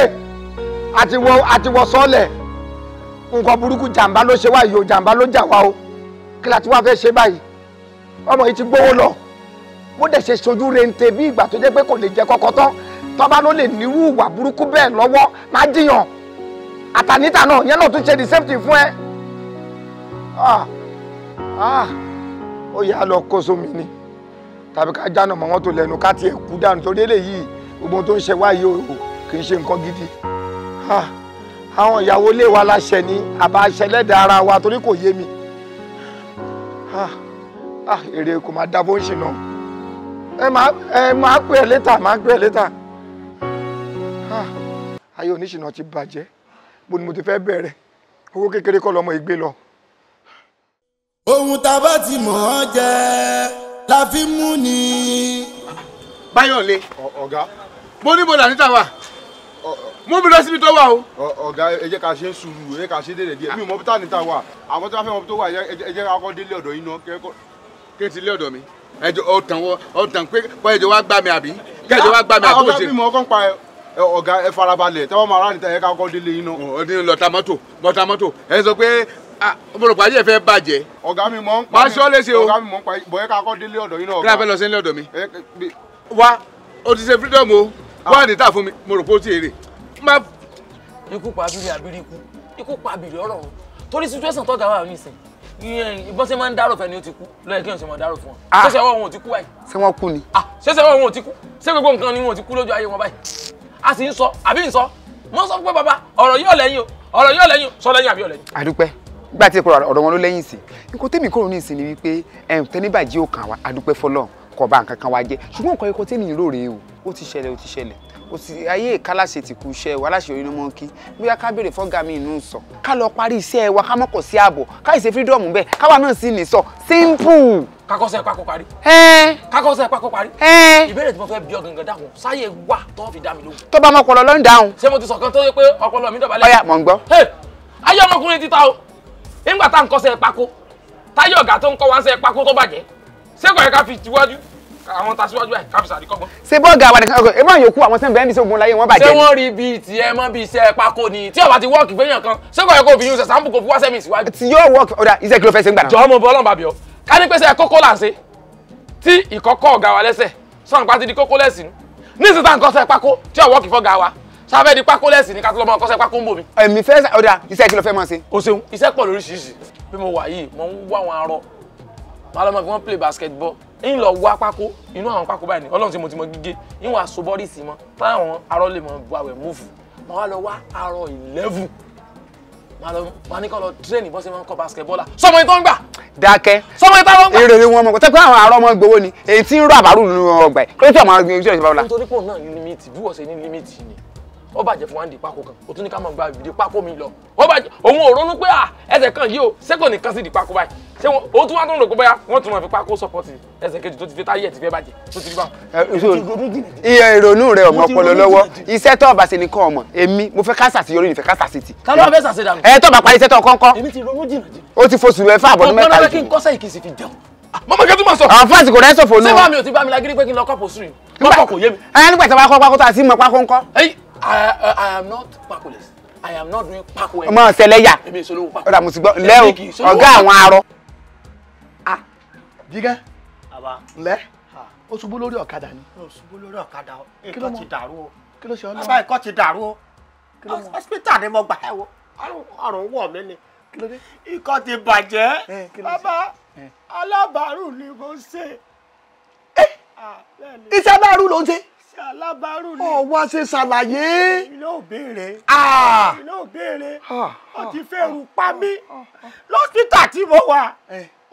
[SPEAKER 5] a ti wo ati wo nǹkan burúkú jàǹbá ló ṣe wá yìí o jàǹbá ló jà wá o kí la ti wá fẹ́ ṣe báyìí ọmọ yìí ti gbówó lọ bó dẹ̀ ṣe ṣojú rente bí ìgbà tó jẹ́ pé kò lè jẹ kọ́kọ́ tán tọ́ba ló lè nírú ìwà burúkú bẹ́ẹ̀ lọ́wọ́ má jiyàn àtàníta náà yẹn náà tún ṣe the same thing fún ẹ ah, ah, ó yà á lọ kó sómi ni tàbí ká jáná mọ́ wọn tó lẹ́nu ká tiẹ̀ kú dànù torí eléyìí gbogbo tó ń ṣe wáyé o kì í ṣe nǹkan gidi. Ah àwọn ìyàwó ilé wa láṣẹ ni àbá aṣẹ lẹ́dàá ara wa torí kò yé mi ah, ah, èrè kò máa dábò ń ṣìnà ẹ máa pè ẹ létà máa pè ẹ létà ah, ayé oníṣìnà ti bàjẹ́ bó ni mo ti fẹ́ bẹ̀rẹ̀ owó kékeré kọ́ lọ́mọ ìgbé lọ. ohun tá a bá ti mọ̀ ọ́ jẹ la fi mú
[SPEAKER 4] ni. báyọ̀ lé ọ̀gá mo ní mo níta wa mú mi síbi tó wà o. ọ̀gá ẹ jẹ́ ká ṣe ń sùúrù ẹ jẹ́ ká ṣe déédéé díẹ̀ mi ò mọ bí táwọn níta wà àwọn tó bá fẹ́ mọ bí tó wà ẹ jẹ́ ká kọ́ délé ọ̀dọ̀ yín náà kí ẹ ti lé ọ̀dọ̀ mi. ẹ jọ ọ̀tàn wọ ọ̀tàn pé kọ́ ẹ jọ wá gbà mí àbí kí ẹ jọ wá gbà mí àbí òṣè. ọ̀gá ọ̀gá ẹ farabalẹ̀ tẹ́wọ́ máa ránìta ẹ ká kọ́ délé yín náà. ọ̀dín lọ́ta mọ́tò lọ́ta mọ́tò ẹ sọ pé ọmọlọpàá yẹ fẹ́ bàjẹ́. ọ̀gá mi mọ̀ ń pa ọ̀gá mi mọ̀ ń pa bọ̀ ẹ ká kọ́ délé ọ̀dọ̀ yín náà. kí ló fẹ́ lọ sí
[SPEAKER 7] ilé mi. wá o ti ṣe freedom o ah. wá ní ta fún mi mo rò pé ó ti èrè ma
[SPEAKER 5] ikú pa abiri abiri ikú ikú pa abiri ọ̀rọ̀ o torí situation tọ́gà wà nísìn ìbọn ṣe máa ń dárò fẹ́ni ó ti kú lọ́yẹ̀ kí wọ́n ṣe máa dárò fún wọn ah. ṣẹṣẹ wọn ò ti kú báyìí. ṣé wọ́n kú ni. Ah, ṣé ṣe wọn ò ti kú ṣé gbogbo nǹkan ni wọn ò ti kú lójú ayé wọn báyìí. a sì ń sọ àbí ń sọ mo ń sọ pé bàbá ọ̀rọ̀ yóò lẹ́yìn o ọ̀rọ̀ yóò lẹ́yìn o sọ lẹ́yìn àbí ọ̀lẹ́yìn. àdúpẹ́ nígbà tí ọ̀rọ̀ wọn ló lẹ́yìn sí nǹkan tèmi kúrò ní ìsìn ni wípé tẹ́níbàjẹ́ ò kàn wá àdúpẹ́ fọlọ́run kọba nǹkan kan wá jẹ ṣùgbọ́n nǹkan ẹ̀kọ́ tèmi ń rò rèé o ó ti ṣẹlẹ̀ ó ti ṣẹlẹ̀ kò sí ayé se ti kú iṣẹ́ wa aláṣeyọrí ló mọ́ kí bóyá ká béèrè fọ́gà mi inú sọ ká lọ parí iṣẹ́ wa ká mọ́kọ̀ sí ààbọ̀ ká ìṣe freedom bẹ́ẹ̀ káwa náà sì ní sọ simple. kakọ́sẹ́ pákó parí. kakọ́sẹ́ pákó parí. ìbéèrè tí mo fẹ́ bí ọ gangan dáhùn sáyé wà tó fi dá mi lóhùn. tó bá mọ ọpọlọ lọ́n dáhùn. ṣé mo ti sọ kan tó yẹ pé ọpọlọ mi dọ̀bálẹ̀. ọyà mọ̀ ń gbọ́. ayé ọmọkùnrin ti ta o nígbà tá à ń kọ́sẹ́ pákó táyé ọ̀gá tó ń kọ́ wá ń sẹ́ pákó tó bàjẹ́ ṣé kò yẹ ká fi tiwájú àwọn tasiwaju ẹ káfíńsà àdìkọ gbọn.
[SPEAKER 1] ṣé bọ́ọ̀gà wà nìkan ọkọ̀
[SPEAKER 5] ẹ máa yòókù àwọn sẹ́ńbẹ̀ ẹ́ndì sógun láyé wọn bàjẹ́. ṣé wọ́n rí bíi ti ẹ mọ́ bíi iṣẹ́ pákó ni tí ọba ti wọ́ọ̀kì fẹ́yàn kan ṣé kò yẹ kó obìnrin ṣẹ̀ṣà ń bù kó fi wá sẹ́mi síwájú. ti yóò wọ́ọ̀kì ọ̀dà iṣẹ́ kí ló fẹ́ ṣe ń gbà náà. jọ̀ọ́ mo bọ́ ọlọ́run bàbí ọ ká ní pẹ́sẹ́ kókó là ń ṣe tí ìkọ́kọ́ ọ̀gá wa lẹ́sẹ̀ sọ̀rọ̀ pa ti di kókó lẹ́sìn nísìsiyìí tá à ń kọ́sẹ́ pákó tí ọ̀wọ́ọ̀kì fọ́gà wa sábẹ́ di pákó lẹ́sìn ní ká tó lọ́mọ ọkọ́sẹ́ pákó ń bò mí. èmi fẹ́ ọ̀dà play basketball ń lọ wá pákó inú àwọn pákó báyìí ni ọlọ́run tí mo ti mọ gígé ń wá so bọ́dì sí mọ́ táwọn arọ lè mọ bu àwẹ̀ múfù mà wá lọ wá arọ ìlẹ́fù mà lọ mà ní kọ́ lọ tírẹ́nì bọ́sẹ̀ máa ń kọ́ basketbọ́là sọmọ yìí tó ń gbà. dákẹ́ sọmọ yìí tó ń gbà. èrè ni wọn mọ tẹpẹ àwọn arọ ọmọ gbowó ni èyí tí ń rọ àbárù nínú ọgbà ẹ kí ló tí àwọn arọ gbowó ti ọjọ́ ìbáwọlá. nítorí pé òun náà ní límìtì bí wọ́n ṣe ní límìtì ni ó bàjẹ́ fún wa ń kan ó tún ní ká máa gba ìdí pákó mi lọ ó bàjẹ́ òun ò ronú pé à ah, kan yìí o sẹ́kọ̀ nìkan sì di pákó báyìí ṣé wọn ó tún wá tó ń rò pé bóyá wọ́n tún fi pákó sọ́pọ́tì ẹsẹ̀ kejì tó ti fi táyé ti fẹ́ bàjẹ́ tó ti rí iye ìrònú rẹ ọmọ ọpọlọ lọ́wọ́ iṣẹ́ tó ọba ṣe ni kàn ọmọ èmi mo fẹ́ kásà sí orí mi fẹ́ kásà sí ti. ká ló fẹ́ sàṣedànù. ẹ tó bá parí iṣẹ́ tó kọ́ńkọ́. èmi ti ronú jìnnà jìnnà. ti fosùn rẹ fún àbọ̀dún mẹ́ta. ọgbọ́n náà kí n kọ́sẹ̀ ìkìsì fi jẹun ah, mọ́mọ́ kẹ́tù máa sọ. àwọn fúlàsì kò rẹ́ sọ̀fọ̀ náà. sẹ́wọ́n mi ò ti bá mi lágídí pé kí n lọ kọ́pù sùn yìí. kọ́pù kò yé mi. ẹ nígbà tí a bá kọ́ pákó tá a sì mọ pákó ńkọ́. I,
[SPEAKER 6] uh, I am not packless. I am not doing packwell. Ọmọ ṣẹlẹ́yà. Èmi ìṣòlówó packwell. Ọ̀dà mo ti gbọ́ lẹ́ o, ọ̀gá àwọn arọ.
[SPEAKER 8] Ah, jígẹ́.
[SPEAKER 6] Àbá. Ǹlẹ́.
[SPEAKER 5] O ah. ṣubú lórí ọ̀kadà ni. O ṣubú lórí ọ̀kadà o. Nǹkan ti dàrú o. Kí ló ṣe ọ́ náà? Àbá nǹkan ti dàrú o. Kí ló mọ̀? Hospital ni mo gbà ẹ̀ wo. Àrùn wọ̀ mí ni. Kí ló dé? Ikọ̀ ti bàjẹ́. Bàbá alábàárù ni mo ṣe. Eh! Ah, Iṣẹ́ bàárù ló ń ṣe
[SPEAKER 1] alábàárù
[SPEAKER 5] ni. ọ wá ṣe ṣàlàyé.
[SPEAKER 1] ilé ò béèrè. ilé ò béèrè.
[SPEAKER 5] wọ́n ti fẹ́rù pa mí. lọ́sítà tí mo wà.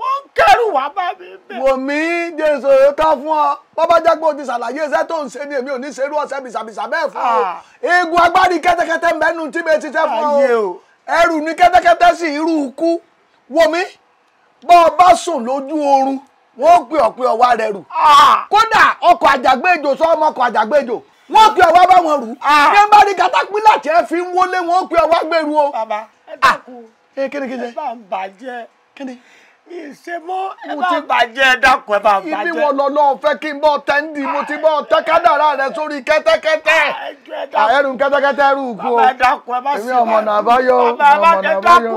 [SPEAKER 5] wọ́n ń kẹ́rù wá bá mi bẹ́ẹ̀. wò mí jésù òótọ́ fún ọ bọ́bá jẹ́ pé o ti ṣàlàyé iṣẹ́ tó ń ṣe ni èmi ò ní ṣerú ọ̀sẹ̀ bìsàbìsà bẹ́ẹ̀ fún ọ. eegun agbárí kẹ́tẹ́kẹ́tẹ́ mẹ́nu tí mi ti tẹ́ fún ọ. ẹrù ni kẹ́tẹ́kẹ́tẹ́ sì irú ikú wò mí bọ́ ọ bá sùn lójú oorun wọ́n pè ọ́ ọwá rẹ rù. Ah! kódà ọkọ̀ àjàgbéjò sọ ọmọ ọkọ̀ àjàgbéjò wọ́n pè ọwá bá wọn rù. bí ah! n bá rí fi ń wọlé wọ́n ọwá gbèrú o.
[SPEAKER 1] ẹ ah! dákun eh, ẹ bá ń mi ṣe mọ́ ẹ bá
[SPEAKER 5] bàjẹ́ ẹ dákun ẹ bá bàjẹ́. ibi wọn lọ náà fẹ́ kí n bọ́ tẹ́ndì mo ti bọ́ tẹ́kádàrá rẹ sórí kẹ́tẹ́kẹ́tẹ́ ẹrù kẹ́tẹ́kẹ́tẹ́ rù kú o èmi ọmọ náà bá yọ ọmọ náà bá yọ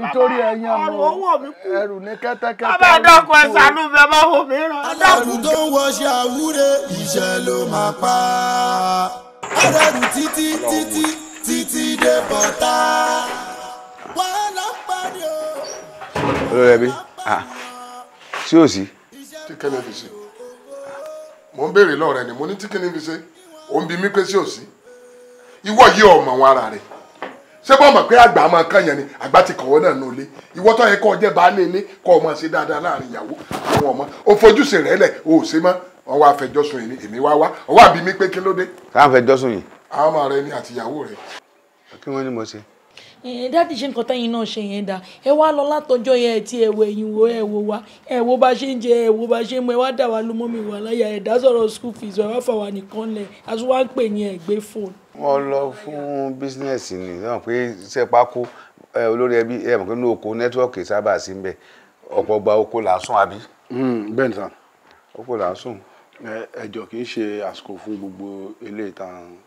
[SPEAKER 2] nítorí ẹyin ọmọ ẹrù ní kẹ́tẹ́kẹ́tẹ́. bàbá dákun ẹ ṣàánú mi ẹ bá wò mí rán. adákun tó
[SPEAKER 1] ń wọṣẹ àwúre ìṣẹ́ ló máa pa ẹrù títí títí títí dé bọ́tà wàhálà pàdé o
[SPEAKER 7] olórí ẹbí sí ah. ò sí.
[SPEAKER 1] tí kẹ́ni
[SPEAKER 2] fi ṣe mò ń béèrè lọ́rọ̀ ẹ̀ ni mo ní tí kẹ́ni fi ṣe ò ń bi mí pé sí ò sí ìwọ yìí ò mọ̀ wọn ara rẹ̀ ṣé bọ́ọ̀ mọ̀ pé àgbà máa kàn yẹn ni àgbà ti kọ̀wé náà nù ilé ìwọ tó yẹ kó o jẹ́ baálé ilé kó o máa ṣe dáadáa láàrin ìyàwó àwọn ọmọ o fojúṣe rẹ̀ lẹ̀ o ò ṣe mọ́ wọn wá fẹjọ́sùn yìí ni èmi wá wá ọwọ́ àbí mi pé kí ló dé. káà fẹjọ́sùn yìí. àwọn ọmọ rẹ ni àtìyàwó rẹ. kí wọ́n ní mo ṣe.
[SPEAKER 5] Eh, dáàdì ṣe nǹkan tẹ́yìn náà ṣe yẹn dá ẹ wá lọ látọjọ́ yẹn ti ẹ̀wọ̀ ẹ̀yìn wo ẹ wò wá ẹ wò bá ṣe ń jẹ ẹ wò bá ṣe ń mu ẹ wá dà wá ló mi wà láyà ẹ dá school fees ẹ wá fà wá nìkan lẹ̀ àti wá ń pè ní ẹ̀gbẹ́ fóònù.
[SPEAKER 7] wọ́n lọ fún bísínẹ́sì ni náà pé iṣẹ́ pákó olórí ẹbí ẹ mọ̀ pé ní oko nẹ́tíwọ́ọ̀kì sábà sí mbẹ̀ ọ̀pọ̀ gba oko làásùn àbí. Hmm, bẹ́ẹ̀ ni sàn.
[SPEAKER 4] oko làásùn. ẹjọ́ kì í ṣe àsìkò fún gbogbo eléyìí tán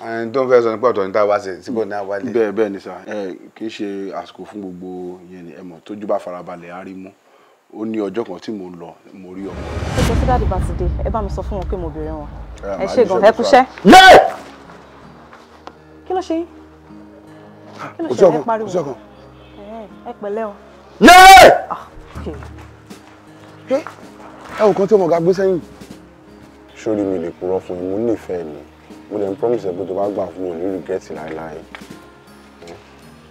[SPEAKER 4] tó ń fẹ́ sọ nípa ọ̀tọ̀ ní táwa ṣe tí kò ní àwálé. bẹ́ẹ̀ bẹ́ẹ̀ ni sà ẹ kì í ṣe àsìkò fún gbogbo yẹn ni ẹ mọ̀ tójú bá farabalẹ̀ á rí mú ó ní ọjọ́ kan tí mo lọ mo rí ọmọ.
[SPEAKER 3] ẹjọ tí dáàdì bá ti dé ẹ bá mi sọ fún wọn pé mo béèrè wọn ẹ ṣe gan ẹ kúṣẹ́. kí ló ṣe yín kí ló ṣe ẹ pariwo ẹ pẹ̀lẹ́ o.
[SPEAKER 4] Ah, ẹ ò kan tí ọmọ ọ̀gá gbé sẹ́yìn. sórí mi lè purọ́ fún yín mo nífẹ̀ẹ́ ni mo dẹ̀ promise ẹ̀ pé tó bá gbà fún wọn ní regret oh!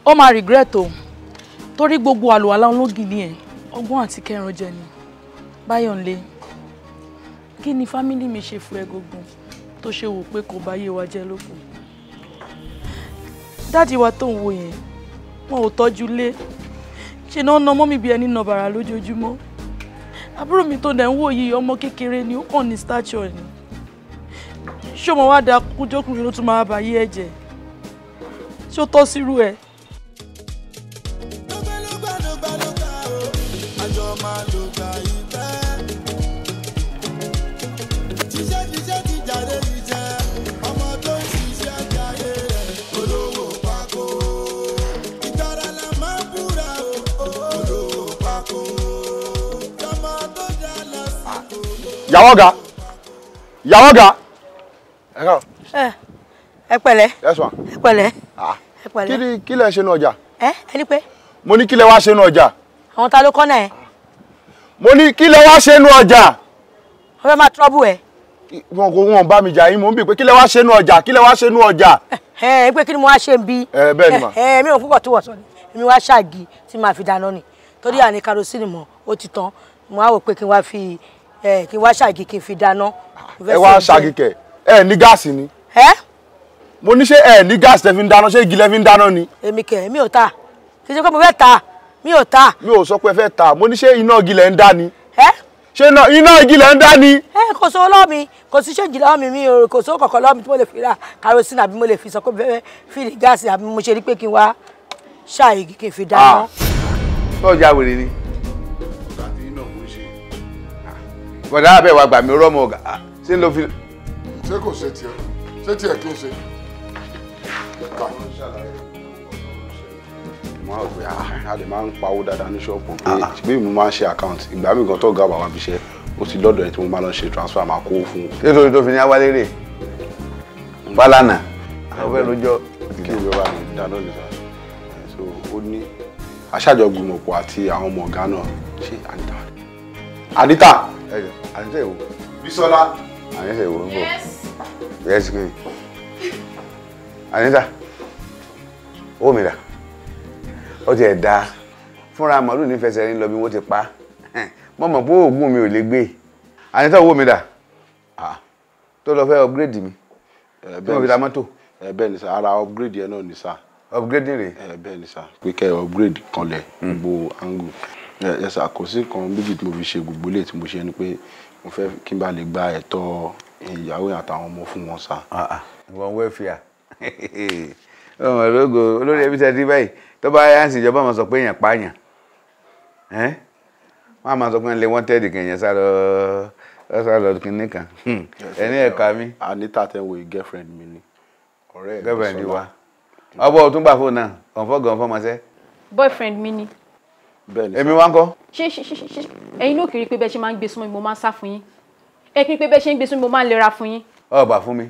[SPEAKER 5] ó máa regret o torí gbogbo àlùwàlá ológì ni ẹ ọgbọ́n àti kẹran jẹ ni báyọ̀nlé
[SPEAKER 3] kí ni fámílì mi ṣe fún ẹ gbogbo tó ṣe wò pé kò bá wa jẹ
[SPEAKER 5] lókun dáàdi wa tó wo yẹn wọn ò tọ́jú lé ṣe náà ná mọ́mí bí ẹni nà bàrà lójoojúmọ́ àbúrò mi tó dẹ̀ ń wò yìí ọmọ kékeré ni ó kàn ní stature ni ṣé o mọ̀ wá da kújókùnrin ló tún máa bá yí ẹ̀jẹ̀ ṣé ó tọ́ sírú ẹ̀.
[SPEAKER 4] yàwọ́gà yàwọ́gà ẹ̀ka. ẹ ẹ pẹ̀lẹ́. yes ma. ẹ pẹ̀lẹ́. Ah. ẹ pẹ̀lẹ́. kí ni kí lẹ ṣe nu ọjà. ẹ ẹ ní pé. mo ní kí lẹ wá ṣe nu ọjà. àwọn ta ló kọ́ náà ẹ. mo ní kí lẹ wá ṣe nu ọjà. wọ́n fẹ́ máa trọ́bù ẹ. wọn kò wọn bá mi jà yín mo ń bì pé kí lẹ wá ṣe nu ọjà kí lẹ wá ṣe nu ọjà. ẹ ẹ pé kí ni mo wá ṣe ń bi. ẹ bẹ́ẹ̀ ni ma. ẹ mi ò púpọ̀ tó wọ̀ sọ ni èmi wá
[SPEAKER 3] ṣáàgì tí màá fi dáná ni torí àní karosíìnì mọ́ ó ti tán mo á wò pé kí n wá fi kí n wá ṣáàgì kí n fi dáná.
[SPEAKER 4] ẹ wá ṣáàgì kẹ ẹ ní gáàsì ni. ẹ. mo ní ṣé ẹ ní gáàsì tẹ fi ń dáná igi lẹ fi ń ni. èmi kẹ mi ò ta kì í ṣe pé mo fẹ́ mi ò ta. mi ò sọ pé fẹ́ ta mo ní ṣé iná igi lẹ ń dá ni. ẹ. ṣé iná igi lẹ ń dá ni.
[SPEAKER 5] ẹ kò sówó lọ́wọ́ mi kò sí ṣéǹjì lọ́wọ́ mi mi kò sówó lọ́wọ́ mi tí mo lè fi ra
[SPEAKER 3] kerosene àbí mo lè fi sọ pé fi gáàsì àbí mo ṣe pé kí n wá fi ah. ah.
[SPEAKER 7] bọ̀dá àbẹ̀wò àgbà mi ṣé
[SPEAKER 2] ṣé kò ṣe tiẹ̀ ṣé tiẹ̀ kí n ṣe. ká mo máa ah, gbé
[SPEAKER 4] a lè máa ń pawó dáadáa ní shop pé bí mo máa ń ṣe àkáǹtì ìgbà mi gan tó ga bàbá mi ṣe ó ti lọ́dọ̀ ẹ̀ tí mo máa lọ ṣe transfer máa kó fún un.
[SPEAKER 7] nítorí tó fi ní awálé rè balana
[SPEAKER 4] àwọn ẹ̀ lójọ́ kí ìjọba mi dáná ní sáà so ó ní aṣáàjọgbìmọ̀pọ̀ àti àwọn ọmọ ọ̀gá náà ṣe àdìta àdìta àdìta ìwò Bísọ́lá. Anita ìwò ń bọ̀. Yes, queen.
[SPEAKER 7] Anita, owó mi rà. Ó ti ẹ̀ da. Fúnra màálù ní fẹsẹ̀ rí lọ bí wọ́n ti pa. Mo mọ̀ pé oògùn mi ò lè gbé.
[SPEAKER 4] Anita owó mi rà. Tó lọ fẹ́ upgrade mi. Tí mo fi ta mọ́tò. Bẹ́ẹ̀ ni sá, ara upgrade yẹn náà ni sá. Upgrade rè. Bẹ́ẹ̀ ni sá, pé upgrade kanlẹ̀ hmm. gbogbo angle. Ẹ sà kò sí kan méjì tí mo fi ṣe gbogbo ilé tí mo mo fẹ́ kí n bá lè gba ẹ̀tọ́ ìyàwó àtàwọn ọmọ fún wọn sá. Ah, ah. ìwọ ń wẹ́fìà
[SPEAKER 7] ọmọ ológo olórí ẹbí tẹ́tí báyìí tó bá yá sí ìjọba máa sọ pé èèyàn pààyàn wọ́n á máa sọ pé lè wọ́n tẹ́ẹ̀dì kẹ̀yìn sá lọ sá lọ kínní kan ẹni ẹ̀ka
[SPEAKER 4] mi. anita tẹ́wọ̀ yìí girlfriend mi ni
[SPEAKER 3] ọ̀rẹ́ ẹ̀ ló sọ wa.
[SPEAKER 7] ọbọ̀ ọ̀tún gbà fóònù náà kọ̀ǹfọ̀ gọ̀ǹfọ̀ mọ̀ sẹ́.
[SPEAKER 3] boyfriend mi ni
[SPEAKER 7] èmi wá ń kọ́.
[SPEAKER 3] ṣé ṣé ṣé ṣé ẹ̀yin náà kiri pé bẹ́ẹ̀ ṣe máa ń gbé súnmọ́ mi mo máa ń sá fún yín ẹ kí n pé bẹ́ẹ̀ ṣe ń gbé súnmọ́ mi mo máa ń lera fún yín.
[SPEAKER 7] ọba fún mi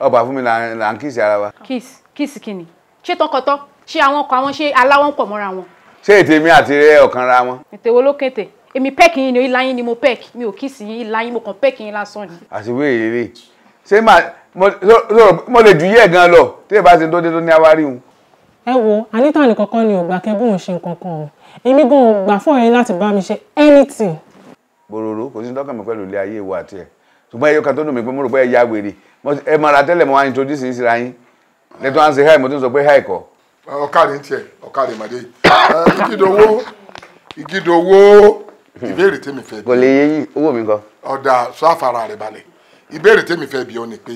[SPEAKER 7] ọba fún mi là ń kíìsì ara wa.
[SPEAKER 3] kíìsì kíìsì kìnnì ṣé tọkọtọ ṣé àwọn ọkọ àwọn ṣé aláwọ̀ ń pọ̀ mọ́ra wọn.
[SPEAKER 7] ṣé ètè mi àti rẹ ọ̀kan ra wọn.
[SPEAKER 3] ètè wo ló kété èmi pẹ́ẹ̀kì yín ni ìlà yín ni mo pẹ́ẹ̀kì mi ò kíìsì yín ìlà yín mo kàn pẹ́ẹ̀kì yín lásán ni.
[SPEAKER 7] àṣìwé ìrírí ṣé mo lè ju yẹ́ gan lọ tí èbá ti dóde tó ní awárí wọn.
[SPEAKER 5] ẹ wo anita nìkankan ni ò gbà kẹ bóun ṣe
[SPEAKER 3] nǹkan kan o èmi gan gbà fún ẹ̀yin láti bá mi ṣe anything.
[SPEAKER 7] bororo kò sí dọ́kàn mi pẹ̀lú ilé ayé ìwà àti ẹ̀ ṣùgbọ́n ẹyọ kan tó dùn mí pé mo rò pé ẹ ya wèrè ẹ máa ra tẹ́lẹ̀ mo wá introduce yín síra yín lẹ́tọ́ à ń ṣe hi mo tún sọ pé hi kọ́.
[SPEAKER 2] ọ̀kadì ń tiẹ̀ ọ̀kadì màdé ìgídowó ìgídowó ìbéèrè tèmi fẹ́ bí. kò lè yé yín owó mi kọ. ọ̀dà sọ àfara rẹ̀ balẹ̀ ìbéèrè tèmi fẹ́ bí ọ ni pé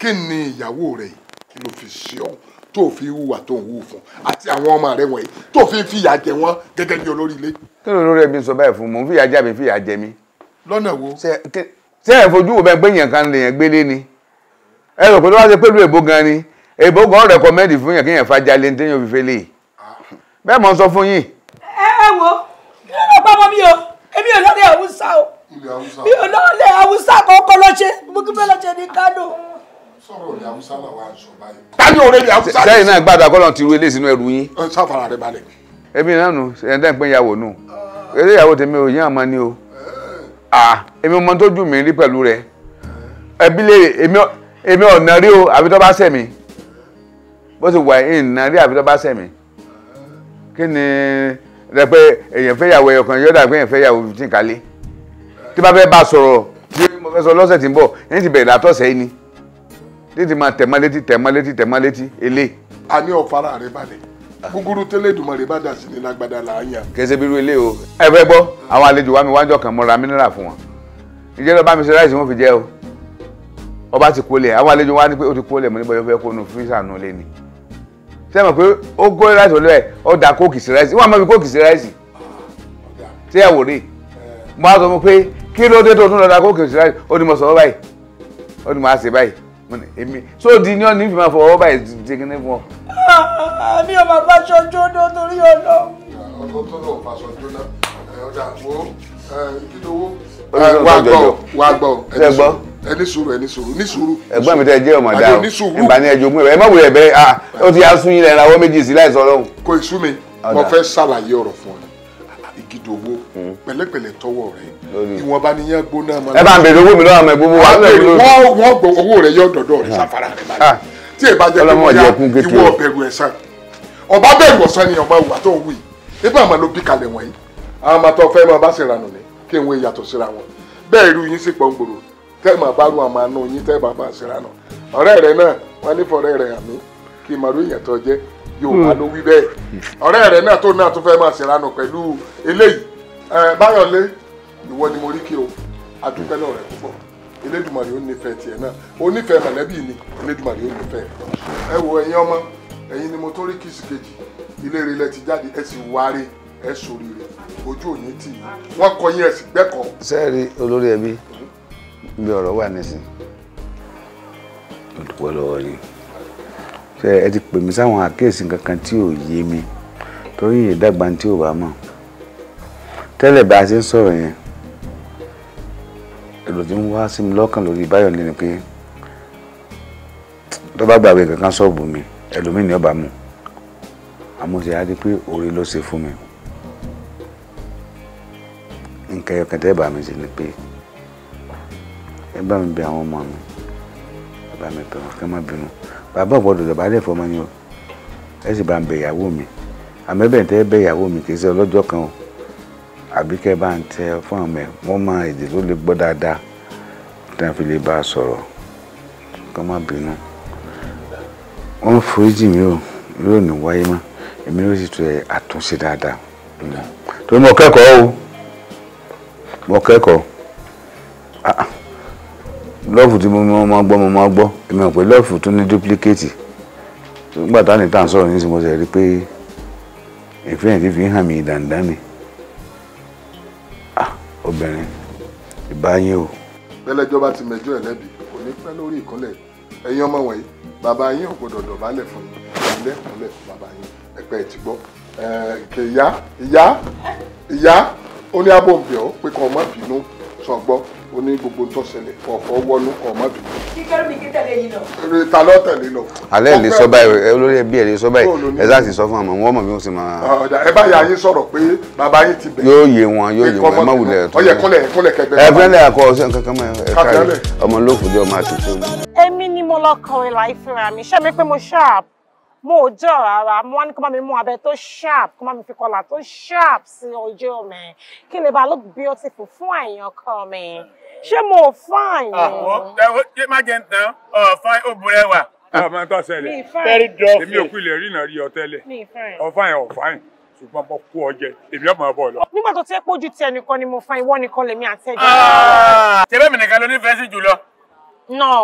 [SPEAKER 2] kí ni ìyàwó rẹ̀ kí ló fi ṣe ọ́ tó fi hùwà tó ń hù fún àti àwọn ọmọ rẹ wọ̀nyí tó fi fìyà jẹ wọn gẹ́gẹ́ bí olórí ilé. kí ló lórí ẹbí sọ báyìí fún mò ń fìyà jẹ àbí fìyà jẹ mí. lọ́nà
[SPEAKER 7] wo. ṣé ẹ fojú wo bẹ́ẹ̀ pé èèyàn kan lèèyàn gbélé ni ẹ rò pé tó wá ṣe pẹ̀lú èbó gan ni èbó gan rẹ̀kọ́mẹ́ndì fún yàn kí yàn fàjà lé téèyàn fi
[SPEAKER 5] wo mi o èmi mi ò lọ́lẹ̀ haúsá kọ́kọ́ lọ́ṣẹ́ mo kí fẹ́ lọ́ṣẹ́ ní kánò
[SPEAKER 2] sọ̀rọ̀ rẹ̀ haúsá náà wà ń sọ báyìí. tájú òre rẹ̀ haúsá. sẹ́yìn náà gbàdúrà kọ́lọ́ ti ru ilé sínú ẹrù yín. sáfara rẹ̀ balẹ̀.
[SPEAKER 7] èmi náà nù ẹ̀ńdá ìpín ìyàwó nù eré ìyàwó tèmi ò yín àmọ́ ni o èmi ọmọ tó jù mí rí pẹ̀lú rẹ̀ ẹbí lè èmi ọ̀nà rí o àbí tó bá sẹ̀ mi bó ti wà ìnà rí àbí tó bá sẹ̀ mi kí ni rẹ pé èèyàn fẹ́ yàwó ẹ̀yọ̀kan yọ̀dà pé èèyàn fẹ́ yàwó fifteen kálé tí bá fẹ́ bá sọ̀rọ̀ tí mo fẹ́ sọ lọ́sẹ̀ tí ń bọ̀ ẹ̀yìn ti bẹ̀rẹ̀ látọ̀sẹ̀ yìí ni títí máa tẹ̀ mọ́létí tẹ̀ mọ́létí tẹ̀ mọ́létí elé.
[SPEAKER 2] a ní ọ̀fara rẹ balẹ̀ gúgúrú ah. tẹ́lẹ̀ ìdùnmọ̀ rẹ bá dà sí ní lágbádá là ń yà.
[SPEAKER 7] kèsè bírú ilé o ẹ fẹ́ gbọ́ àwọn àlejò wa mi wájọ kan mọ́ra mineral fún wọn ìjẹ́ lọ́ba mi ṣe ráìsì wọn fi jẹ́ o ọba ti kó lẹ̀ àwọn àlejò wa ní pé o ti kó lẹ̀ mo ní bọ́yọ̀ fẹ́ kó nu fírísà nu lé ni ṣé mọ̀ pé ó gó ráìsì olú ẹ̀ ó da kóòkì sí ráìsì wọ́n á mọ̀ fi kóòkì sí ráìsì ṣé ẹ̀ wò rè mo á sọ fún pé kí ló dé tó tún lọ da kóòkì sí ráìsì ó ní mo sọ báyìí ó ní mo á ṣe báyìí èmi so di ní ọ̀nà ìfìmọ̀ àfọwọ́ báyìí ti kíní fún ọ.
[SPEAKER 1] àmì ọmọ fàṣọ jóná torí ọ̀nà.
[SPEAKER 2] ọkọ tó lọ fàṣọ jóná eh, ọjà wo eh, kí lówó. Eh, wà gbọ́ wà gbọ́ ẹni sùúrù ẹni sùúrù ní sùúrù. ẹ̀gbọ́n mi tẹ jẹ ọmọ dáa o ìgbà ní ẹjọ́ gbé ẹ má wulẹ̀ bẹ́ẹ̀ ah, ó ti yá sún yín lẹ́nu àwọn méjì sí láìsọ lọ́hùn. kò ì sú mi mo fẹ́ ṣàlàyé ọ̀rọ̀ fún ọ gidi owó hmm. pẹ̀lẹ́pẹ̀lẹ́ tọwọ́ rẹ ìwọ̀nba nìyẹn gbóná mọ. ẹ bá ń bèrè owó mi lọ́wọ́ àmọ́ ìgbówó wa lọ́wọ́ ìlú. wọ́n wọ́n gbọ́ owó rẹ yọ dọ̀dọ̀ rẹ ah. sáfara rẹ báyìí ah. tí èèbá jẹ́ pé yá ìwọ bẹ̀rù ẹ̀sán ọba bẹ̀rù ọ̀sán ni ọba ìwà tó ń wù yìí ebi àwọn ló bí kalẹ̀ wọ̀nyí àwọn máa tọ́ fẹ́ máa bá ṣèrà nù ní kí n wo ìyàtọ̀ síra wọn bẹ́ẹ̀ irú yín sì pọ̀ tẹ́ máa bá rú àwọn àna yín tẹ́ máa bá ṣèrà nù ọ̀rẹ́ rẹ náà wọ́n nífọ̀ọ́rẹ́ rẹ àmì kí màrú ìyàtọ̀ jẹ́ Yorùbá ló wí bẹ́ẹ̀ ọ̀rẹ́ rẹ̀ náà tó náà tó fẹ́ máa ṣèlànà pẹ̀lú eléyìí Báyọ̀lé ìwọ ni mo rí kí o adúpẹ́ lọ́rọ̀ rẹ̀ púpọ̀ Elédùmarè ó nífẹ̀ẹ́ tiẹ̀ náà onífẹ̀ẹ́ mọ̀lẹ́bí ni Elédùmarè ó nífẹ̀ẹ́ ẹ wo ẹ̀yin ọmọ ẹ̀yin ni mo tó rí kìsì kejì ilé rẹ̀ lẹ ti jáde ẹ sì wáre ẹ sòrìrè ojú òní tì í wọ́n kọ yín ẹ sì gbẹ́kọ̀ọ́. sẹ́ẹ̀rì olórí
[SPEAKER 7] ẹbí bí ọ̀rọ̀ wà nísìn olùpọ̀ lọ́wọ́ yìí ṣe ẹ ti pè mí sáwọn àkíyèsí kankan tí ò yé mi torí yìí dàgbà tí ò bá mọ̀ tẹ́lẹ̀ bá a ṣe ń sọ̀rọ̀ yẹn èrò tí ń wá sí mi lọ́kàn lórí báyọ̀ lẹ́nu pé tó bá gbàgbé kankan ṣọ́ọ̀bù mi ẹlòmíì ni ọba mu àmọ́ ṣe á di pé oore ló ṣe fún mi nǹkan ẹyọkàn tẹ́ bá mi ṣe ni pé ẹ bá mi bẹ̀ àwọn ọmọ mi ẹ bá mi bẹ̀ wọn kí má bínú bàbá ọ̀gbọ́dọ̀ dọ̀bálẹ̀ fọmọ ni o ẹ sì bá ń bẹ ìyàwó mi àmọ́ ẹ̀bẹ̀ tẹ́ bẹ ìyàwó mi kì ṣe ọlọ́jọ́ kan o àbí kẹ́ bá ń tẹ fún àwọn ẹ̀ wọ́n máa èdè tó lè gbọ́ dáadáa tí wọ́n fi lè bá a sọ̀rọ̀ kọ́ má bínú wọ́n foríjì mi o yóò ní wáyé mọ́ èmi ló sì tún àtúnṣe dáadáa torí mo kẹ́kọ̀ọ́ o mo kẹ́kọ̀ọ́ ah. ah lọ́ọ̀fù tí mo máa gbọ́ mo máa gbọ́ èmi ò pé lọ́ọ̀fù tún ní duplicate nígbà táwọn ìtàn sọ̀rọ̀ ní ìsìnkú ṣe rí pé ìfẹ́ yẹn ti fi hàn mí dandan ni ah obìnrin ìbáyé o.
[SPEAKER 2] bẹ́lẹ́jọ́ bá ti mẹjọ́ ẹ̀ lẹ́bi kò ní pẹ́ lórí ìkúnlẹ̀ ẹ̀yin ọmọ wọ̀nyí bàbá yín ò gbọ́dọ̀ dọ̀bálẹ̀ fún mi ìkúnlẹ̀ ìkúnlẹ̀ fún bàbá yín ẹ̀pẹ́ ẹ̀ ti gbọ́ ẹ̀ẹ́dẹ̀kẹ̀ ìyá ìyá ìyá ó ní abọ́ òǹbẹ̀ pé kọ́ ọmọ bínú sọ̀gbọ́ ó ní gbogbo tó ṣẹlẹ̀ ọ̀fọ̀ wọnú ọ̀mọ́ bì. kíkẹ́rù mi kí tẹ̀lé yìí lọ. eré ta lọ tẹ̀lé lọ. alẹ́ lè sọ
[SPEAKER 7] báyìí olórí ẹbí ẹ̀ lè sọ báyìí ẹ sáà sì sọ fún àmọ́ wọ́n mọ̀ bí wọ́n sì máa.
[SPEAKER 2] Ah, ọ̀dà ẹ bá yà yín sọ̀rọ̀ pé bàbá yín ti bẹ̀. yóò yé wọn yóò yé wọn ẹ má wulẹ̀ tó. ọyẹ kọlẹ̀ kọlẹ̀ kẹgbẹ́.
[SPEAKER 3] mo ò jẹ́ rárá mo wá ní kó bá mi mú abẹ tó sharp kó bá mi fi kọlà tó sharp sí ojú mi kí lè bá look beautiful fún àyànkọ mi
[SPEAKER 1] ṣé mo fine.
[SPEAKER 8] ṣé má jẹ́ ntàn ọ̀ fine ó burẹ́ wà.
[SPEAKER 2] ọmọ tó ṣẹlẹ̀ very drop èmi òkú ilẹ̀ rí náà rí ọ tẹ́lẹ̀ ọ fine ọ fine ṣùgbọ́n bọ́ kú ọjẹ èmi ọmọ ọbọ lọ.
[SPEAKER 3] nígbà tó ti ẹ pójú ti ẹnìkan ni mo fa ìwọ nìkan lèmi àti ẹjọ. Ah!
[SPEAKER 2] ṣẹlẹ mi nìkan ló nífẹ̀ẹ́ sí jùlọ.
[SPEAKER 3] no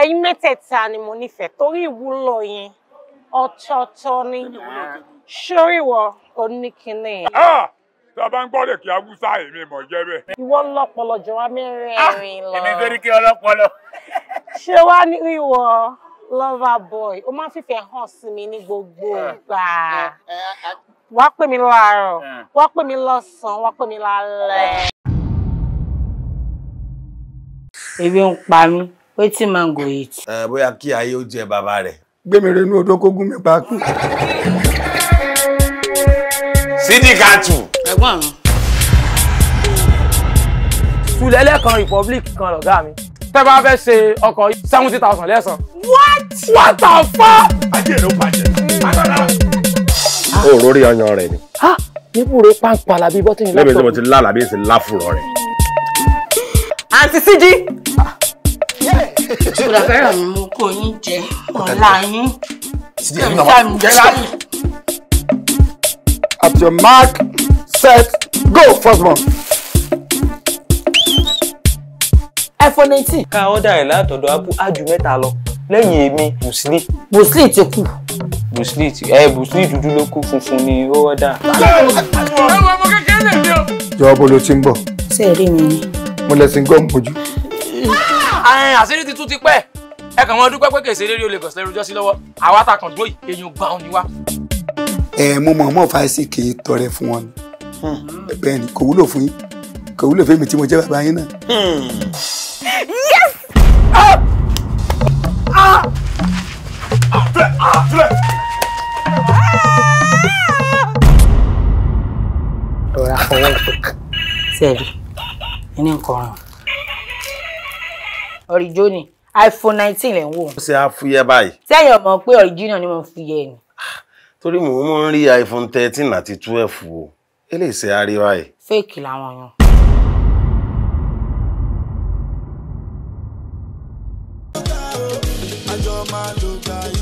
[SPEAKER 3] ẹ̀yin mẹ́tẹ̀ẹ̀ta ni mo nífẹ̀ẹ́ torí ìwúlò yẹn ọ̀tọ̀ọ̀tọ̀ ni ṣóríwọ oníkíní. Ah!
[SPEAKER 2] tá ń gbọ́dọ̀ kí awúsá èmi mọ̀ jẹ́ bẹ́ẹ̀.
[SPEAKER 3] ìwọ lọpọlọ jọra mẹ́rin ah,
[SPEAKER 5] lọ. èmi torí kí ọlọpọlọ.
[SPEAKER 3] ṣé wàá ní ìwọ lover boy o máa ń fìfẹ́ hàn sí mi ní gbogbo ah. ìgbà eh, eh, eh. wàá pè mí láàárọ̀ ah. wàá pè mí lọ́sàn-án wàá pè mí lálẹ́.
[SPEAKER 5] ebi ń pa mí wetin mango eat. ẹ bóyá kí ayé ó jẹ bàbá rẹ. gbẹmí rẹ inú odó kó gún mi pa
[SPEAKER 6] sídìí kan tù
[SPEAKER 3] ẹ̀gbọ́n mi.
[SPEAKER 5] sùlẹ́lẹ̀ kan republic kan lọ̀gá mi tẹ́ bá fẹ́ ṣe ọkọ̀ seventy thousand lẹ́sàn. what what the fuck. ajé ló bàjẹ́
[SPEAKER 2] agbára. o ah. rórí ọyàn rẹ
[SPEAKER 4] ni.
[SPEAKER 5] níbùrẹ́ ah, pàǹpà làbí bọ́tí ni lápò. lẹ́bẹ̀ẹ́ tí
[SPEAKER 4] mo ti lá làbí èsì láfùrọ̀ rẹ̀.
[SPEAKER 3] àǹtí síjí. ìṣúra ah. fẹ́ràn mi mú kó yín jẹ ọ̀la yín. sídìí ẹ̀ ń bá jẹ́ láyé.
[SPEAKER 5] At your mark set go first one. iphone nineteen. ká ọ́dà ẹ̀ látọ̀dọ̀ apple ájú mẹ́ta lọ lẹ́yìn èmi bùsílì. bùsílì ti kú. bùsílì ti ẹ bùsílì dúdú ló kú funfun ni ó ọ́dà.
[SPEAKER 3] ẹ wọ ọmọ kékeré mi o.
[SPEAKER 2] jọ̀wọ́ bolo ti ń bọ̀.
[SPEAKER 3] ṣé ẹ rí mi ni.
[SPEAKER 2] mo lẹ sí gọ́ọ̀mù ojú.
[SPEAKER 5] àṣírí ti tú ti pẹ́ ẹ kàn wọ́n dúpẹ́ pé kèsè rere olè gọ̀ọ́sì lẹ́rú jọ́sí lọ́wọ́ àwa ta kàn dúró yìí èèyàn gbà ọ́ ni wá. ẹ eh, mo mọ̀ mọ́ fàáṣì kì í tọrẹ fún wọn ni Hmm. bẹ́ẹ̀ ni kò wúlò fún yín kò wúlò fún mi tí mo jẹ́ bàbá yín náà.
[SPEAKER 1] yes.
[SPEAKER 3] filẹ̀ filẹ̀. rọra fọwọ́ ìpè sẹ́ẹ̀rì ẹni nǹkan ọ̀ràn ọ̀rìjọ́ ni iphone nineteen lẹ̀ ń wò.
[SPEAKER 6] ó ṣe àfúyẹ́ báyìí.
[SPEAKER 3] sẹ́yìn ọmọ pé ọ̀rìjìnà ni mo fi yẹ ni. Ah,
[SPEAKER 6] torí mò ń rí iphone thirteen
[SPEAKER 4] àti twelve o eléyìí ṣe àríwá yìí.
[SPEAKER 3] fake làwọn yàn.
[SPEAKER 1] àjọ máa lò gbà yìí.